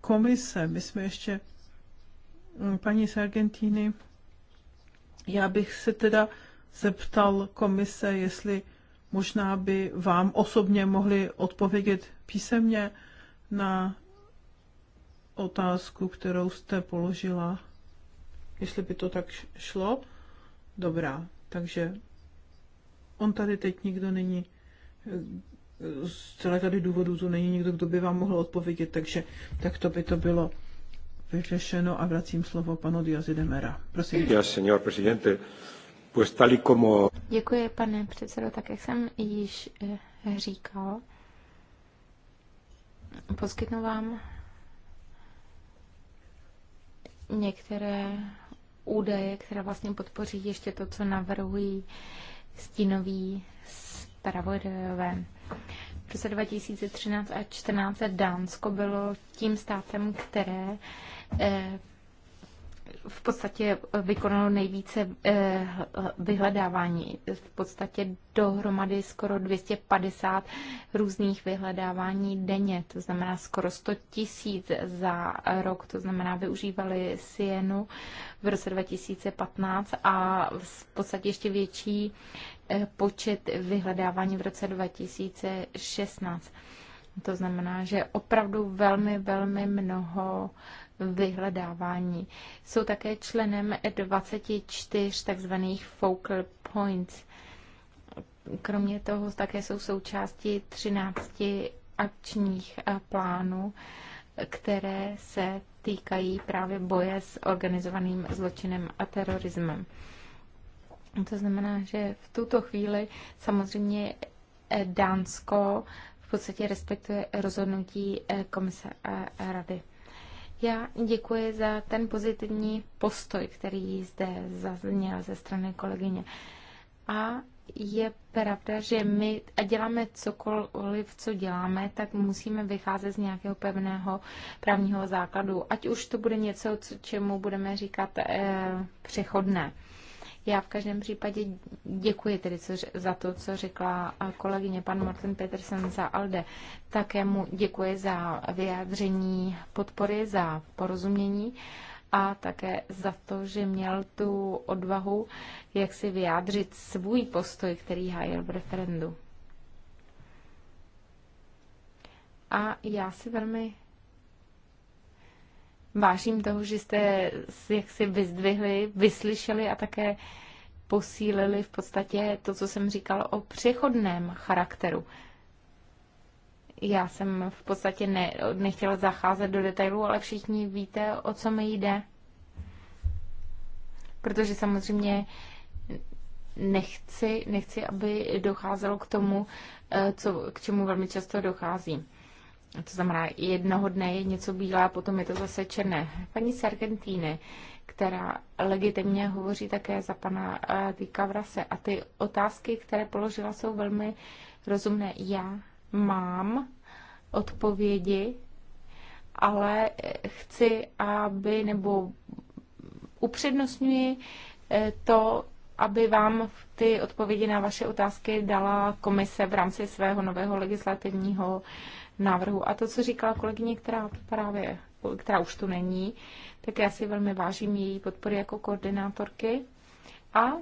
komise, my jsme ještě eh, paní z Argentíny. Já bych se teda zeptal komise, jestli Možná by vám osobně mohli odpovědět písemně na otázku, kterou jste položila. Jestli by to tak šlo? Dobrá, takže on tady teď nikdo není. Eh, z celé tady důvodů tu není nikdo, kdo by vám mohl odpovědět, takže tak to by to bylo vyřešeno a vracím slovo panu Diazidemera. Prosím. Já, senor presidente. Pues tal y como... Děkuji, pane předsedo. Tak jak jsem již eh, říkal, poskytnu vám některé údaje, které vlastně podpoří ještě to, co navrhují stínoví zpravodajové. V roce 2013 a 2014 Dánsko bylo tím státem, které eh, v podstatě vykonalo nejvíce eh, vyhledávání. V podstatě dohromady skoro 250 různých vyhledávání denně, to znamená skoro 100 tisíc za rok, to znamená využívali Sienu v roce 2015 a v podstatě ještě větší eh, počet vyhledávání v roce 2016. To znamená, že opravdu velmi, velmi mnoho vyhledávání. Jsou také členem 24 tzv. focal points. Kromě toho také jsou součástí 13 akčních eh, plánů, které se týkají právě boje s organizovaným zločinem a terorismem. To znamená, že v tuto chvíli samozřejmě eh, Dánsko v podstatě respektuje rozhodnutí eh, komise a rady. Já děkuji za ten pozitivní postoj, který zde zazněl ze strany kolegyně. A je pravda, že my a děláme cokoliv, co děláme, tak musíme vycházet z nějakého pevného právního základu. Ať už to bude něco, čemu budeme říkat eh, přechodné. Já v každém případě děkuji tedy co, za to, co řekla kolegyně pan Martin Petersen za ALDE. Také mu děkuji za vyjádření podpory, za porozumění a také za to, že měl tu odvahu, jak si vyjádřit svůj postoj, který hájil v referendu. A já si velmi vážím toho, že jste jak si vyzdvihli, vyslyšeli a také posílili v podstatě to, co jsem říkala o přechodném charakteru. Já jsem v podstatě ne, nechtěla zacházet do detailů, ale všichni víte, o co mi jde. Protože samozřejmě nechci, nechci, aby docházelo k tomu, eh, co, k čemu velmi často dochází. To znamená, jednoho dne je něco bílá, potom je to zase černé. Paní Sargentíny, která legitimně hovoří také za pana Týka eh, Vrase. A ty otázky, které položila, jsou velmi rozumné. Já mám odpovědi, ale eh, chci, aby, nebo upřednostňuji eh, to, aby vám ty odpovědi na vaše otázky dala komise v rámci svého nového legislativního návrhu. A to, co říkala kolegyně, která právě, která už tu není, tak já si velmi vážím její podpory jako koordinátorky a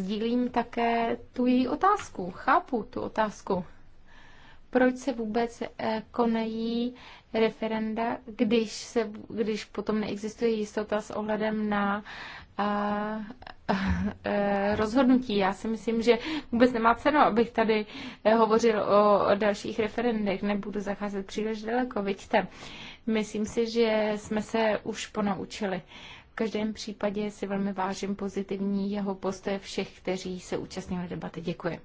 sdílím také tu její otázku. Chápu tu otázku. Proč se vůbec eh, konají referenda, když, se, když potom neexistuje jistota s ohledem na E, rozhodnutí. Já si myslím, že vůbec nemá cenu, abych tady e, hovořil o dalších referendech, nebudu zacházet příliš daleko, vidíte. Myslím si, že jsme se už ponaučili. V každém případě si velmi vážím pozitivní jeho postoje všech, kteří se účastnili debaty. Děkuji.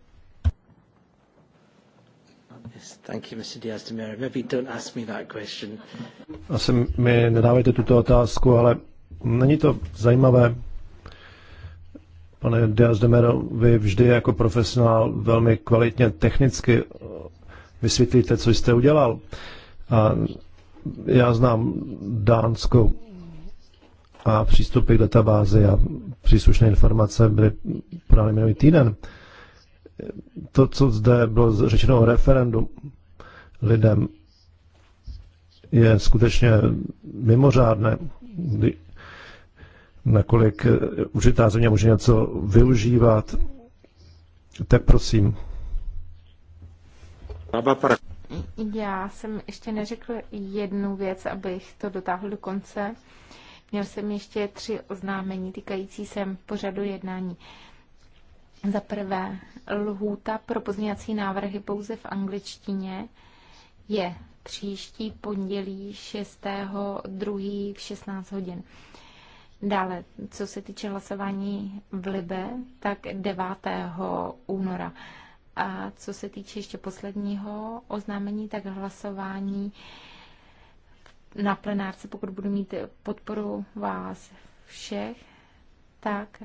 Asi mi nedávajte tuto otázku, ale Není to zajímavé? Pane Diaz de Mero, vy vždy jako profesionál velmi kvalitně technicky eh, vysvětlíte, co jste udělal. A já znám Dánsko a přístupy k databázi a příslušné informace byly právě minulý týden. To, co zde bylo řečeno o referendu lidem, je skutečně mimořádné nakolik eh, užitá země může něco využívat, tak prosím. Já jsem ještě neřekl jednu věc, abych to dotáhl do konce. Měl jsem ještě tři oznámení týkající se pořadu jednání. Za prvé, lhůta pro pozměňovací návrhy pouze v angličtině je příští pondělí 6.2. v 16 hodin. Dále, co se týče hlasování v Libe, tak 9. února. A co se týče ještě posledního oznámení, tak hlasování na plenárce, pokud budu mít podporu vás všech, tak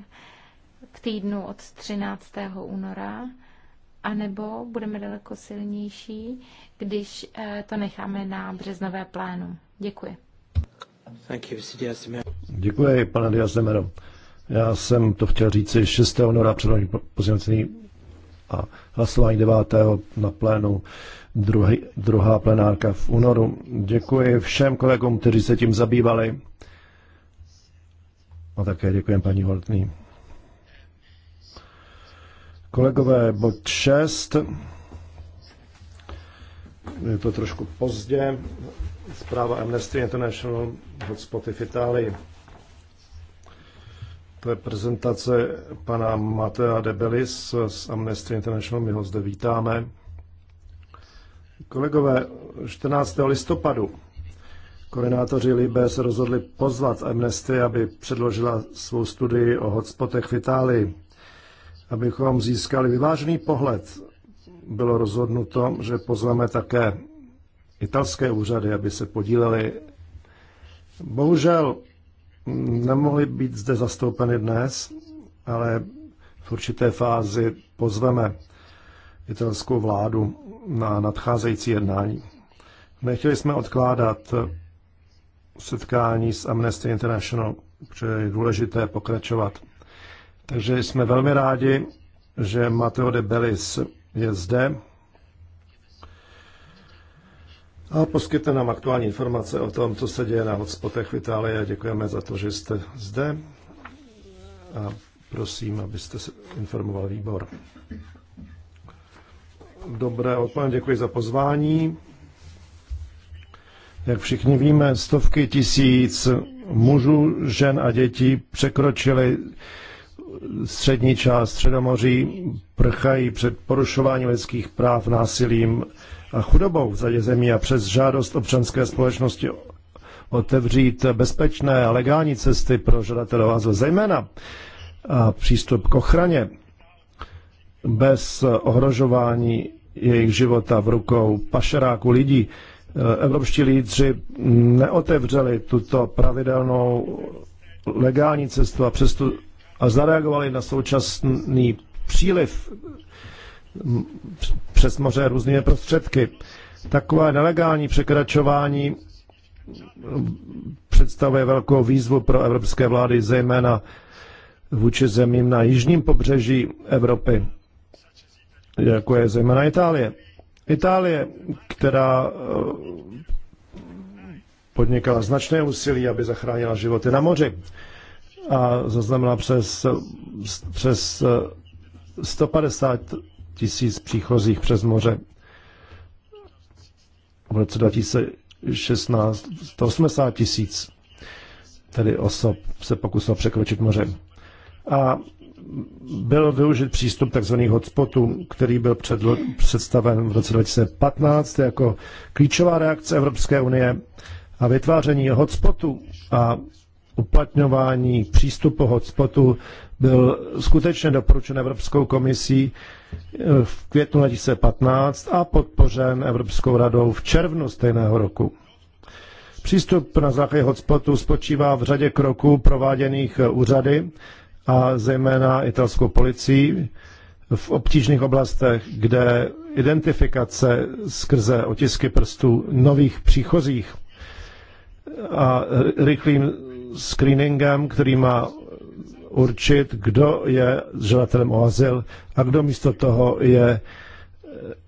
v týdnu od 13. února, anebo budeme daleko silnější, když eh, to necháme na březnové plénu. Děkuji. Thank you, Děkuji, pane Diaz Demero. Já jsem to chtěl říci 6. února předložení pozměňovací a hlasování 9. na plénu druhý, druhá plenárka v únoru. Děkuji všem kolegům, kteří se tím zabývali. A také děkuji paní Hortný. Kolegové, bod 6. Je to trošku pozdě. Zpráva Amnesty International hotspoty v Itálii. To je prezentace pana Matea Debelis z Amnesty International. My ho zde vítáme. Kolegové, 14. listopadu koordinátoři Libe se rozhodli pozvat Amnesty, aby předložila svou studii o hotspotech v Itálii. Abychom získali vyvážený pohled, bylo rozhodnuto, že pozveme také italské úřady, aby se podíleli. Bohužel Nemohli být zde zastoupeny dnes, ale v určité fázi pozveme italskou vládu na nadcházející jednání. Nechtěli jsme odkládat setkání s Amnesty International, protože je důležité pokračovat. Takže jsme velmi rádi, že Matteo de Bellis je zde a poskytne nám aktuální informace o tom, co se děje na hotspotech v Itálii a děkujeme za to, že jste zde a prosím, abyste se informoval výbor. Dobré odpoledne, děkuji za pozvání. Jak všichni víme, stovky tisíc mužů, žen a dětí překročili střední část Středomoří, prchají před porušováním lidských práv, násilím, a chudobou v zadě zemí a přes žádost občanské společnosti otevřít bezpečné a legální cesty pro žadatele o azyl, zejména a přístup k ochraně bez ohrožování jejich života v rukou pašeráku lidí. Evropští lídři neotevřeli tuto pravidelnou legální cestu a, přesto, a zareagovali na současný příliv přes moře různými prostředky. Takové nelegální překračování představuje velkou výzvu pro evropské vlády, zejména vůči zemím na jižním pobřeží Evropy, jako je zejména Itálie. Itálie, která e, podnikala značné úsilí, aby zachránila životy na moři a zaznamenala přes, přes 150 e, tisíc příchozích přes moře. V roce 2016 180 tisíc tedy osob se pokusilo překročit moře. A byl využit přístup tzv. hotspotu, který byl předlo- představen v roce 2015 jako klíčová reakce Evropské unie a vytváření hotspotu a uplatňování přístupu hotspotu byl skutečně doporučen Evropskou komisí eh, v květnu 2015 a podpořen Evropskou radou v červnu stejného roku. Přístup na základě hotspotu spočívá v řadě kroků prováděných eh, úřady a zejména italskou policií v obtížných oblastech, kde identifikace skrze otisky prstů nových příchozích a rychlým screeningem, který má určit, kdo je žadatelem o azyl a kdo místo toho je eh,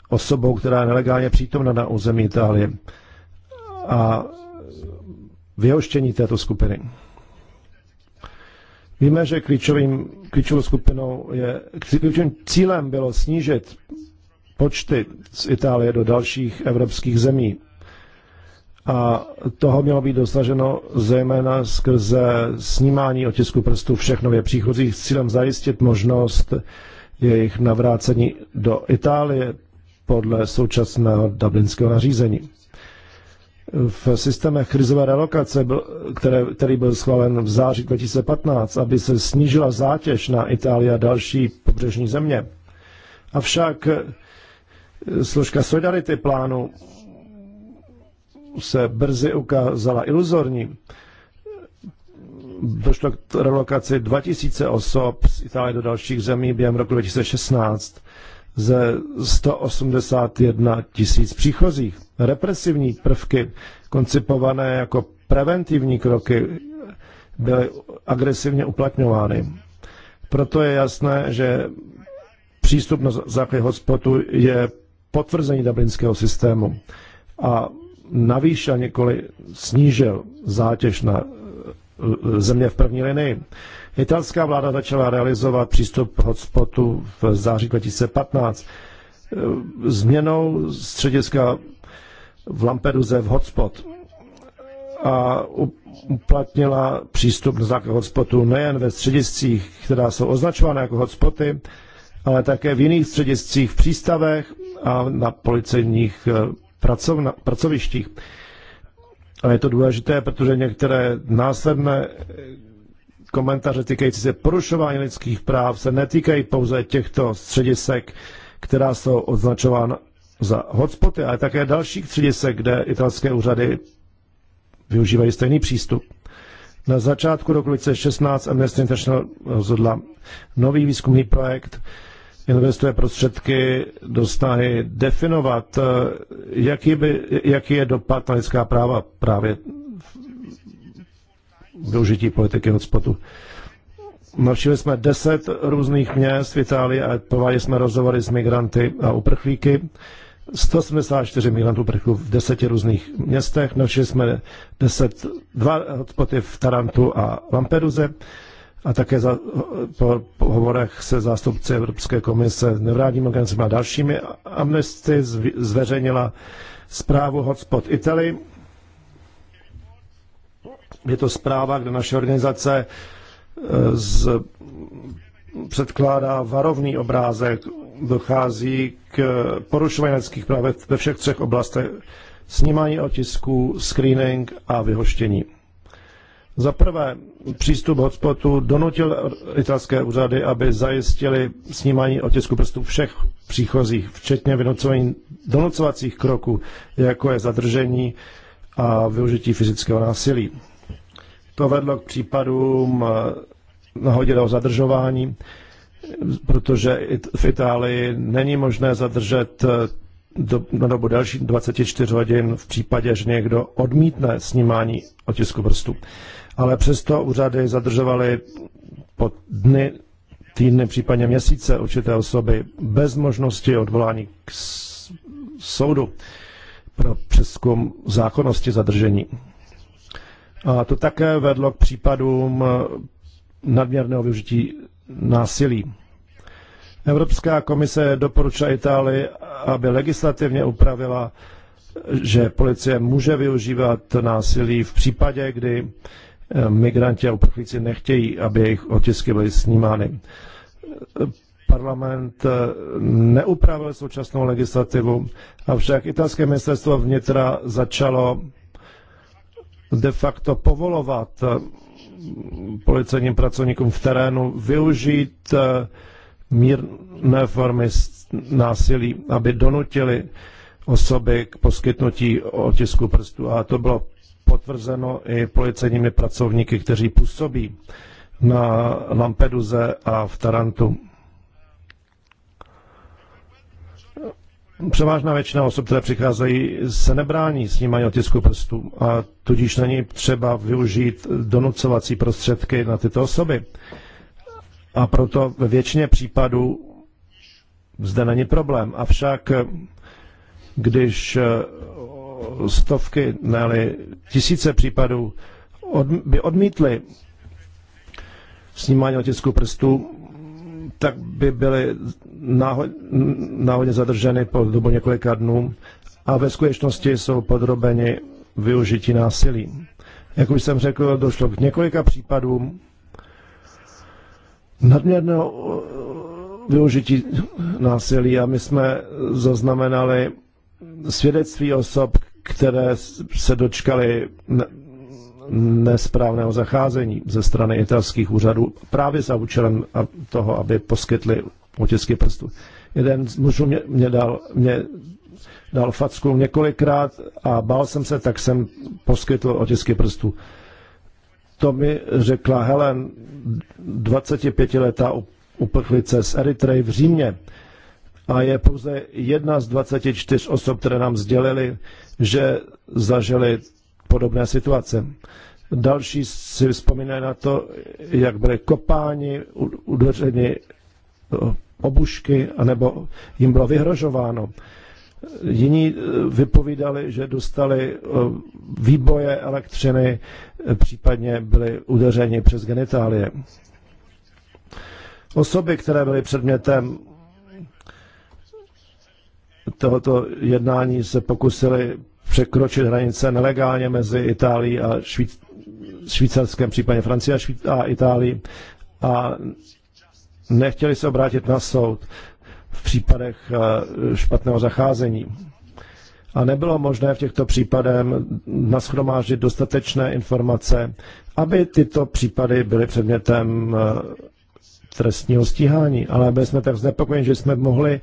osobou, která je nelegálně přítomna na území Itálie. A vyhoštění této skupiny. Víme, že klíčovým, klíčovou skupinou je, klíčovým cílem bylo snížit počty z Itálie do dalších evropských zemí a toho mělo být dosaženo zejména skrze snímání otisku prstů všech nově příchozích s cílem zajistit možnost jejich navrácení do Itálie podle současného dublinského nařízení. V systémech krizové relokace, který byl schválen v září 2015, aby se snížila zátěž na Itálii a další pobřežní země. Avšak složka solidarity plánu se brzy ukázala iluzorní. Došlo k relokaci 2000 osob z Itálie do dalších zemí během roku 2016 ze 181 tisíc příchozích. Represivní prvky, koncipované jako preventivní kroky, byly agresivně uplatňovány. Proto je jasné, že přístup na základě hotspotu je potvrzení dublinského systému. A navýšil, několik snížil zátěž na e, e, země v první linii. Italská vláda začala realizovat přístup hotspotu v září 2015. E, změnou střediska v Lampeduze v hotspot a uplatnila přístup na základ hotspotu nejen ve střediscích, která jsou označována jako hotspoty, ale také v jiných střediscích v přístavech a na policejních pracovna, pracovištích. A je to důležité, protože některé následné eh, komentáře týkající se porušování lidských práv se netýkají pouze těchto středisek, která jsou označována za hotspoty, ale také dalších středisek, kde italské úřady využívají stejný přístup. Na začátku roku 2016 Amnesty International rozhodla nový výzkumný projekt investuje prostředky do snahy definovat, eh, jaký, by, jaký je dopad na lidská práva právě v využití politiky hotspotu. Navštívili jsme deset různých měst v Itálii a prováděli jsme rozhovory s migranty a uprchlíky. 174 migrantů uprchlíků v deseti různých městech. Navštívili jsme deset dva hotspoty v Tarantu a Lampeduze a také za, po, po hovorech se zástupci Evropské komise, nevládním organizacím a dalšími. Amnesty zveřejnila zprávu Hotspot Italy. Je to zpráva, kde naše organizace e, z, předkládá varovný obrázek. Dochází k porušování lidských práv ve všech třech oblastech. Snímání otisků, screening a vyhoštění. Za prvé, přístup hotspotu donutil italské úřady, aby zajistili snímání otisku prstů všech příchozích, včetně vynucování donucovacích kroků, jako je zadržení a využití fyzického násilí. To vedlo k případům eh, nahodilého zadržování, protože v Itálii není možné zadržet eh, do, na dobu další 24 hodin v případě, že někdo odmítne snímání otisku prstů ale přesto úřady zadržovaly po dny, týdny, případně měsíce určité osoby bez možnosti odvolání k soudu pro přeskum zákonnosti zadržení. A to také vedlo k případům nadměrného využití násilí. Evropská komise doporučila Itálii, aby legislativně upravila, že policie může využívat násilí v případě, kdy migranti a uprchlíci nechtějí, aby jejich otisky byly snímány. Parlament eh, neupravil současnou legislativu, avšak italské ministerstvo vnitra začalo de facto povolovat eh, policejním pracovníkům v terénu využít eh, mírné formy násilí, aby donutili osoby k poskytnutí otisku prstů. A to bylo potvrzeno i policejními pracovníky, kteří působí na Lampeduze a v Tarantu. Převážná většina osob, které přicházejí, se nebrání snímání otisku prstů a tudíž není třeba využít donucovací prostředky na tyto osoby. A proto ve většině případů zde není problém. Avšak když stovky, ne tisíce případů od, by odmítli snímání otisku prstů, tak by byly náhodně zadrženy po dobu několika dnů a ve skutečnosti jsou podrobeni využití násilí. Jak už jsem řekl, došlo k několika případům nadměrného eh, využití násilí a my jsme zaznamenali svědectví osob, které se dočkaly nesprávného zacházení ze strany italských úřadů právě za účelem toho, aby poskytli otisky prstů. Jeden z mužů mě, mě, dal, mě dal facku několikrát a bál jsem se, tak jsem poskytl otisky prstů. To mi řekla Helen, 25-letá uprchlice z Eritrej v Římě, a je pouze jedna z 24 osob, které nám sdělili, že zažili podobné situace. Další si vzpomínají na to, jak byly kopáni, udeřeni eh, obušky, anebo jim bylo vyhrožováno. Jiní eh, vypovídali, že dostali eh, výboje elektřiny, případně byli udeřeni přes genitálie. Osoby, které byly předmětem tohoto jednání se pokusili překročit hranice nelegálně mezi Itálií a Švíc- Švýcarskem, případně Francie a, Švý- a Itálií a nechtěli se obrátit na soud v případech eh, špatného zacházení. A nebylo možné v těchto případech nashromáždit dostatečné informace, aby tyto případy byly předmětem eh, trestního stíhání. Ale byli jsme tak znepokojeni, že jsme mohli uh,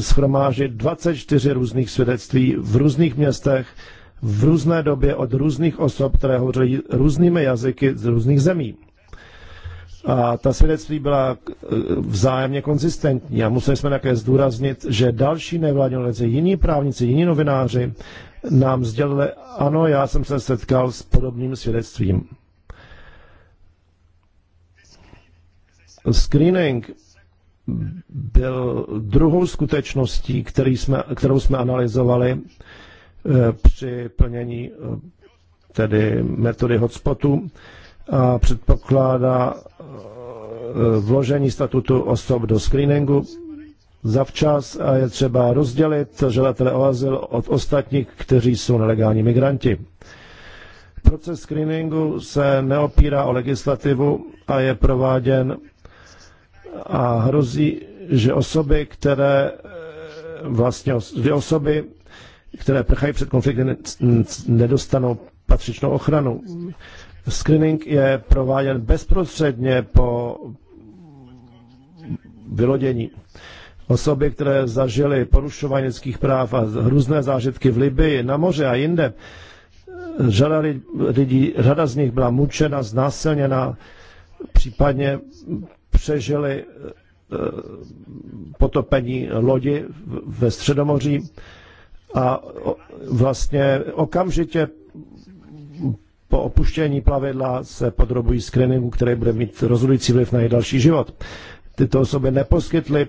schromážit 24 různých svědectví v různých městech, v různé době od různých osob, které hovoří různými jazyky z různých zemí. A ta svědectví byla eh, vzájemně konzistentní a museli jsme také zdůraznit, že další nevládní organizace, jiní právníci, jiní novináři nám sdělili, ano, já jsem se setkal s podobným svědectvím. Screening byl druhou skutečností, který jsme, kterou jsme analyzovali eh, při plnění eh, tedy metody hotspotu a předpokládá eh, vložení statutu osob do screeningu zavčas a je třeba rozdělit žadatele o azyl od ostatních, kteří jsou nelegální migranti. Proces screeningu se neopírá o legislativu a je prováděn a hrozí, že osoby, které eh, vlastně dvě osoby, které prchají před konflikty, nedostanou patřičnou ochranu. Screening je prováděn bezprostředně po vylodění. Osoby, které zažily porušování lidských práv a hrůzné zážitky v Libii, na moře a jinde, eh, řada lidí, řada z nich byla mučena, znásilněna, případně přežili eh, eh, potopení lodi ve Středomoří a vlastně okamžitě po opuštění plavidla se podrobují screeningu, který bude mít rozhodující vliv na jejich další život. Tyto osoby neposkytly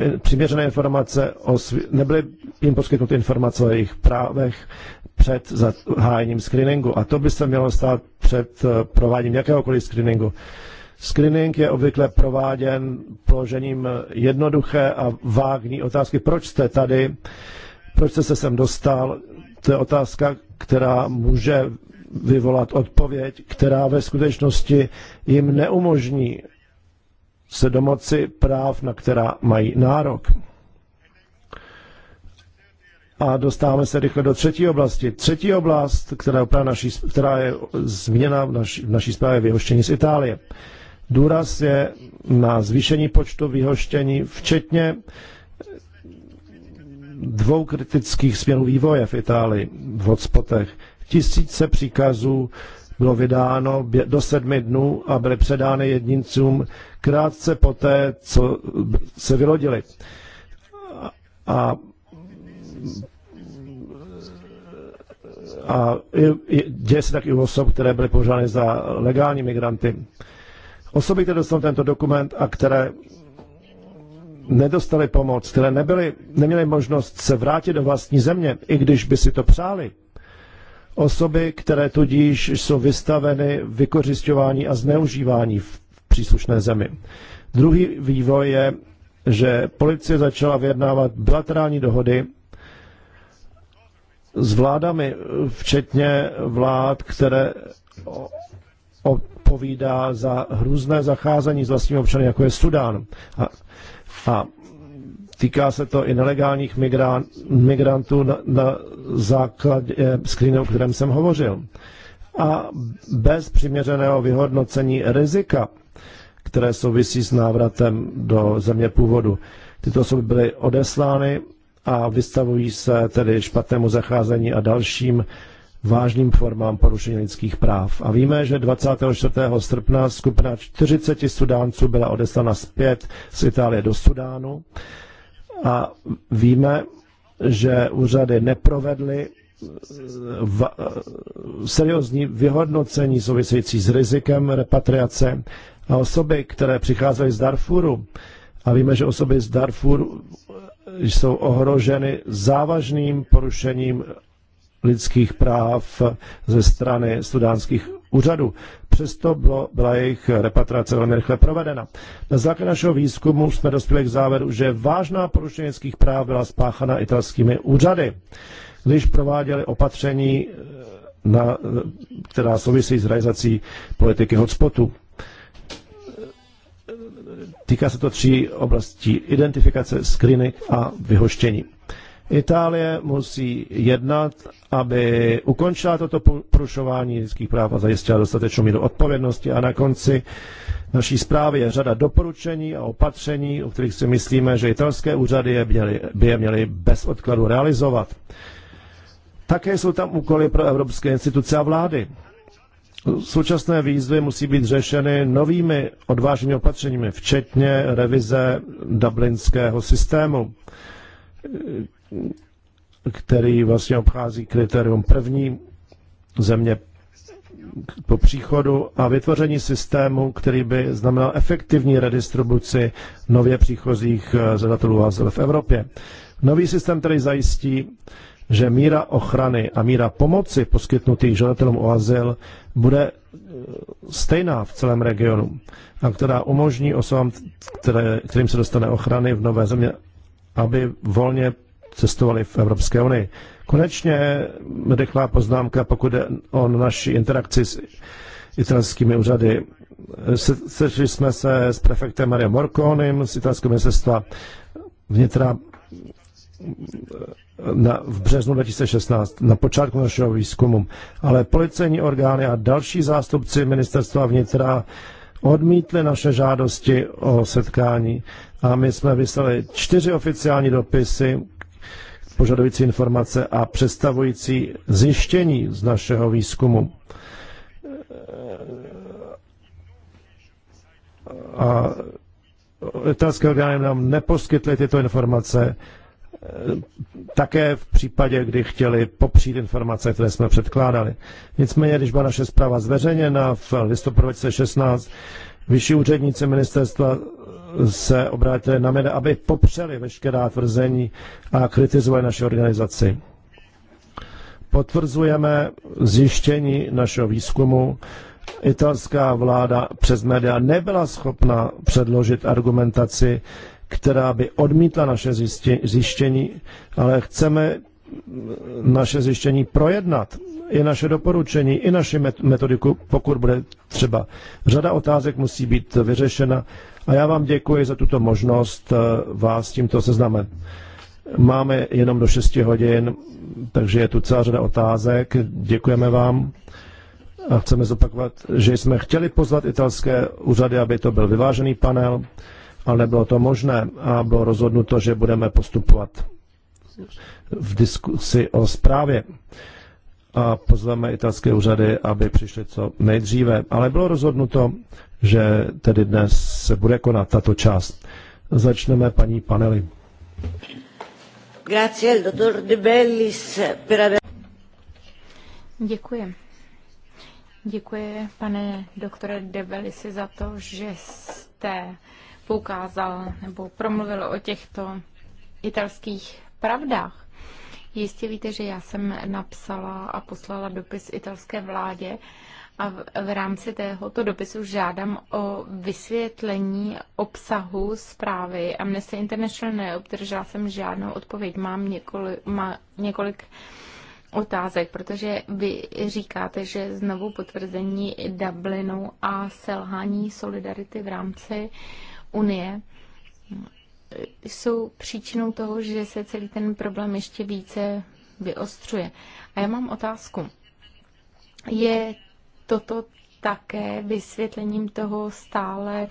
eh, přiměřené informace, o svý, nebyly jim poskytnuty informace o jejich právech před zahájením screeningu. A to by se mělo stát před prováděním jakéhokoliv screeningu. Screening je obvykle prováděn položením jednoduché a vágní otázky. Proč jste tady? Proč jste se sem dostal? To je otázka, která může vyvolat odpověď, která ve skutečnosti jim neumožní se domoci práv, na která mají nárok. A dostáváme se rychle do třetí oblasti. Třetí oblast, která je, naší, která je změna v naší, v naší zprávě vyhoštění z Itálie. Důraz je na zvýšení počtu vyhoštění, včetně dvou kritických směrů vývoje v Itálii v hotspotech. Tisíce příkazů bylo vydáno do sedmi dnů a byly předány jedincům krátce poté, co se vylodili. A, a, a děje se tak i u osob, které byly považovány za legální migranty. Osoby, které dostaly tento dokument a které nedostali pomoc, které nebyly, neměly možnost se vrátit do vlastní země, i když by si to přáli. Osoby, které tudíž jsou vystaveny vykořišťování a zneužívání v příslušné zemi. Druhý vývoj je, že policie začala vyjednávat bilaterální dohody s vládami, včetně vlád, které odpovídá za hrůzné zacházení s vlastními občany, jako je Sudán. A, a týká se to i nelegálních migrán, migrantů na, na základě screenu, o kterém jsem hovořil. A bez přiměřeného vyhodnocení rizika, které souvisí s návratem do země původu. Tyto osoby byly odeslány a vystavují se tedy špatnému zacházení a dalším vážným formám porušení lidských práv. A víme, že 24. srpna skupina 40 Sudánců byla odeslána zpět z Itálie do Sudánu. A víme, že úřady neprovedly eh, eh, seriózní vyhodnocení související s rizikem repatriace a osoby, které přicházely z Darfuru. A víme, že osoby z Darfuru eh, jsou ohroženy závažným porušením lidských práv ze strany sudánských úřadů. Přesto bylo, byla jejich repatrace velmi rychle provedena. Na základě našeho výzkumu jsme dospěli k závěru, že vážná porušení lidských práv byla spáchána italskými úřady, když prováděli opatření, eh, na, eh, která souvisí s realizací politiky hotspotu. Eh, týká se to tří oblastí identifikace, screening a vyhoštění. Itálie musí jednat, aby ukončila toto porušování lidských práv a zajistila dostatečnou míru odpovědnosti. A na konci naší zprávy je řada doporučení a opatření, o kterých si myslíme, že italské úřady je měly, by je měly bez odkladu realizovat. Také jsou tam úkoly pro evropské instituce a vlády. Současné výzvy musí být řešeny novými odvážnými opatřeními, včetně revize dublinského systému který vlastně obchází kritérium první země po příchodu a vytvoření systému, který by znamenal efektivní redistribuci nově příchozích eh, zadatelů azyl v Evropě. Nový systém tedy zajistí, že míra ochrany a míra pomoci poskytnutých žadatelům o azyl bude eh, stejná v celém regionu a která umožní osobám, které, kterým se dostane ochrany v nové země, aby volně cestovali v Evropské unii. Konečně rychlá poznámka, pokud je o naší interakci s italskými úřady. Sešli jsme se s prefektem Maria Morconim z italského ministerstva vnitra na, v březnu 2016, na počátku našeho výzkumu. Ale policejní orgány a další zástupci ministerstva vnitra odmítli naše žádosti o setkání a my jsme vyslali čtyři oficiální dopisy požadující informace a představující zjištění z našeho výzkumu. A italské orgány nám neposkytly tyto informace také v případě, kdy chtěli popřít informace, které jsme předkládali. Nicméně, když byla naše zpráva zveřejněna v listopadu 2016, vyšší úředníci ministerstva se obrátili na mě, aby popřeli veškerá tvrzení a kritizovali naši organizaci. Potvrzujeme zjištění našeho výzkumu. Italská vláda přes média nebyla schopna předložit argumentaci, která by odmítla naše zjištění, ale chceme naše zjištění projednat, i naše doporučení, i naši metodiku, pokud bude třeba. Řada otázek musí být vyřešena a já vám děkuji za tuto možnost eh, vás tímto seznamem. Máme jenom do 6 hodin, takže je tu celá řada otázek. Děkujeme vám a chceme zopakovat, že jsme chtěli pozvat italské úřady, aby to byl vyvážený panel, ale nebylo to možné a bylo rozhodnuto, že budeme postupovat v diskusi o zprávě a pozveme italské úřady, aby přišli co nejdříve. Ale bylo rozhodnuto, že tedy dnes se bude konat tato část. Začneme paní panely. Děkuji. Děkuji, pane doktore Bellisi, za to, že jste poukázal nebo promluvil o těchto italských pravdách. Jistě víte, že já jsem napsala a poslala dopis italské vládě, a v rámci tohoto dopisu žádám o vysvětlení obsahu zprávy. Amnesty International neobdržela jsem žádnou odpověď. Mám několik, má několik otázek, protože vy říkáte, že znovu potvrzení Dublinu a selhání solidarity v rámci Unie jsou příčinou toho, že se celý ten problém ještě více vyostřuje. A já mám otázku. Je toto také vysvětlením toho stále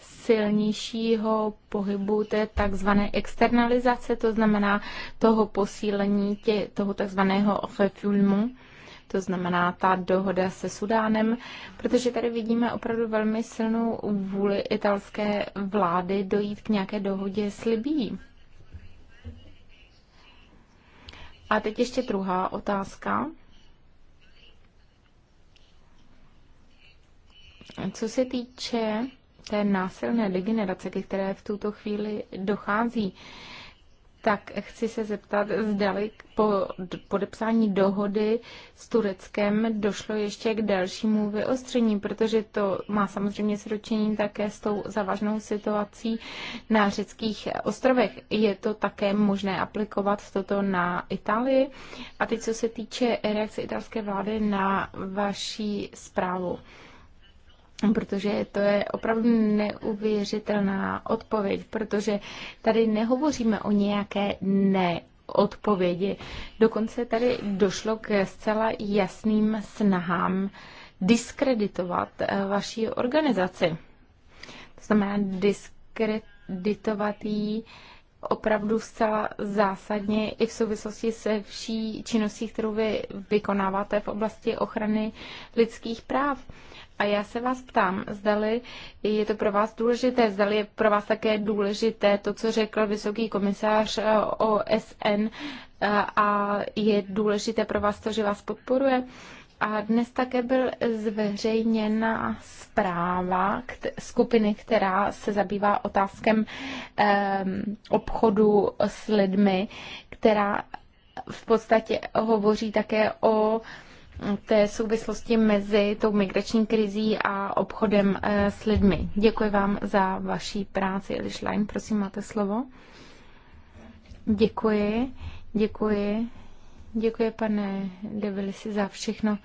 silnějšího pohybu té takzvané externalizace, to znamená toho posílení tě, toho takzvaného refulmu, to znamená ta dohoda se Sudánem, protože tady vidíme opravdu velmi silnou vůli italské vlády dojít k nějaké dohodě s Libí. A teď ještě druhá otázka. Co se týče té násilné degenerace, ke které v tuto chvíli dochází, tak chci se zeptat, zdali po podepsání dohody s Tureckem došlo ještě k dalšímu vyostření, protože to má samozřejmě sročení také s tou závažnou situací na řeckých ostrovech. Je to také možné aplikovat toto na Itálii? A teď, co se týče reakce italské vlády na vaší zprávu. Protože to je opravdu neuvěřitelná odpověď, protože tady nehovoříme o nějaké ne odpovědi. Dokonce tady došlo k zcela jasným snahám diskreditovat eh, vaší organizaci. To znamená diskreditovat ji opravdu zcela zásadně i v souvislosti se vší činností, kterou vy vykonáváte v oblasti ochrany lidských práv. A já se vás ptám, zdali je to pro vás důležité, zdali je pro vás také důležité to, co řekl vysoký komisář eh, OSN eh, a je důležité pro vás to, že vás podporuje. A dnes také byl zveřejněna zpráva skupiny, která se zabývá otázkem ehm, obchodu s lidmi, která v podstatě hovoří také o té souvislosti mezi tou migrační krizí a obchodem eh, s lidmi. Děkuji vám za vaší práci. Eliš Lein, prosím, máte slovo. Děkuji, děkuji, děkuji pane Devilisi za všechno,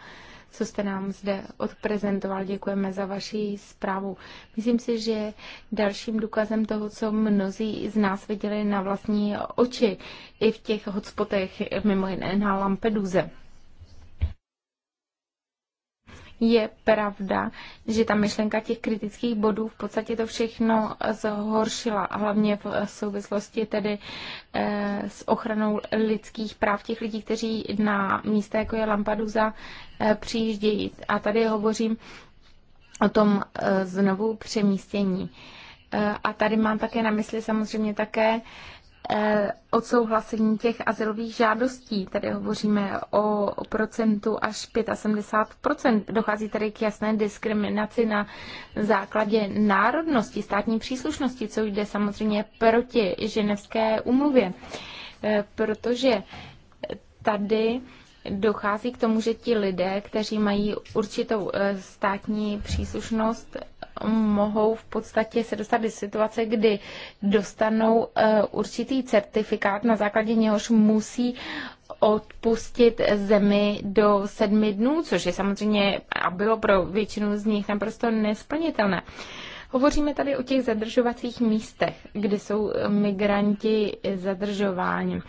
co jste nám zde odprezentoval. Děkujeme za vaši zprávu. Myslím si, že dalším důkazem toho, co mnozí z nás viděli na vlastní oči, i v těch hotspotech, mimo jiné na Lampeduze je pravda, že ta myšlenka těch kritických bodů v podstatě to všechno zhoršila, a hlavně v souvislosti tedy eh, s ochranou lidských práv těch lidí, kteří na místa, jako je Lampaduza eh, přijíždějí. A tady hovořím o tom eh, znovu přemístění. A tady mám také na mysli samozřejmě také Eh, odsouhlasení těch asilových žádostí. Tady hovoříme o procentu až 75 Dochází tady k jasné diskriminaci na základě národnosti, státní příslušnosti, co jde samozřejmě proti ženevské umluvě. Eh, protože tady dochází k tomu, že ti lidé, kteří mají určitou eh, státní příslušnost, mohou v podstatě se dostat do situace, kdy dostanou eh, určitý certifikát, na základě něhož musí odpustit zemi do sedmi dnů, což je samozřejmě a bylo pro většinu z nich naprosto nesplnitelné. Hovoříme tady o těch zadržovacích místech, kde jsou eh, migranti zadržováni.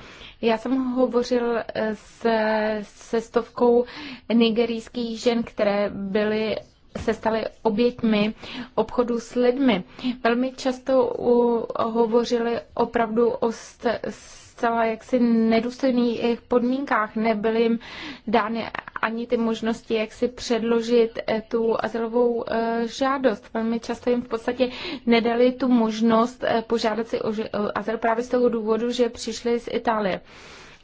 Já jsem hovořil eh, se, se stovkou nigerijských žen, které byly se staly oběťmi obchodu s lidmi. Velmi často u, hovořili opravdu o st, zcela jaksi nedůstojných podmínkách. Nebyly jim dány ani ty možnosti, jak si předložit eh, tu azylovou eh, žádost. Velmi často jim v podstatě nedali tu možnost eh, požádat si o azyl právě z toho důvodu, že přišli z Itálie.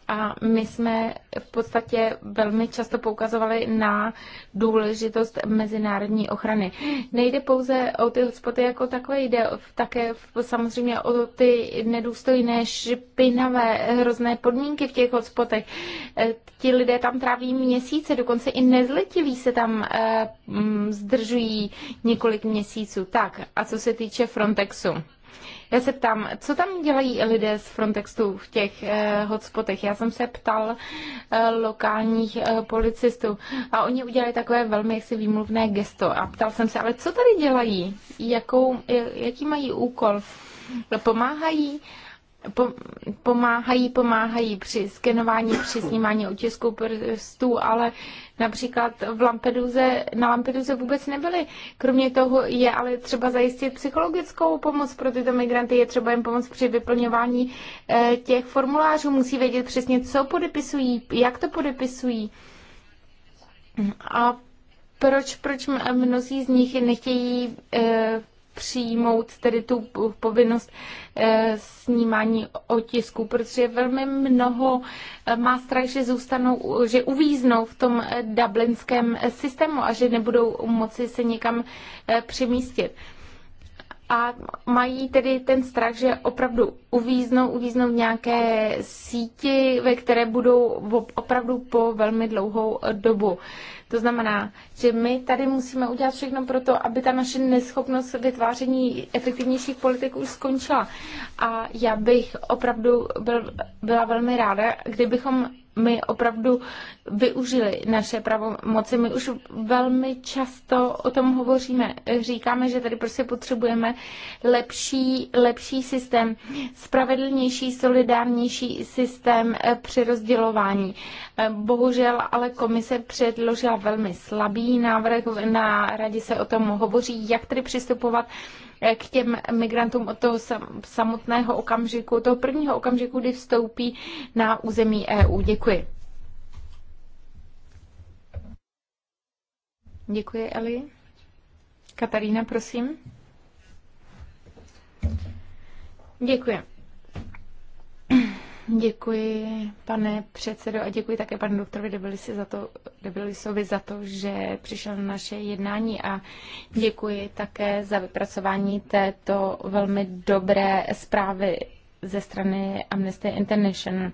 A my jsme v podstatě velmi často poukazovali na důležitost mezinárodní ochrany. Nejde pouze o ty hotspoty jako takové, jde také samozřejmě o ty nedůstojné, špinavé, hrozné podmínky v těch hotspotech. E, ti lidé tam tráví měsíce, dokonce i nezletilí se tam e, zdržují několik měsíců. Tak, a co se týče Frontexu. Já se ptám, co tam dělají lidé z Frontextu v těch eh, hotspotech? Já jsem se ptal eh, lokálních eh, policistů a oni udělali takové velmi jaksi výmluvné gesto a ptal jsem se, ale co tady dělají? Jakou, jaký mají úkol? Pomáhají pomáhají, pomáhají při skenování, při snímání otisků prstů, ale například v Lampeduze, na Lampeduze vůbec nebyly. Kromě toho je ale třeba zajistit psychologickou pomoc pro tyto migranty, je třeba jim pomoc při vyplňování eh, těch formulářů, musí vědět přesně, co podepisují, jak to podepisují. A proč, proč mnozí z nich nechtějí eh, přijmout tedy tu povinnost eh, snímání otisku, protože velmi mnoho eh, má strach, že zůstanou, že uvíznou v tom eh, dublinském systému a že nebudou moci se někam přemístit a mají tedy ten strach, že opravdu uvíznou, uvíznou v nějaké síti, ve které budou opravdu po velmi dlouhou dobu. To znamená, že prostě my tady musíme udělat všechno pro to, aby ta naše neschopnost vytváření efektivnějších politik už skončila. A já bych opravdu byl, byla velmi ráda, kdybychom my opravdu využili naše pravomoci. My už velmi často o tom hovoříme. Říkáme, že tady prostě potřebujeme lepší, lepší systém, spravedlnější, solidárnější systém eh, při eh, Bohužel ale komise předložila velmi slabý poslední návrh na radě se o tom hovoří, jak tedy přistupovat eh, k těm migrantům od toho samotného okamžiku, toho prvního okamžiku, kdy vstoupí na území EU. Děkuji. Děkuji, Eli. Katarína, prosím. Děkuji. Děkuji, pane předsedo, a děkuji také panu doktorovi Debilisovi za, to, za to, že přišel na naše jednání a děkuji také za vypracování této velmi dobré zprávy ze strany Amnesty International.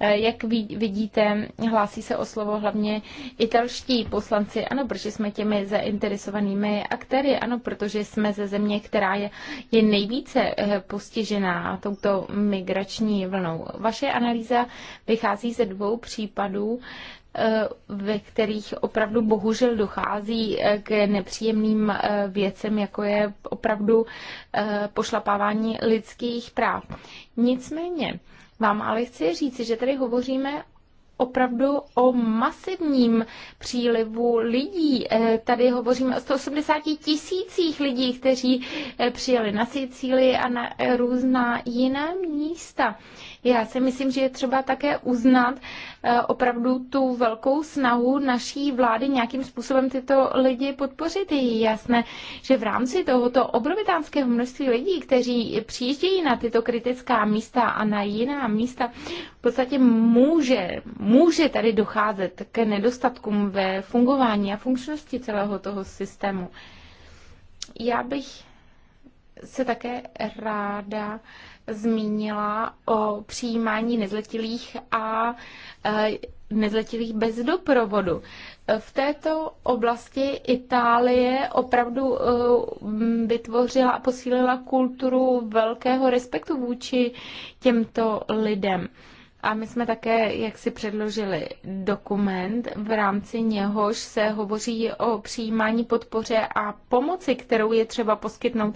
Eh, jak vidíte, hlásí se o slovo hlavně italští poslanci, ano, protože jsme těmi zainteresovanými aktéry, ano, protože jsme ze země, která je, je nejvíce eh, postižená touto migrační vlnou. Vaše analýza vychází ze dvou případů, Eh, ve kterých opravdu bohužel dochází eh, k nepříjemným eh, věcem, jako je opravdu pošlapávání lidských práv. Nicméně vám ale chci říct, že tady hovoříme opravdu o masivním přílivu lidí. Tady hovoříme o 180 tisících lidí, kteří přijeli na Sicílii a na různá jiná místa. Já si myslím, že je třeba také uznat eh, opravdu tu velkou snahu naší vlády nějakým způsobem tyto lidi podpořit. Je jasné, že v rámci tohoto obrovitánského množství lidí, kteří přijíždějí na tyto kritická místa a na jiná místa, v podstatě může, může tady docházet ke nedostatkům ve fungování a funkčnosti celého toho systému. Já bych se také ráda zmínila o přijímání nezletilých a e, nezletilých bez doprovodu. V této oblasti Itálie opravdu e, vytvořila a posílila kulturu velkého respektu vůči těmto lidem. A my jsme také, jak si předložili dokument, v rámci něhož se hovoří o přijímání podpoře a pomoci, kterou je třeba poskytnout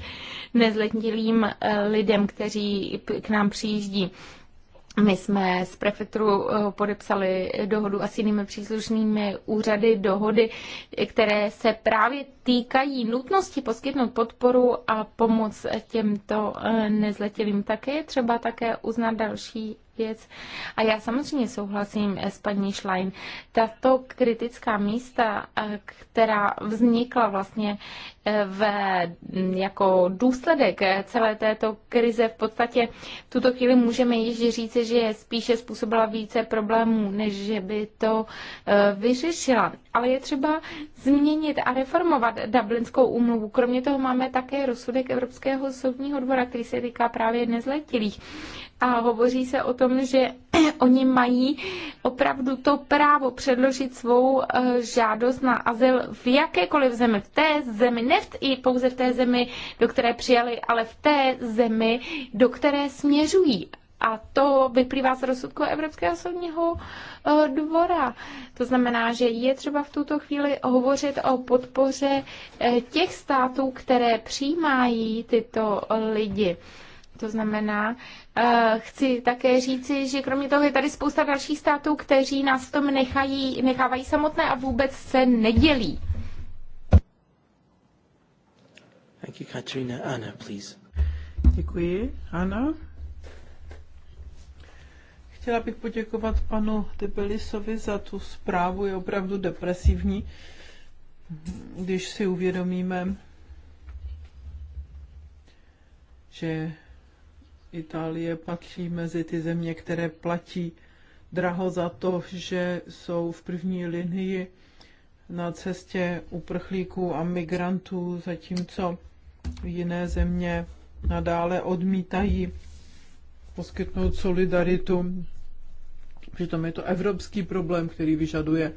nezletilým eh, lidem, kteří k nám přijíždí. My jsme s prefekturu eh, podepsali dohodu a s jinými příslušnými úřady dohody, které se právě týkají nutnosti poskytnout podporu a pomoc těmto eh, nezletilým. Také je třeba také uznat další věc. A já samozřejmě souhlasím eh, s paní Schlein. Tato kritická místa, eh, která vznikla vlastně v, jako důsledek celé této krize v podstatě v tuto chvíli můžeme již říci, že je spíše způsobila více problémů, než že by to eh, vyřešila. Ale je třeba změnit a reformovat Dublinskou úmluvu. Kromě toho máme také rozsudek Evropského soudního dvora, který se týká právě nezletilých a hovoří se o tom, že oni mají opravdu to právo předložit svou eh, žádost na azyl v jakékoliv zemi, v té zemi, ne v, i pouze v té zemi, do které přijali, ale v té zemi, do které směřují. A to vyplývá z rozsudku Evropského soudního eh, dvora. To znamená, že je třeba v tuto chvíli hovořit o podpoře eh, těch států, které přijímají tyto lidi. To znamená, eh, chci také říci, že kromě toho je tady spousta dalších států, kteří nás v tom nechají, nechávají samotné a vůbec se nedělí. Thank you, Katrina. Anna, please. Děkuji. Anna? Chtěla bych poděkovat panu Tebelisovi za tu zprávu, je opravdu depresivní, když si uvědomíme, že Itálie patří mezi ty země, které platí draho za to, že jsou v první linii na cestě uprchlíků a migrantů, zatímco jiné země nadále odmítají poskytnout solidaritu. Přitom je to evropský problém, který vyžaduje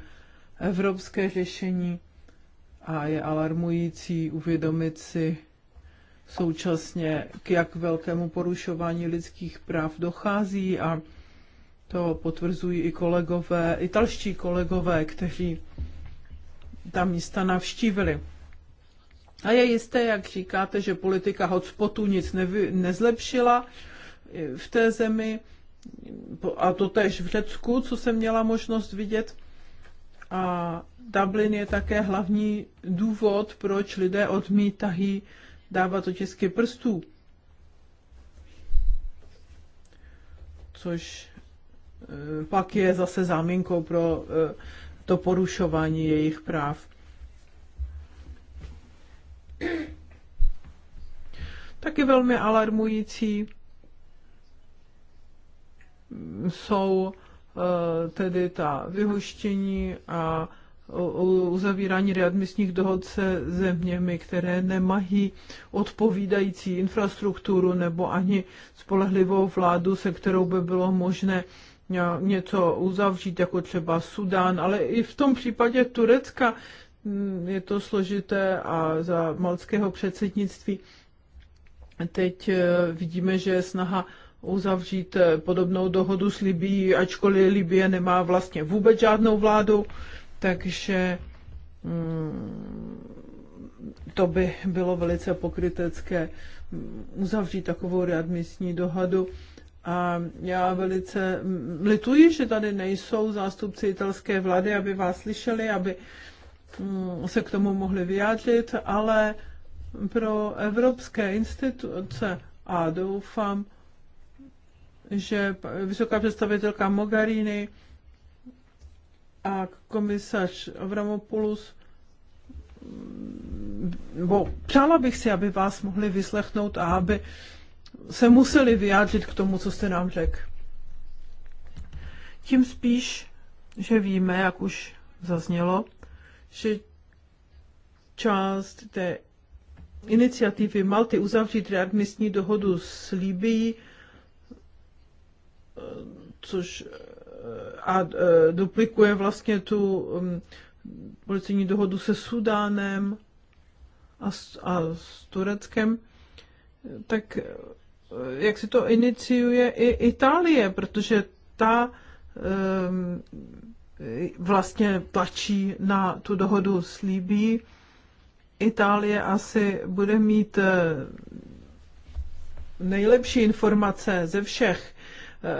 evropské řešení a je alarmující uvědomit si současně, k jak velkému porušování lidských práv dochází a to potvrzují i kolegové, italští kolegové, kteří ta místa navštívili. A je jisté, jak říkáte, že politika hotspotů nic nevy, nezlepšila v té zemi, a to tež v Řecku, co jsem měla možnost vidět. A Dublin je také hlavní důvod, proč lidé odmítají dávat otisky prstů. Což eh, pak je zase záminkou pro eh, to porušování jejich práv. Taky velmi alarmující jsou eh, tedy ta vyhoštění a uzavírání readmisních dohod se zeměmi, které nemají odpovídající infrastrukturu nebo ani spolehlivou vládu, se kterou by bylo možné něco uzavřít, jako třeba Sudán, ale i v tom případě Turecka Mm, je to složité a za malckého předsednictví teď eh, vidíme, že je snaha uzavřít eh, podobnou dohodu s Libií, ačkoliv Libie nemá vlastně vůbec žádnou vládu, takže mm, to by bylo velice pokrytecké mm, uzavřít takovou readmisní dohodu. A já velice lituji, že tady nejsou zástupci italské vlády, aby vás slyšeli, aby Mm, se k tomu mohli vyjádřit, ale pro evropské instituce a doufám, že vysoká představitelka Mogherini a komisař Avramopoulos mm, bo přála bych si, aby vás mohli vyslechnout a aby se museli vyjádřit k tomu, co jste nám řekl. Tím spíš, že víme, jak už zaznělo, že část té iniciativy Malty uzavřít readmisní dohodu s Libií, což eh, a eh, duplikuje vlastně tu mm, policejní dohodu se Sudánem a s, a s Tureckem, tak eh, jak si to iniciuje i Itálie, protože ta um, vlastně tlačí na tu dohodu s Líbí. Itálie asi bude mít eh, nejlepší informace ze všech.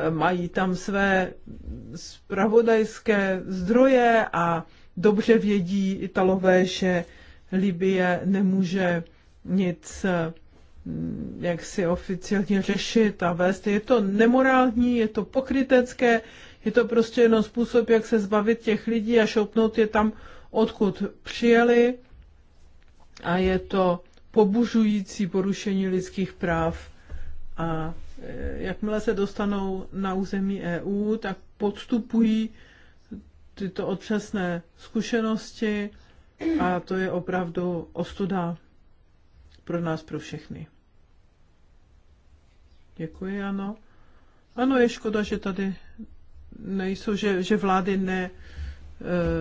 Eh, mají tam své spravodajské zdroje a dobře vědí Italové, že Libie nemůže nic eh, jak si oficiálně řešit a vést. Je to nemorální, je to pokrytecké, je to prostě jenom způsob, jak se zbavit těch lidí a šoupnout je tam, odkud přijeli. A je to pobužující porušení lidských práv. A e, jakmile se dostanou na území EU, tak podstupují tyto otřesné zkušenosti a to je opravdu ostuda pro nás, pro všechny. Děkuji, ano. Ano, je škoda, že tady nejsou, že, že vlády ne,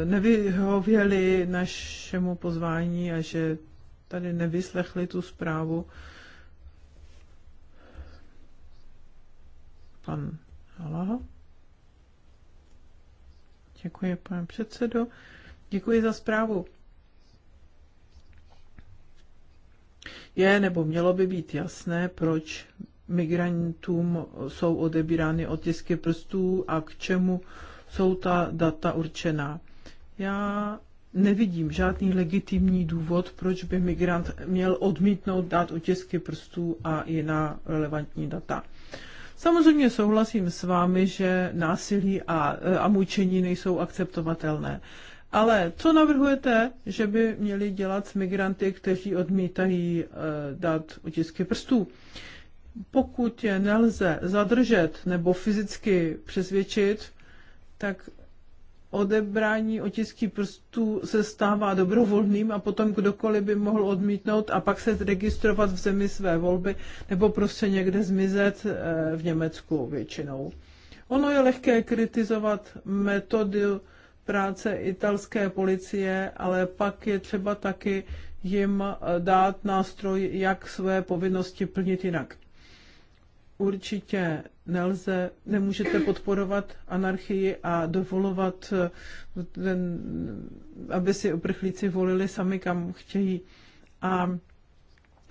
e, nevyhověly našemu pozvání a že tady nevyslechli tu zprávu. Pan Halaha. Děkuji, pane předsedo. Děkuji za zprávu. Je nebo mělo by být jasné, proč migrantům jsou odebírány otisky prstů a k čemu jsou ta data určená. Já nevidím žádný legitimní důvod, proč by migrant měl odmítnout dát otisky prstů a jiná relevantní data. Samozřejmě souhlasím s vámi, že násilí a, a mučení nejsou akceptovatelné. Ale co navrhujete, že by měli dělat s migranty, kteří odmítají e, dát otisky prstů? E, pokud je nelze zadržet nebo fyzicky přesvědčit, tak odebrání otisky prstů se stává dobrovolným a potom kdokoliv by mohl odmítnout a pak se registrovat v zemi své volby nebo prostě někde zmizet eh, v Německu většinou. Ono je lehké kritizovat metody práce italské policie, ale pak je třeba taky jim eh, dát nástroj, jak své povinnosti plnit jinak určitě nelze, nemůžete podporovat anarchii a dovolovat, eh, ten, aby si uprchlíci volili sami, kam chtějí. A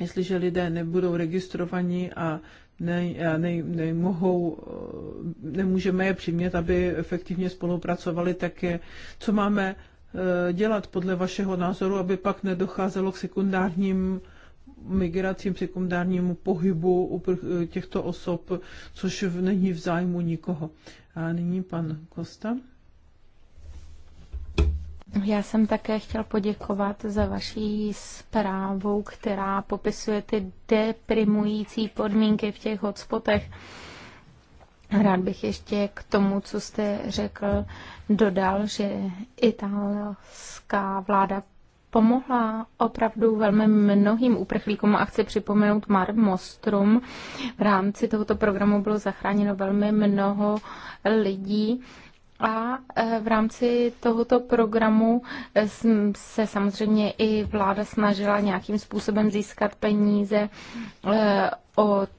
jestliže lidé nebudou registrovaní a ne, ne, mohou, eh, nemůžeme je přimět, aby efektivně spolupracovali, tak je, co máme eh, dělat podle vašeho názoru, aby pak nedocházelo k sekundárním migracím, sekundárnímu pohybu těchto osob, což není v zájmu nikoho. A nyní pan Kosta. Já jsem také chtěl poděkovat za vaší zprávu, která popisuje ty deprimující podmínky v těch hotspotech. Rád bych ještě k tomu, co jste řekl, dodal, že italská vláda pomohla opravdu velmi mnohým uprchlíkům a chci připomenout Mar Mostrum. V rámci tohoto programu bylo zachráněno velmi mnoho lidí. A e, v rámci tohoto programu e, se samozřejmě i vláda snažila nějakým způsobem získat peníze e, od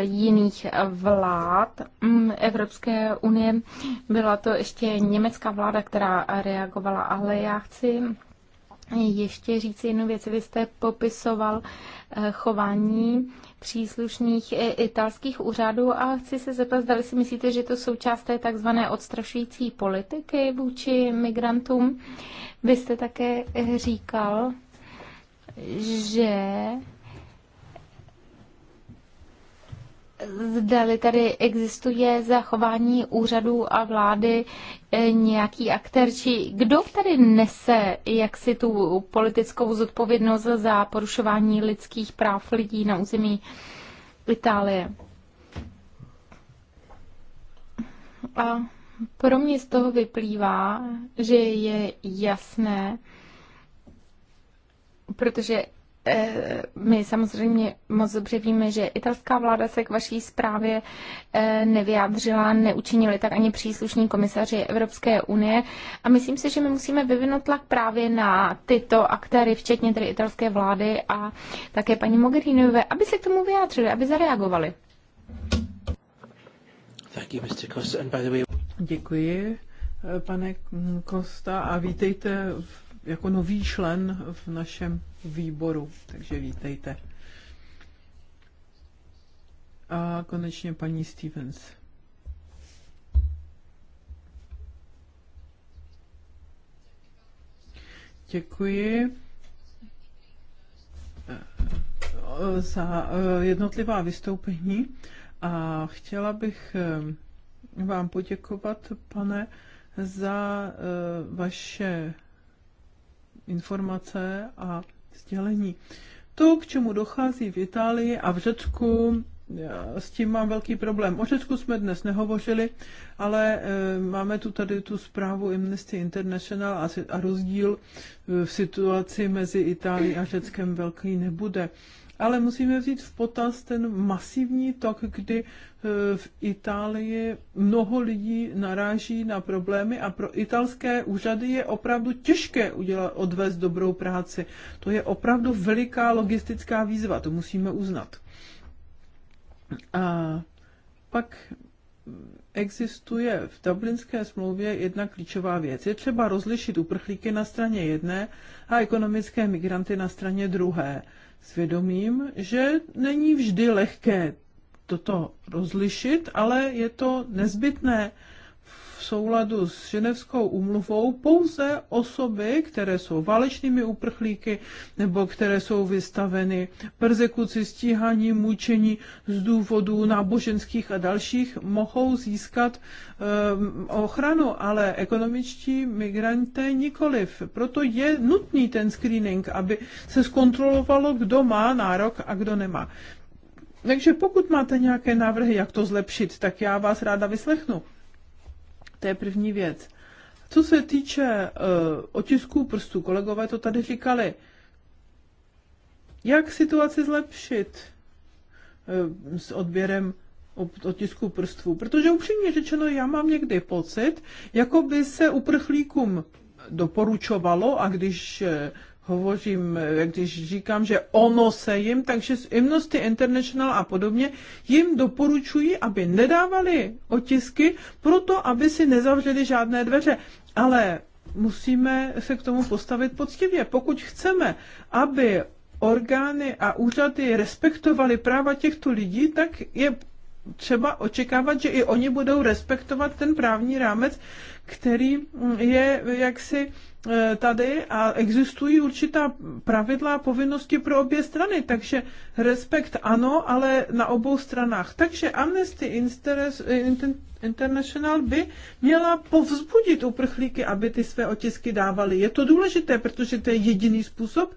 jiných vlád mm, Evropské unie. Byla to ještě německá vláda, která reagovala, ale já chci ještě říct jednu věc. Vy jste popisoval eh, chování příslušných eh, italských úřadů a chci se zeptat, zda si myslíte, že to součást té takzvané odstrašující politiky vůči migrantům. Vy jste také eh, říkal, že zdali tady existuje zachování úřadů a vlády e, nějaký aktér, či kdo tady nese jak si tu politickou zodpovědnost za porušování lidských práv lidí na území Itálie. A pro mě z toho vyplývá, že je jasné, protože Eh, my samozřejmě moc dobře víme, že italská vláda se k vaší zprávě eh, nevyjádřila, neučinili tak ani příslušní komisaři Evropské unie. A myslím si, že my musíme vyvinout tlak právě na tyto aktéry, včetně tedy italské vlády a také paní Mogherinové, aby se k tomu vyjádřili, aby zareagovali. Děkuji, eh, pane Kosta, a vítejte v jako nový člen v našem výboru, takže vítejte. A konečně paní Stevens. Děkuji eh, za eh, jednotlivá vystoupení a chtěla bych eh, vám poděkovat, pane, za vaše informace a sdělení. To, k čemu dochází v Itálii a v Řecku, eh, s tím mám velký problém. O Řecku jsme dnes nehovořili, ale eh, máme tu tady tu zprávu Amnesty International a, rozdíl eh, v situaci mezi Itálií a Řeckem velký nebude ale musíme vzít v potaz ten masivní tok, kdy eh, v Itálii mnoho lidí naráží na problémy a pro italské úřady je opravdu těžké udělat, odvést dobrou práci. To je opravdu veliká logistická výzva, to musíme uznat. A pak existuje v Dublinské smlouvě jedna klíčová věc. Je třeba rozlišit uprchlíky na straně jedné a ekonomické migranty na straně druhé svědomím, že není vždy lehké toto rozlišit, ale je to nezbytné v souladu s Ženevskou úmluvou pouze osoby, které jsou válečnými uprchlíky nebo které jsou vystaveny persekuci, stíhání, mučení z důvodů náboženských a dalších, mohou získat um, ochranu, ale ekonomičtí migranté nikoliv. Proto je nutný ten screening, aby se zkontrolovalo, kdo má nárok a kdo nemá. Takže pokud máte nějaké návrhy, jak to zlepšit, tak já vás ráda vyslechnu. To je první věc. Co se týče uh, otisků prstů, kolegové to tady říkali, jak situaci zlepšit uh, s odběrem otisků prstů? Protože upřímně řečeno, já mám někdy pocit, jako by se uprchlíkům doporučovalo a když uh, hovořím, eh, když říkám, že ono se jim, takže z Amnesty International a podobně, jim doporučují, aby nedávali otisky, proto aby si nezavřeli žádné dveře. Ale musíme se k tomu postavit poctivě. Pokud chceme, aby orgány a úřady respektovaly práva těchto lidí, tak je třeba očekávat, že i oni budou respektovat ten právní rámec, který je jaksi eh, tady a existují určitá pravidla a povinnosti pro obě strany, takže respekt ano, ale na obou stranách. Takže Amnesty International by měla povzbudit uprchlíky, aby ty své otisky dávali. Je to důležité, protože to je jediný způsob,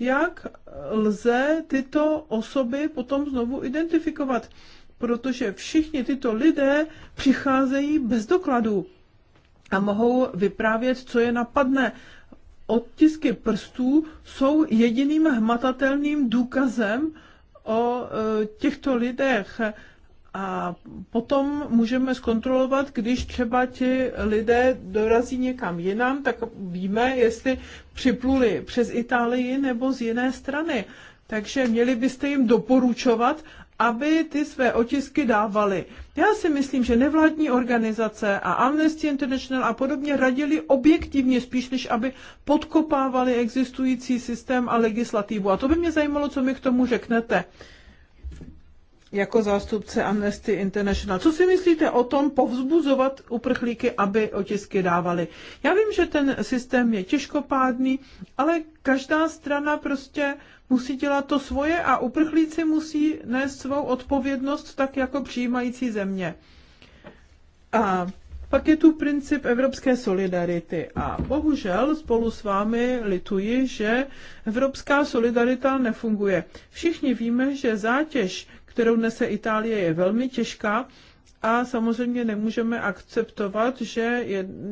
jak lze tyto osoby potom znovu identifikovat protože všichni tyto lidé přicházejí bez dokladů a mohou vyprávět, co je napadne. Odtisky prstů jsou jediným hmatatelným důkazem o e, těchto lidech. A potom můžeme zkontrolovat, když třeba ti lidé dorazí někam jinam, tak víme, jestli připluli přes Itálii nebo z jiné strany. Takže měli byste jim doporučovat, aby ty své otisky dávali. Já si myslím, že nevládní organizace a Amnesty International a podobně radili objektivně spíš, než aby podkopávali existující systém a legislativu. A to by mě zajímalo, co mi k tomu řeknete jako zástupce Amnesty International. Co si myslíte o tom povzbuzovat uprchlíky, aby otisky dávali? Já vím, že ten systém je těžkopádný, ale každá strana prostě musí dělat to svoje a uprchlíci musí nést svou odpovědnost tak jako přijímající země. A pak je tu princip evropské solidarity a bohužel spolu s vámi lituji, že evropská solidarita nefunguje. Všichni víme, že zátěž, kterou nese Itálie, je velmi těžká a samozřejmě nemůžeme akceptovat, že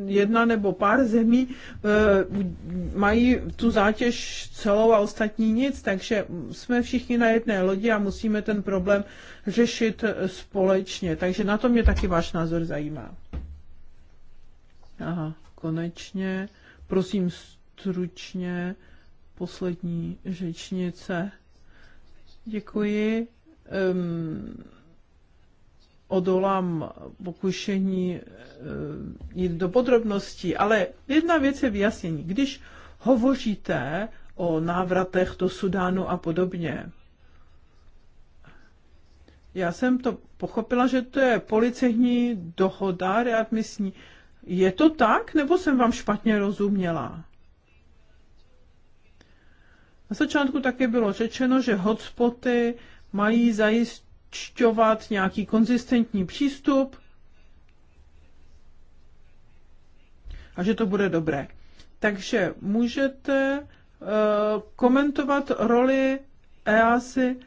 jedna nebo pár zemí e, mají tu zátěž celou a ostatní nic, takže jsme všichni na jedné lodi a musíme ten problém řešit společně. Takže na to mě taky váš názor zajímá. Aha, konečně. Prosím stručně poslední řečnice. Děkuji. Um, odolám pokušení eh, jít do podrobností, ale jedna věc je vyjasnění. Když hovoříte o návratech do Sudánu a podobně, já jsem to pochopila, že to je policejní dohoda readmisní. Je to tak, nebo jsem vám špatně rozuměla? Na začátku také bylo řečeno, že hotspoty mají zajist, zajišťovat nějaký konzistentní přístup a že to bude dobré. Takže můžete eh, komentovat roli EASY eh,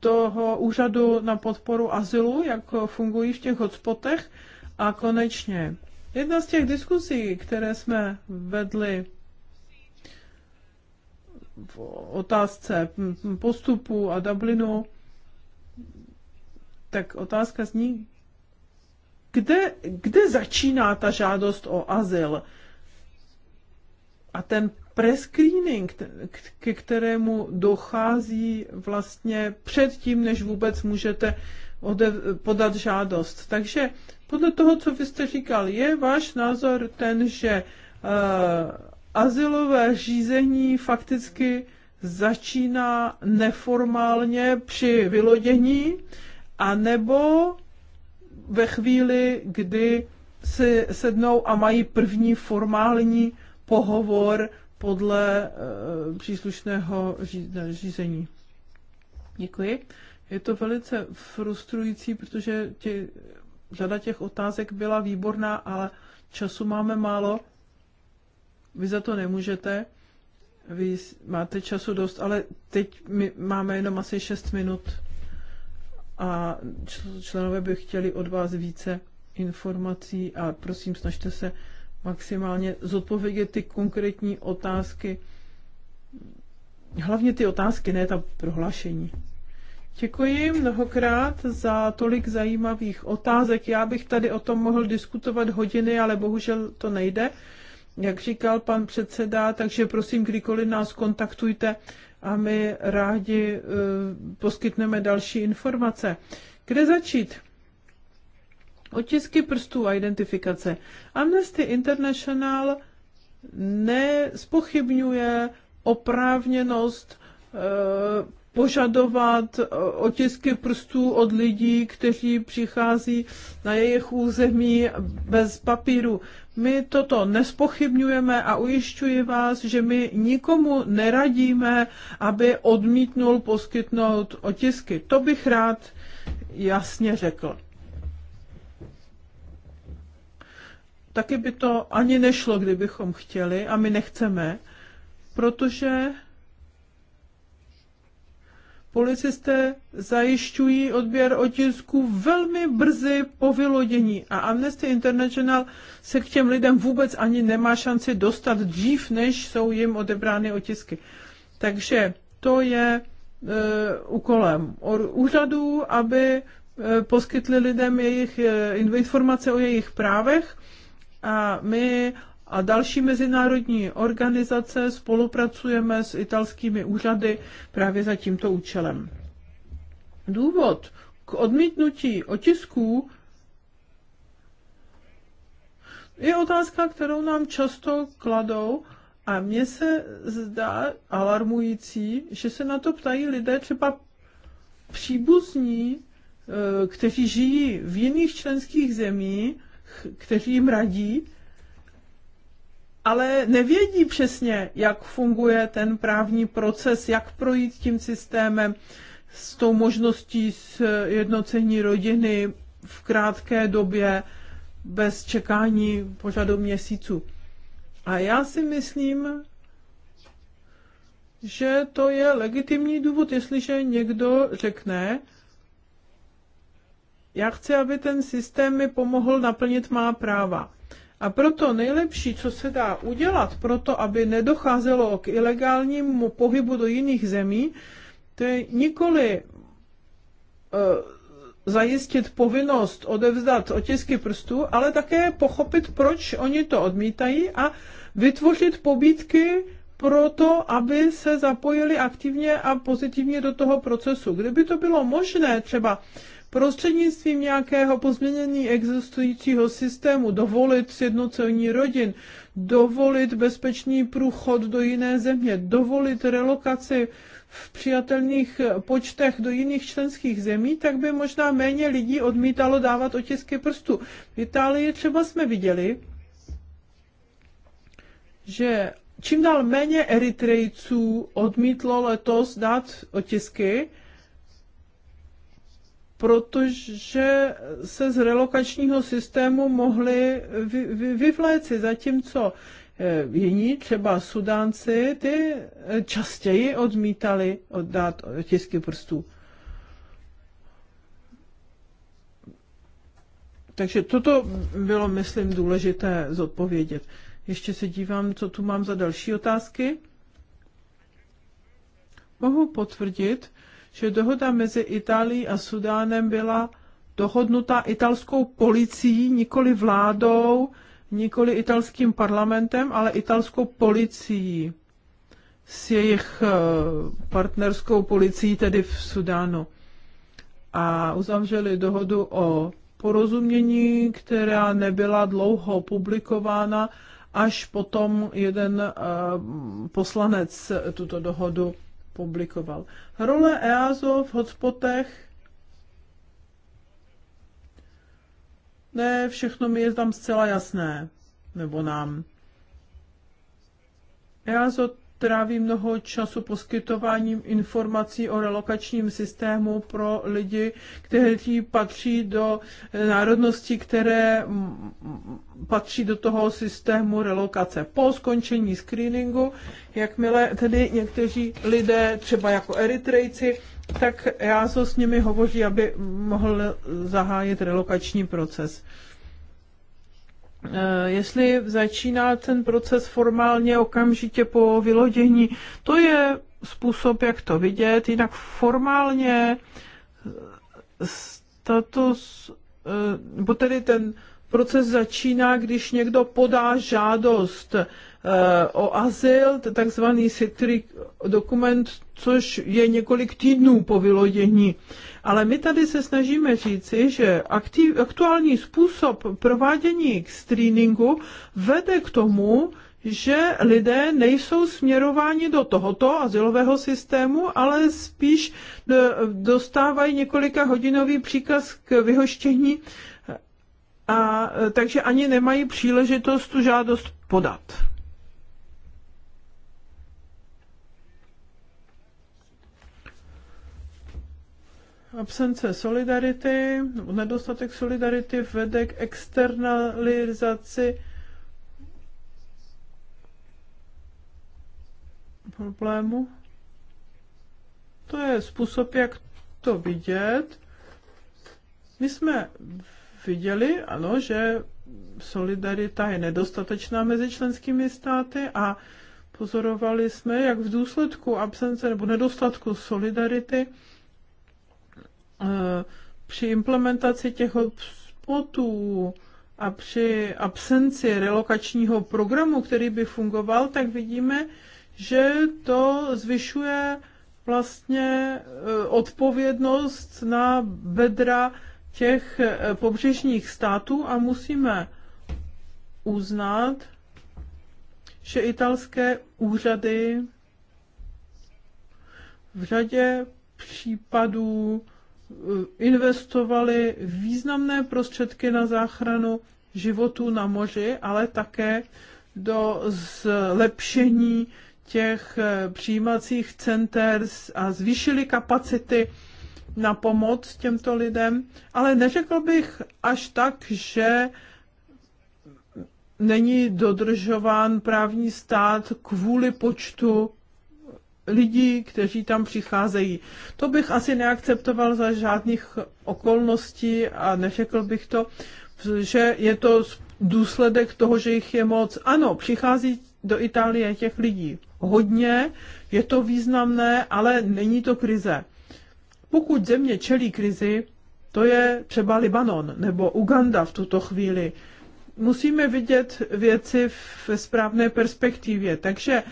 toho úřadu na podporu azylu, jak fungují v těch hotspotech. A konečně, jedna z těch diskusí, které jsme vedli v otázce postupu a Dublinu, tak otázka zní, kde, kde začíná ta žádost o azyl? A ten prescreening, ke kterému dochází vlastně před tím, než vůbec můžete podat žádost. Takže podle toho, co vy jste říkal, je váš názor ten, že uh, azylové řízení fakticky začíná neformálně při vylodění anebo ve chvíli, kdy si sednou a mají první formální pohovor podle eh, příslušného řízení. Děkuji. Je to velice frustrující, protože tě, řada těch otázek byla výborná, ale času máme málo. Vy za to nemůžete. Vy máte času dost, ale teď my máme jenom asi 6 minut a členové by chtěli od vás více informací a prosím, snažte se maximálně zodpovědět ty konkrétní otázky, hlavně ty otázky, ne ta prohlášení. Děkuji mnohokrát za tolik zajímavých otázek. Já bych tady o tom mohl diskutovat hodiny, ale bohužel to nejde. Jak říkal pan předseda, takže prosím, kdykoliv nás kontaktujte a my rádi eh, poskytneme další informace. Kde začít? Otisky prstů a identifikace. Amnesty International nespochybňuje oprávněnost eh, požadovat eh, otisky prstů od lidí, kteří přichází na jejich území bez papíru. My toto nespochybňujeme a ujišťuji vás, že my nikomu neradíme, aby odmítnul poskytnout otisky. To bych rád jasně řekl. Taky by to ani nešlo, kdybychom chtěli, a my nechceme, protože policisté zajišťují odběr otisků velmi brzy po vylodění a Amnesty International se k těm lidem vůbec ani nemá šanci dostat dřív, než jsou jim odebrány otisky. Takže to je e, úkolem úřadů, aby e, poskytli lidem jejich e, informace o jejich právech a my a další mezinárodní organizace spolupracujeme s italskými úřady právě za tímto účelem. Důvod k odmítnutí otisků je otázka, kterou nám často kladou a mně se zdá alarmující, že se na to ptají lidé třeba příbuzní, e, kteří žijí v jiných členských zemích, kteří jim radí, ale nevědí přesně, jak funguje ten právní proces, jak projít tím systémem s tou možností jednocení rodiny v krátké době bez čekání pořadu měsíců. A já si myslím, že to je legitimní důvod, jestliže někdo řekne, já chci, aby ten systém mi pomohl naplnit má práva. A proto nejlepší, co se dá udělat, proto aby nedocházelo k ilegálnímu pohybu do jiných zemí, to je nikoli e, zajistit povinnost odevzdat otisky prstů, ale také pochopit, proč oni to odmítají a vytvořit pobídky pro to, aby se zapojili aktivně a pozitivně do toho procesu. Kdyby to bylo možné třeba prostřednictvím nějakého pozměnění existujícího systému dovolit sjednocení rodin, dovolit bezpečný průchod do jiné země, dovolit relokaci v přijatelných počtech do jiných členských zemí, tak by možná méně lidí odmítalo dávat otisky prstů. V Itálii třeba jsme viděli, že čím dál méně Eritrejců odmítlo letos dát otisky protože se z relokačního systému mohli vy, vy, vyvléci, zatímco eh, jiní, třeba Sudánci, ty eh, častěji odmítali oddát otisky prstů. Takže toto bylo, myslím, důležité zodpovědět. Ještě se dívám, co tu mám za další otázky. Mohu potvrdit, že dohoda mezi Itálií a Sudánem byla dohodnutá italskou policií, nikoli vládou, nikoli italským parlamentem, ale italskou policií s jejich eh, partnerskou policií, tedy v Sudánu. A uzavřeli dohodu o porozumění, která nebyla dlouho publikována, až potom jeden eh, poslanec tuto dohodu publikoval. Role EASO v hotspotech ne, všechno mi je tam zcela jasné, nebo nám. EASO tráví mnoho času poskytováním informací o relokačním systému pro lidi, kteří patří do eh, národnosti, které mm, mm, patří do toho systému relokace. Po skončení screeningu, jakmile tedy někteří lidé, třeba jako Eritrejci, tak já se s nimi hovoří, aby mohl zahájit relokační proces. Eh, jestli začíná ten proces formálně okamžitě po vylodění, to je způsob, jak to vidět, jinak formálně eh, status, nebo eh, tedy ten proces začíná, když někdo podá žádost o azyl, takzvaný citric dokument, což je několik týdnů po vylodění. Ale my tady se snažíme říci, že aktiv, aktuální způsob provádění k screeningu vede k tomu, že lidé nejsou směrováni do tohoto asilového systému, ale spíš e, dostávají několika hodinový příkaz k vyhoštění, a, e, takže ani nemají příležitost tu žádost podat. Absence solidarity, nedostatek solidarity vede k externalizaci problému. To je způsob, jak to vidět. My jsme viděli, ano, že solidarita je nedostatečná mezi členskými státy a pozorovali jsme, jak v důsledku absence nebo nedostatku solidarity Eh, při implementaci těch hotspotů a při absenci relokačního programu, který by fungoval, tak vidíme, že to zvyšuje vlastně eh, odpovědnost na bedra těch eh, pobřežních států a musíme uznat, že italské úřady v řadě případů investovali významné prostředky na záchranu životů na moři, ale také do zlepšení těch eh, přijímacích center a zvýšili kapacity na pomoc těmto lidem, ale neřekl bych až tak, že není dodržován právní stát kvůli počtu lidí, kteří tam přicházejí. To bych asi neakceptoval za žádných okolností a neřekl bych to, že je to důsledek toho, že jich je moc. Ano, přichází do Itálie těch lidí hodně, je to významné, ale není to krize. Pokud země čelí krizi, to je třeba Libanon nebo Uganda v tuto chvíli musíme vidět věci v správné perspektivě. Takže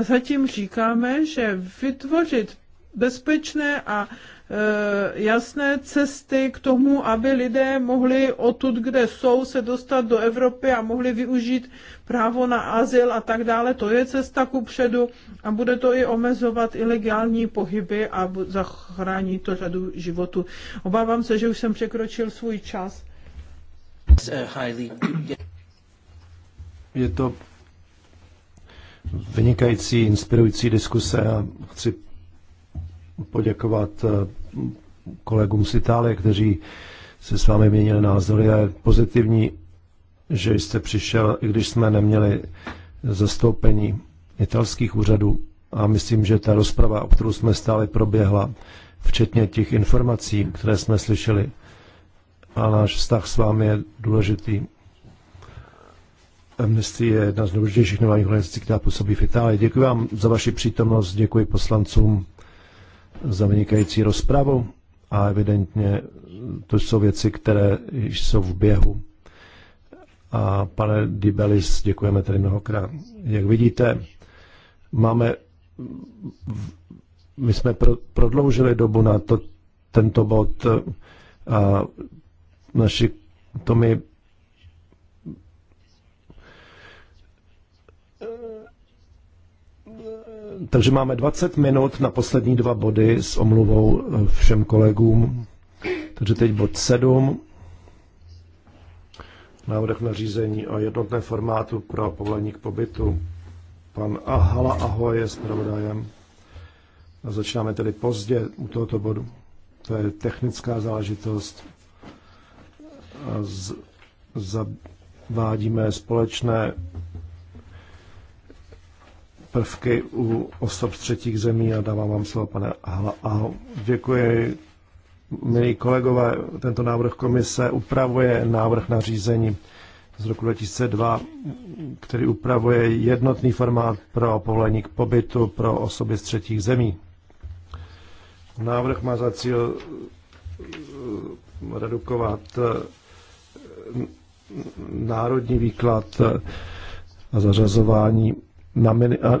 zatím říkáme, že vytvořit bezpečné a e, jasné cesty k tomu, aby lidé mohli odtud, kde jsou, se dostat do Evropy a mohli využít právo na azyl a tak dále. To je cesta ku předu a bude to i omezovat ilegální pohyby a zachrání to řadu životu. Obávám se, že už jsem překročil svůj čas. Je to vynikající, inspirující diskuse a chci poděkovat eh, kolegům z Itálie, kteří se s vámi měnili názory a je pozitivní, že jste přišel, i když jsme neměli zastoupení italských úřadů. A myslím, že ta rozprava, o kterou jsme stále proběhla, včetně těch informací, které jsme slyšeli, a náš vztah s vámi je důležitý. Amnesty je jedna z nejdůležitějších nevládních organizací, která působí v Itálii. Děkuji vám za vaši přítomnost, děkuji poslancům za vynikající rozpravu a evidentně to jsou věci, které jsou v běhu. A pane Dibelis, děkujeme tady mnohokrát. Jak vidíte, máme, my jsme prodloužili dobu na to, tento bod a naši, to my Takže máme 20 minut na poslední dva body s omluvou eh, všem kolegům. Takže teď bod 7. Návrh na řízení o jednotné formátu pro povolení k pobytu. Pan Ahala Ahoj je zpravodajem. A začínáme tedy pozdě u tohoto bodu. To je technická záležitost zavádíme společné prvky u osob z třetích zemí a dávám vám slovo, pane A Děkuji, milí kolegové. Tento návrh komise upravuje návrh na řízení z roku 2002, který upravuje jednotný formát pro povolení k pobytu pro osoby z třetích zemí. Návrh má za cíl eh, redukovat eh, národní výklad eh, a zařazování, na mini, a,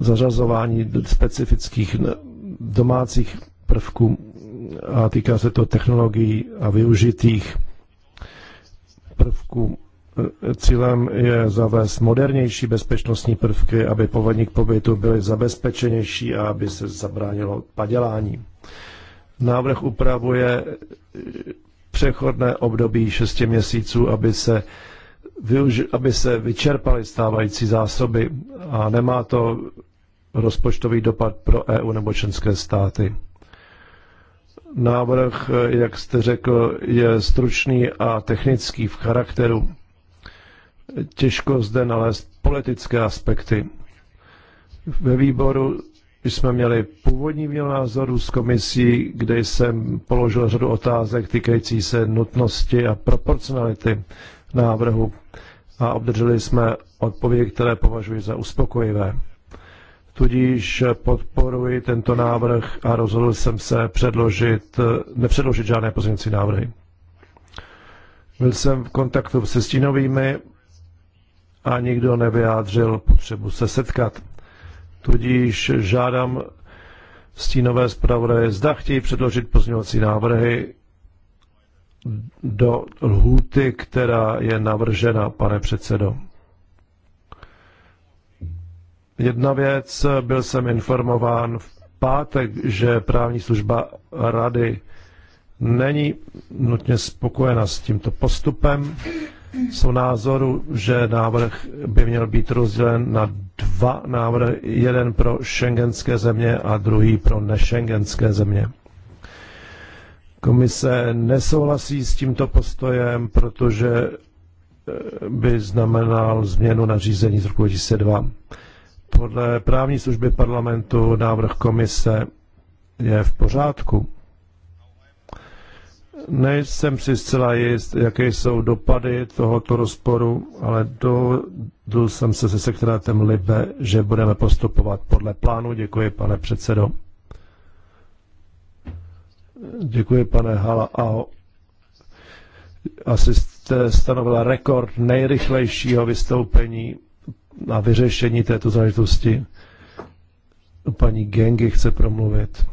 zařazování specifických domácích prvků a týká se to technologií a využitých prvků. Eh, cílem je zavést modernější bezpečnostní prvky, aby povodník pobytu byly zabezpečenější a aby se zabránilo padělání. Návrh upravuje eh, přechodné období 6 měsíců, aby se, využi- aby se vyčerpaly stávající zásoby a nemá to rozpočtový dopad pro EU nebo členské státy. Návrh, jak jste řekl, je stručný a technický v charakteru. Těžko zde nalézt politické aspekty. Ve výboru jsme měli původní výměnu názoru s komisí, kde jsem položil řadu otázek týkající se nutnosti a proporcionality návrhu a obdrželi jsme odpovědi, které považuji za uspokojivé. Tudíž podporuji tento návrh a rozhodl jsem se předložit, nepředložit žádné pozměňovací návrhy. Byl jsem v kontaktu se stínovými a nikdo nevyjádřil potřebu se setkat. Tudíž žádám stínové zpravodaje, zda chtějí předložit pozměňovací návrhy do lhůty, která je navržena, pane předsedo. Jedna věc, byl jsem informován v pátek, že právní služba rady není nutně spokojena s tímto postupem jsou názoru, že návrh by měl být rozdělen na dva návrhy, jeden pro šengenské země a druhý pro nešengenské země. Komise nesouhlasí s tímto postojem, protože eh, by znamenal změnu nařízení z roku 2002. Podle právní služby parlamentu návrh komise je v pořádku. Nejsem si zcela jist, jaké jsou dopady tohoto rozporu, ale dohodl jsem se se sekretátem Libe, že budeme postupovat podle plánu. Děkuji, pane předsedo. Děkuji, pane Hala. Aho. Asi jste stanovila rekord nejrychlejšího vystoupení na vyřešení této záležitosti. Paní Gengi chce promluvit.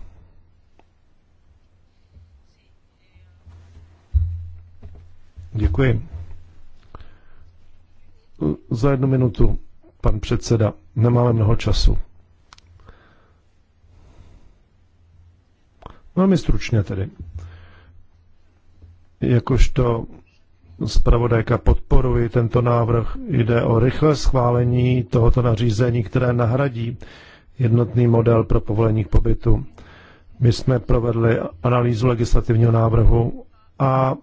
Děkuji. Za jednu minutu, pan předseda, nemáme mnoho času. Velmi stručně tedy. Jakožto zpravodajka podporuji tento návrh. Jde o rychlé schválení tohoto nařízení, které nahradí jednotný model pro povolení k pobytu. My jsme provedli analýzu legislativního návrhu a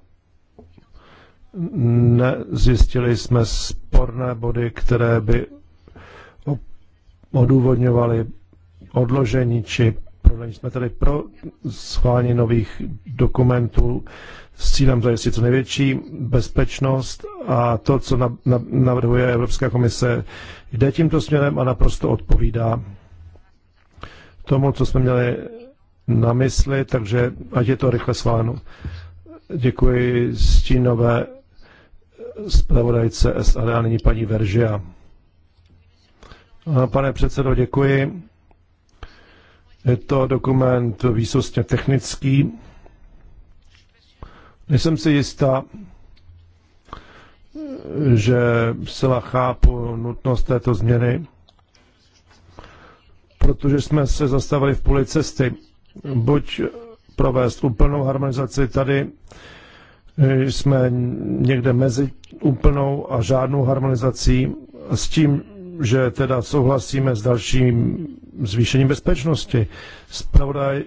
nezjistili jsme sporné body, které by odůvodňovaly odložení či prodlení. Jsme tedy pro schválení nových dokumentů s cílem zajistit co největší bezpečnost a to, co navrhuje Evropská komise, jde tímto směrem a naprosto odpovídá tomu, co jsme měli na mysli, takže ať je to rychle schváleno. Děkuji stínové zpravodajce SAD a nyní paní Veržia. Pane předsedo, děkuji. Je to dokument výsostně technický. Nejsem si jistá, že zcela chápu nutnost této změny, protože jsme se zastavili v půli cesty. Buď provést úplnou harmonizaci tady, jsme někde mezi úplnou a žádnou harmonizací s tím, že teda souhlasíme s dalším zvýšením bezpečnosti. Spravodaj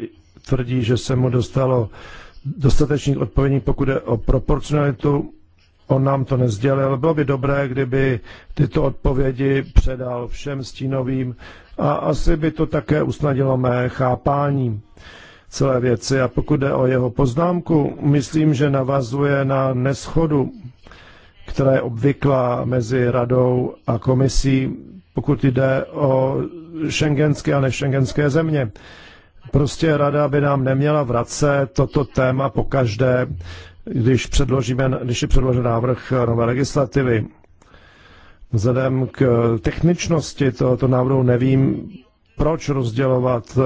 tvrdí, že se mu dostalo dostatečných odpovědí, pokud je o proporcionalitu. On nám to nezdělil. Bylo by dobré, kdyby tyto odpovědi předal všem stínovým a asi by to také usnadilo mé chápání celé věci. A pokud jde o jeho poznámku, myslím, že navazuje na neschodu která je obvyklá mezi radou a komisí, pokud jde o šengenské a nešengenské země. Prostě rada by nám neměla vracet toto téma po každé, když, předložíme, když je předložen návrh nové legislativy. Vzhledem k techničnosti tohoto návrhu nevím, proč rozdělovat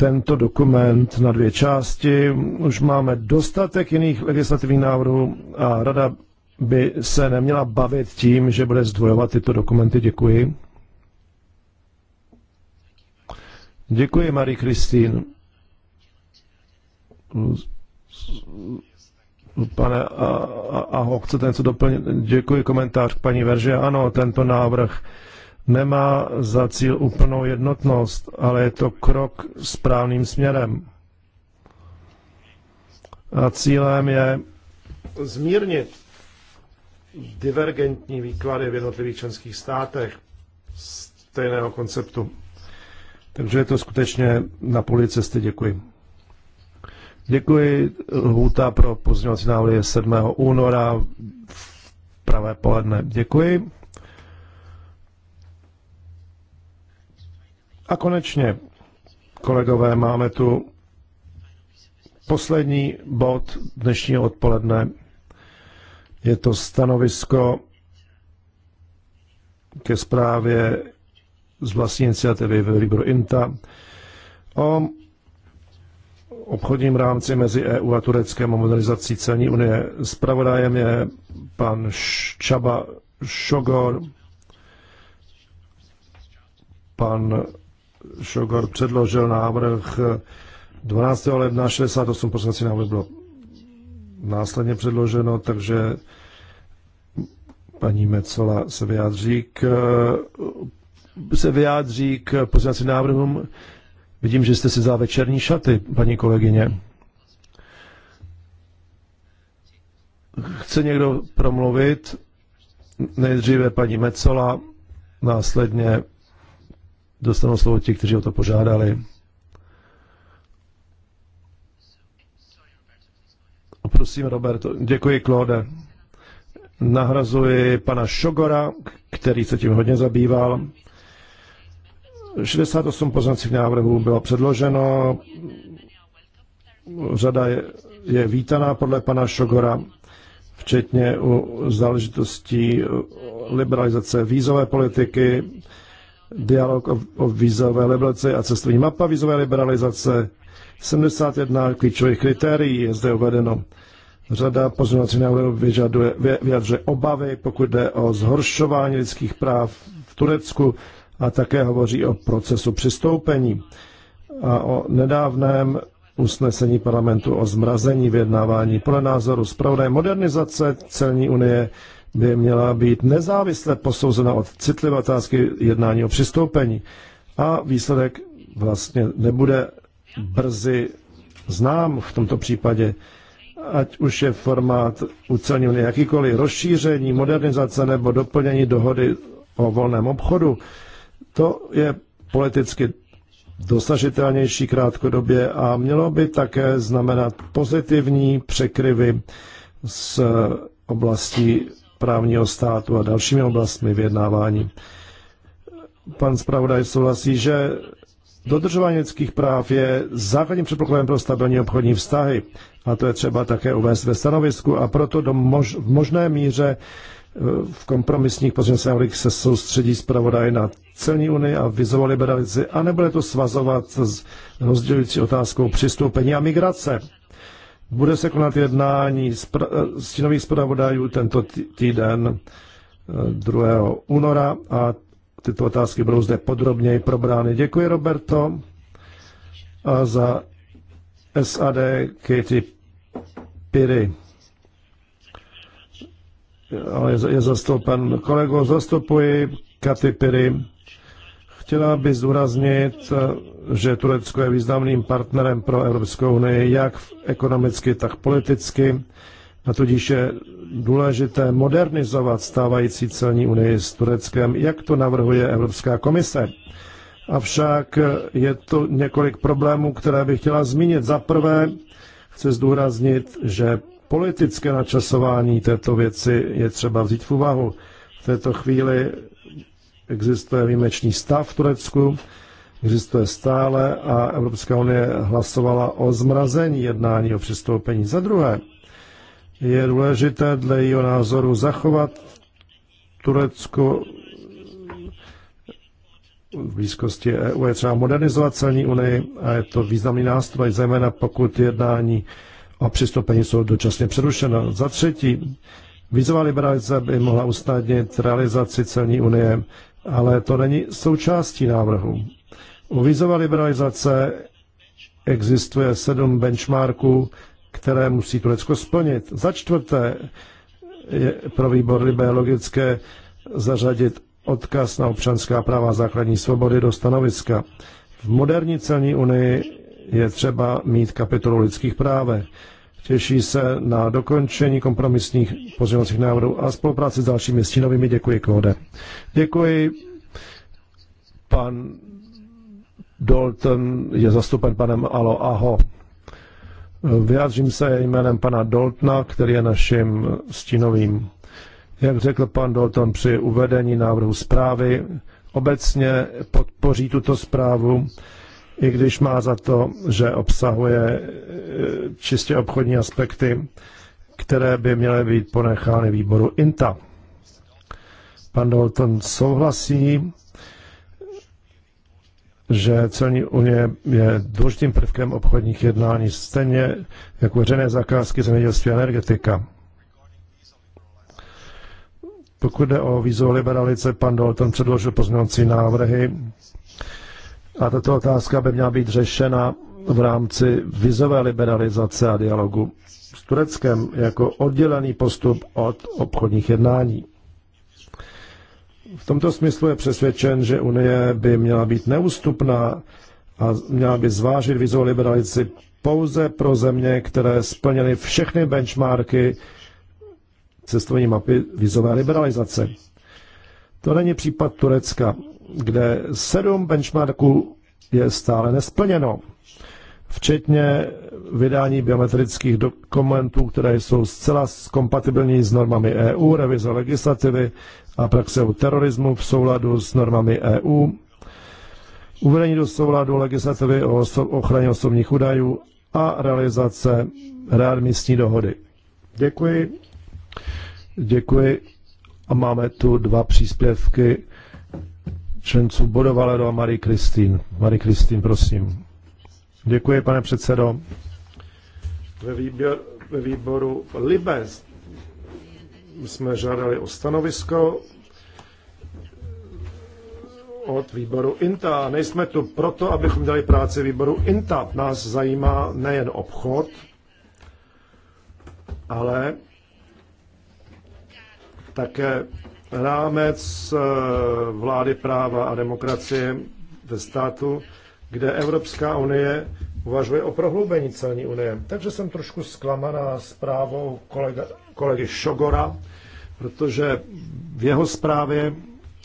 tento dokument na dvě části. Už máme dostatek jiných legislativních návrhů a rada by se neměla bavit tím, že bude zdvojovat tyto dokumenty. Děkuji. Děkuji, Marie Kristýn. Pane Aho, chcete něco doplnit? Děkuji, komentář k paní Verže. Ano, tento návrh nemá za cíl úplnou jednotnost, ale je to krok správným směrem. A cílem je zmírnit divergentní výklady v jednotlivých členských státech stejného konceptu. Takže je to skutečně na poli cesty. Děkuji. Děkuji. Hůta pro pozdělací návrhy je 7. února v pravé poledne. Děkuji. A konečně, kolegové, máme tu poslední bod dnešního odpoledne. Je to stanovisko ke zprávě z vlastní iniciativy ve výboru INTA o obchodním rámci mezi EU a Tureckém a modernizací celní unie. Spravodajem je pan Čaba Šogor, pan Šogor předložil návrh eh, 12. ledna, 68 poslanců návrh bylo následně předloženo, takže paní Mecola se vyjádří k, eh, se vyjádří k pozměňovacím návrhům. Vidím, že jste si za večerní šaty, paní kolegyně. Chce někdo promluvit? Nejdříve paní Mecola, následně dostanou slovo ti, kteří o to požádali. Prosím, Roberto. Děkuji, Claude. Nahrazuji pana Šogora, který se tím hodně zabýval. 68 poznacích návrhů bylo předloženo. Řada je, je vítaná podle pana Šogora, včetně u záležitostí liberalizace vízové politiky, dialog o, o vízové liberalizaci a cestovní mapa vízové liberalizace. 71 klíčových kritérií je zde uvedeno. Řada pozměňovacích návrhů vyžaduje, vyjadřuje obavy, pokud jde o zhoršování lidských práv v Turecku a také hovoří o procesu přistoupení a o nedávném usnesení parlamentu o zmrazení vyjednávání. Podle názoru zpravodaj modernizace celní unie by měla být nezávisle posouzena od citlivé otázky jednání o přistoupení. A výsledek vlastně nebude brzy znám v tomto případě, ať už je formát ucelní unie jakýkoliv, rozšíření, modernizace nebo doplnění dohody o volném obchodu, to je politicky dosažitelnější krátkodobě a mělo by také znamenat pozitivní překryvy s oblastí právního státu a dalšími oblastmi vyjednávání. Pan zpravodaj souhlasí, že dodržování lidských práv je základním předpokladem pro stabilní obchodní vztahy a to je třeba také uvést ve stanovisku a proto do mož, v možné míře eh, v kompromisních pozměnách se soustředí zpravodaj na celní unii a vizovou liberalizaci a nebude to svazovat s rozdělující otázkou přistoupení a migrace. Bude se konat jednání eh, stínových zpravodajů tento týden 2. Eh, února a tyto otázky budou zde podrobněji probrány. Děkuji, Roberto, a za SAD Katy Piri. Ale je zastoupen kolego, zastupuji Katy Piri Chtěla by zdůraznit, že Turecko je významným partnerem pro Evropskou unii, jak ekonomicky, tak politicky, a tudíž je důležité modernizovat stávající celní unii s Tureckem, jak to navrhuje Evropská komise. Avšak je to několik problémů, které bych chtěla zmínit. Za prvé chci zdůraznit, že politické načasování této věci je třeba vzít v úvahu. V této chvíli existuje výjimečný stav v Turecku, existuje stále a Evropská unie hlasovala o zmrazení jednání o přistoupení. Za druhé, je důležité dle jeho názoru zachovat Turecko v blízkosti EU je třeba modernizovat celní unii a je to významný nástroj, zejména pokud jednání o přistoupení jsou dočasně přerušena. Za třetí, vízová liberalizace by mohla usnadnit realizaci celní unie ale to není součástí návrhu. U vízové liberalizace existuje sedm benchmarků, které musí Turecko splnit. Za čtvrté je pro výbor Libé logické zařadit odkaz na občanská práva a základní svobody do stanoviska. V moderní celní unii je třeba mít kapitolu lidských právech. Těší se na dokončení kompromisních pozměňovacích návrhů a spolupráci s dalšími stínovými. Děkuji, Klode. Děkuji. Pan Dalton je zastupen panem Alo Aho. Vyjádřím se jménem pana Daltona, který je naším stínovým. Jak řekl pan Dalton při uvedení návrhu zprávy, obecně podpoří tuto zprávu i když má za to, že obsahuje e, čistě obchodní aspekty, které by měly být ponechány výboru INTA. Pan Dalton souhlasí, že celní unie je důležitým prvkem obchodních jednání, stejně jako veřejné zakázky zemědělství a energetika. Pokud jde o vízovou liberalice, pan Dalton předložil pozměňovací návrhy, a tato otázka by měla být řešena v rámci vizové liberalizace a dialogu s Tureckem jako oddělený postup od obchodních jednání. V tomto smyslu je přesvědčen, že Unie by měla být neústupná a měla by zvážit vizovou liberalizaci pouze pro země, které splněly všechny benchmarky cestovní mapy vizové liberalizace. To není případ Turecka kde sedm benchmarků je stále nesplněno, včetně vydání biometrických dokumentů, které jsou zcela kompatibilní s normami EU, revize legislativy a praxe terorismu v souladu s normami EU, uvedení do souladu legislativy o ochraně osobních údajů a realizace readmisní dohody. Děkuji. Děkuji. A máme tu dva příspěvky členců Bodo a Marie Kristýn. Marie Kristýn, prosím. Děkuji, pane předsedo. Ve, výběr, ve výboru Libe jsme žádali o stanovisko od výboru INTA. Nejsme tu proto, abychom dali práci výboru INTA. Nás zajímá nejen obchod, ale také rámec eh, vlády práva a demokracie ve státu, kde Evropská unie uvažuje o prohloubení celní unie. Takže jsem trošku zklamaná zprávou kolega, kolegy Šogora, protože v jeho zprávě,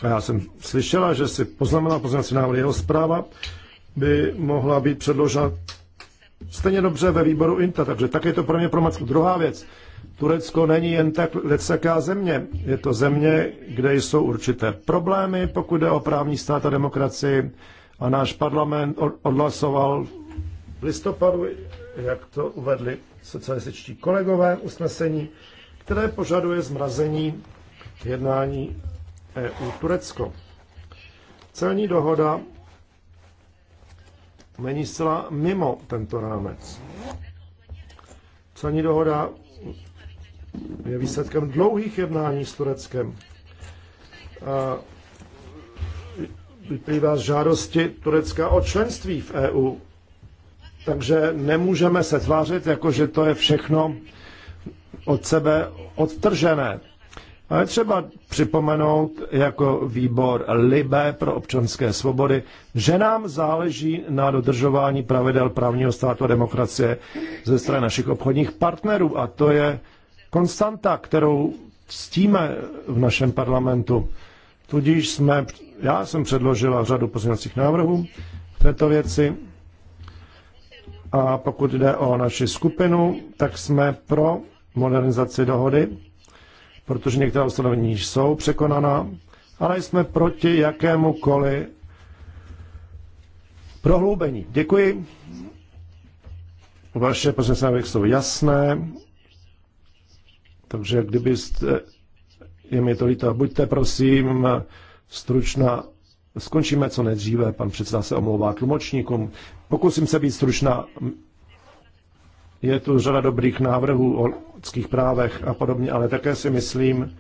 a já jsem slyšela, že si poznamená poznací návrh jeho zpráva, by mohla být předložena stejně dobře ve výboru INTA, takže tak je to pro mě promacku. Druhá věc, Turecko není jen tak lecaká země. Je to země, kde jsou určité problémy, pokud jde o právní stát a demokracii. A náš parlament odhlasoval v listopadu, jak to uvedli socialističtí kolegové, usnesení, které požaduje zmrazení jednání EU-Turecko. Celní dohoda není zcela mimo tento rámec. Celní dohoda je výsledkem dlouhých jednání s Tureckem. A vyplývá z žádosti Turecka o členství v EU. Takže nemůžeme se tvářit, jako že to je všechno od sebe odtržené. A je třeba připomenout jako výbor LIBE pro občanské svobody, že nám záleží na dodržování pravidel právního státu a demokracie ze strany našich obchodních partnerů. A to je konstanta, kterou ctíme v našem parlamentu. Tudíž jsme, já jsem předložila řadu pozměňovacích návrhů v této věci. A pokud jde o naši skupinu, tak jsme pro modernizaci dohody, protože některá ustanovení jsou překonaná, ale jsme proti jakémukoliv prohloubení. Děkuji. Vaše pozměňovací návrhy jsou jasné takže kdybyste, je mi to líto, buďte prosím stručná, skončíme co nejdříve, pan předseda se omlouvá tlumočníkům. Pokusím se být stručná, je tu řada dobrých návrhů o lidských právech a podobně, ale také si myslím,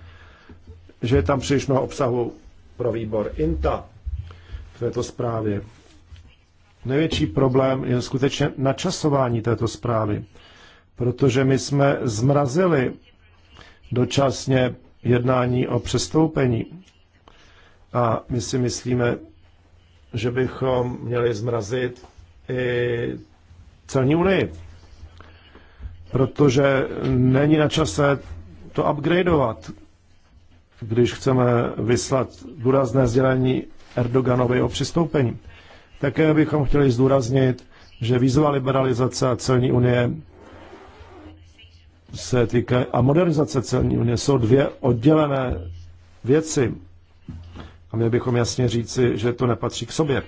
že je tam příliš mnoho obsahu pro výbor INTA v této zprávě. Největší problém je skutečně načasování této zprávy, protože my jsme zmrazili dočasně jednání o přestoupení. A my si myslíme, že bychom měli zmrazit i celní unii, protože není na čase to upgradeovat, když chceme vyslat důrazné sdělení Erdoganovi o přistoupení. Také bychom chtěli zdůraznit, že výzva liberalizace a celní unie se týká a modernizace celní unie jsou dvě oddělené věci. A měli bychom jasně říci, že to nepatří k sobě.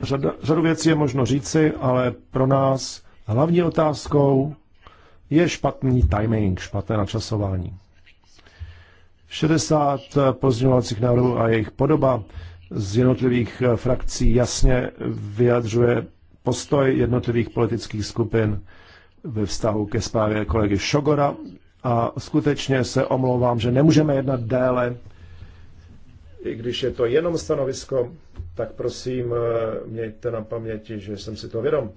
Řada, řadu věcí je možno říci, ale pro nás hlavní otázkou je špatný timing, špatné načasování. 60 pozměňovacích návrhů a jejich podoba z jednotlivých frakcí jasně vyjadřuje postoj jednotlivých politických skupin ve vztahu ke zprávě kolegy Šogora a skutečně se omlouvám, že nemůžeme jednat déle. I když je to jenom stanovisko, tak prosím, eh, mějte na paměti, že jsem si to vědom.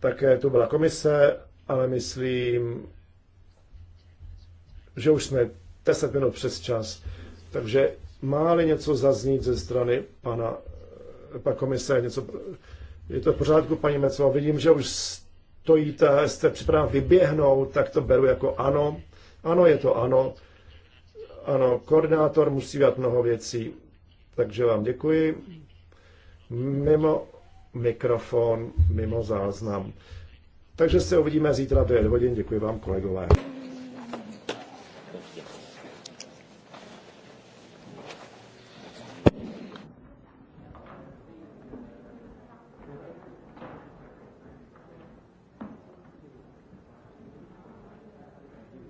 Také tu byla komise, ale myslím, že už jsme 10 minut přes čas. Takže má-li něco zaznít ze strany pana, eh, pana komise, něco, je to v pořádku, paní Mecová, vidím, že už to jít, jste připraven vyběhnout, tak to beru jako ano. Ano, je to ano. Ano, koordinátor musí dělat mnoho věcí. Takže vám děkuji. Mimo mikrofon, mimo záznam. Takže se uvidíme zítra v 9 hodin. Děkuji vám, kolegové.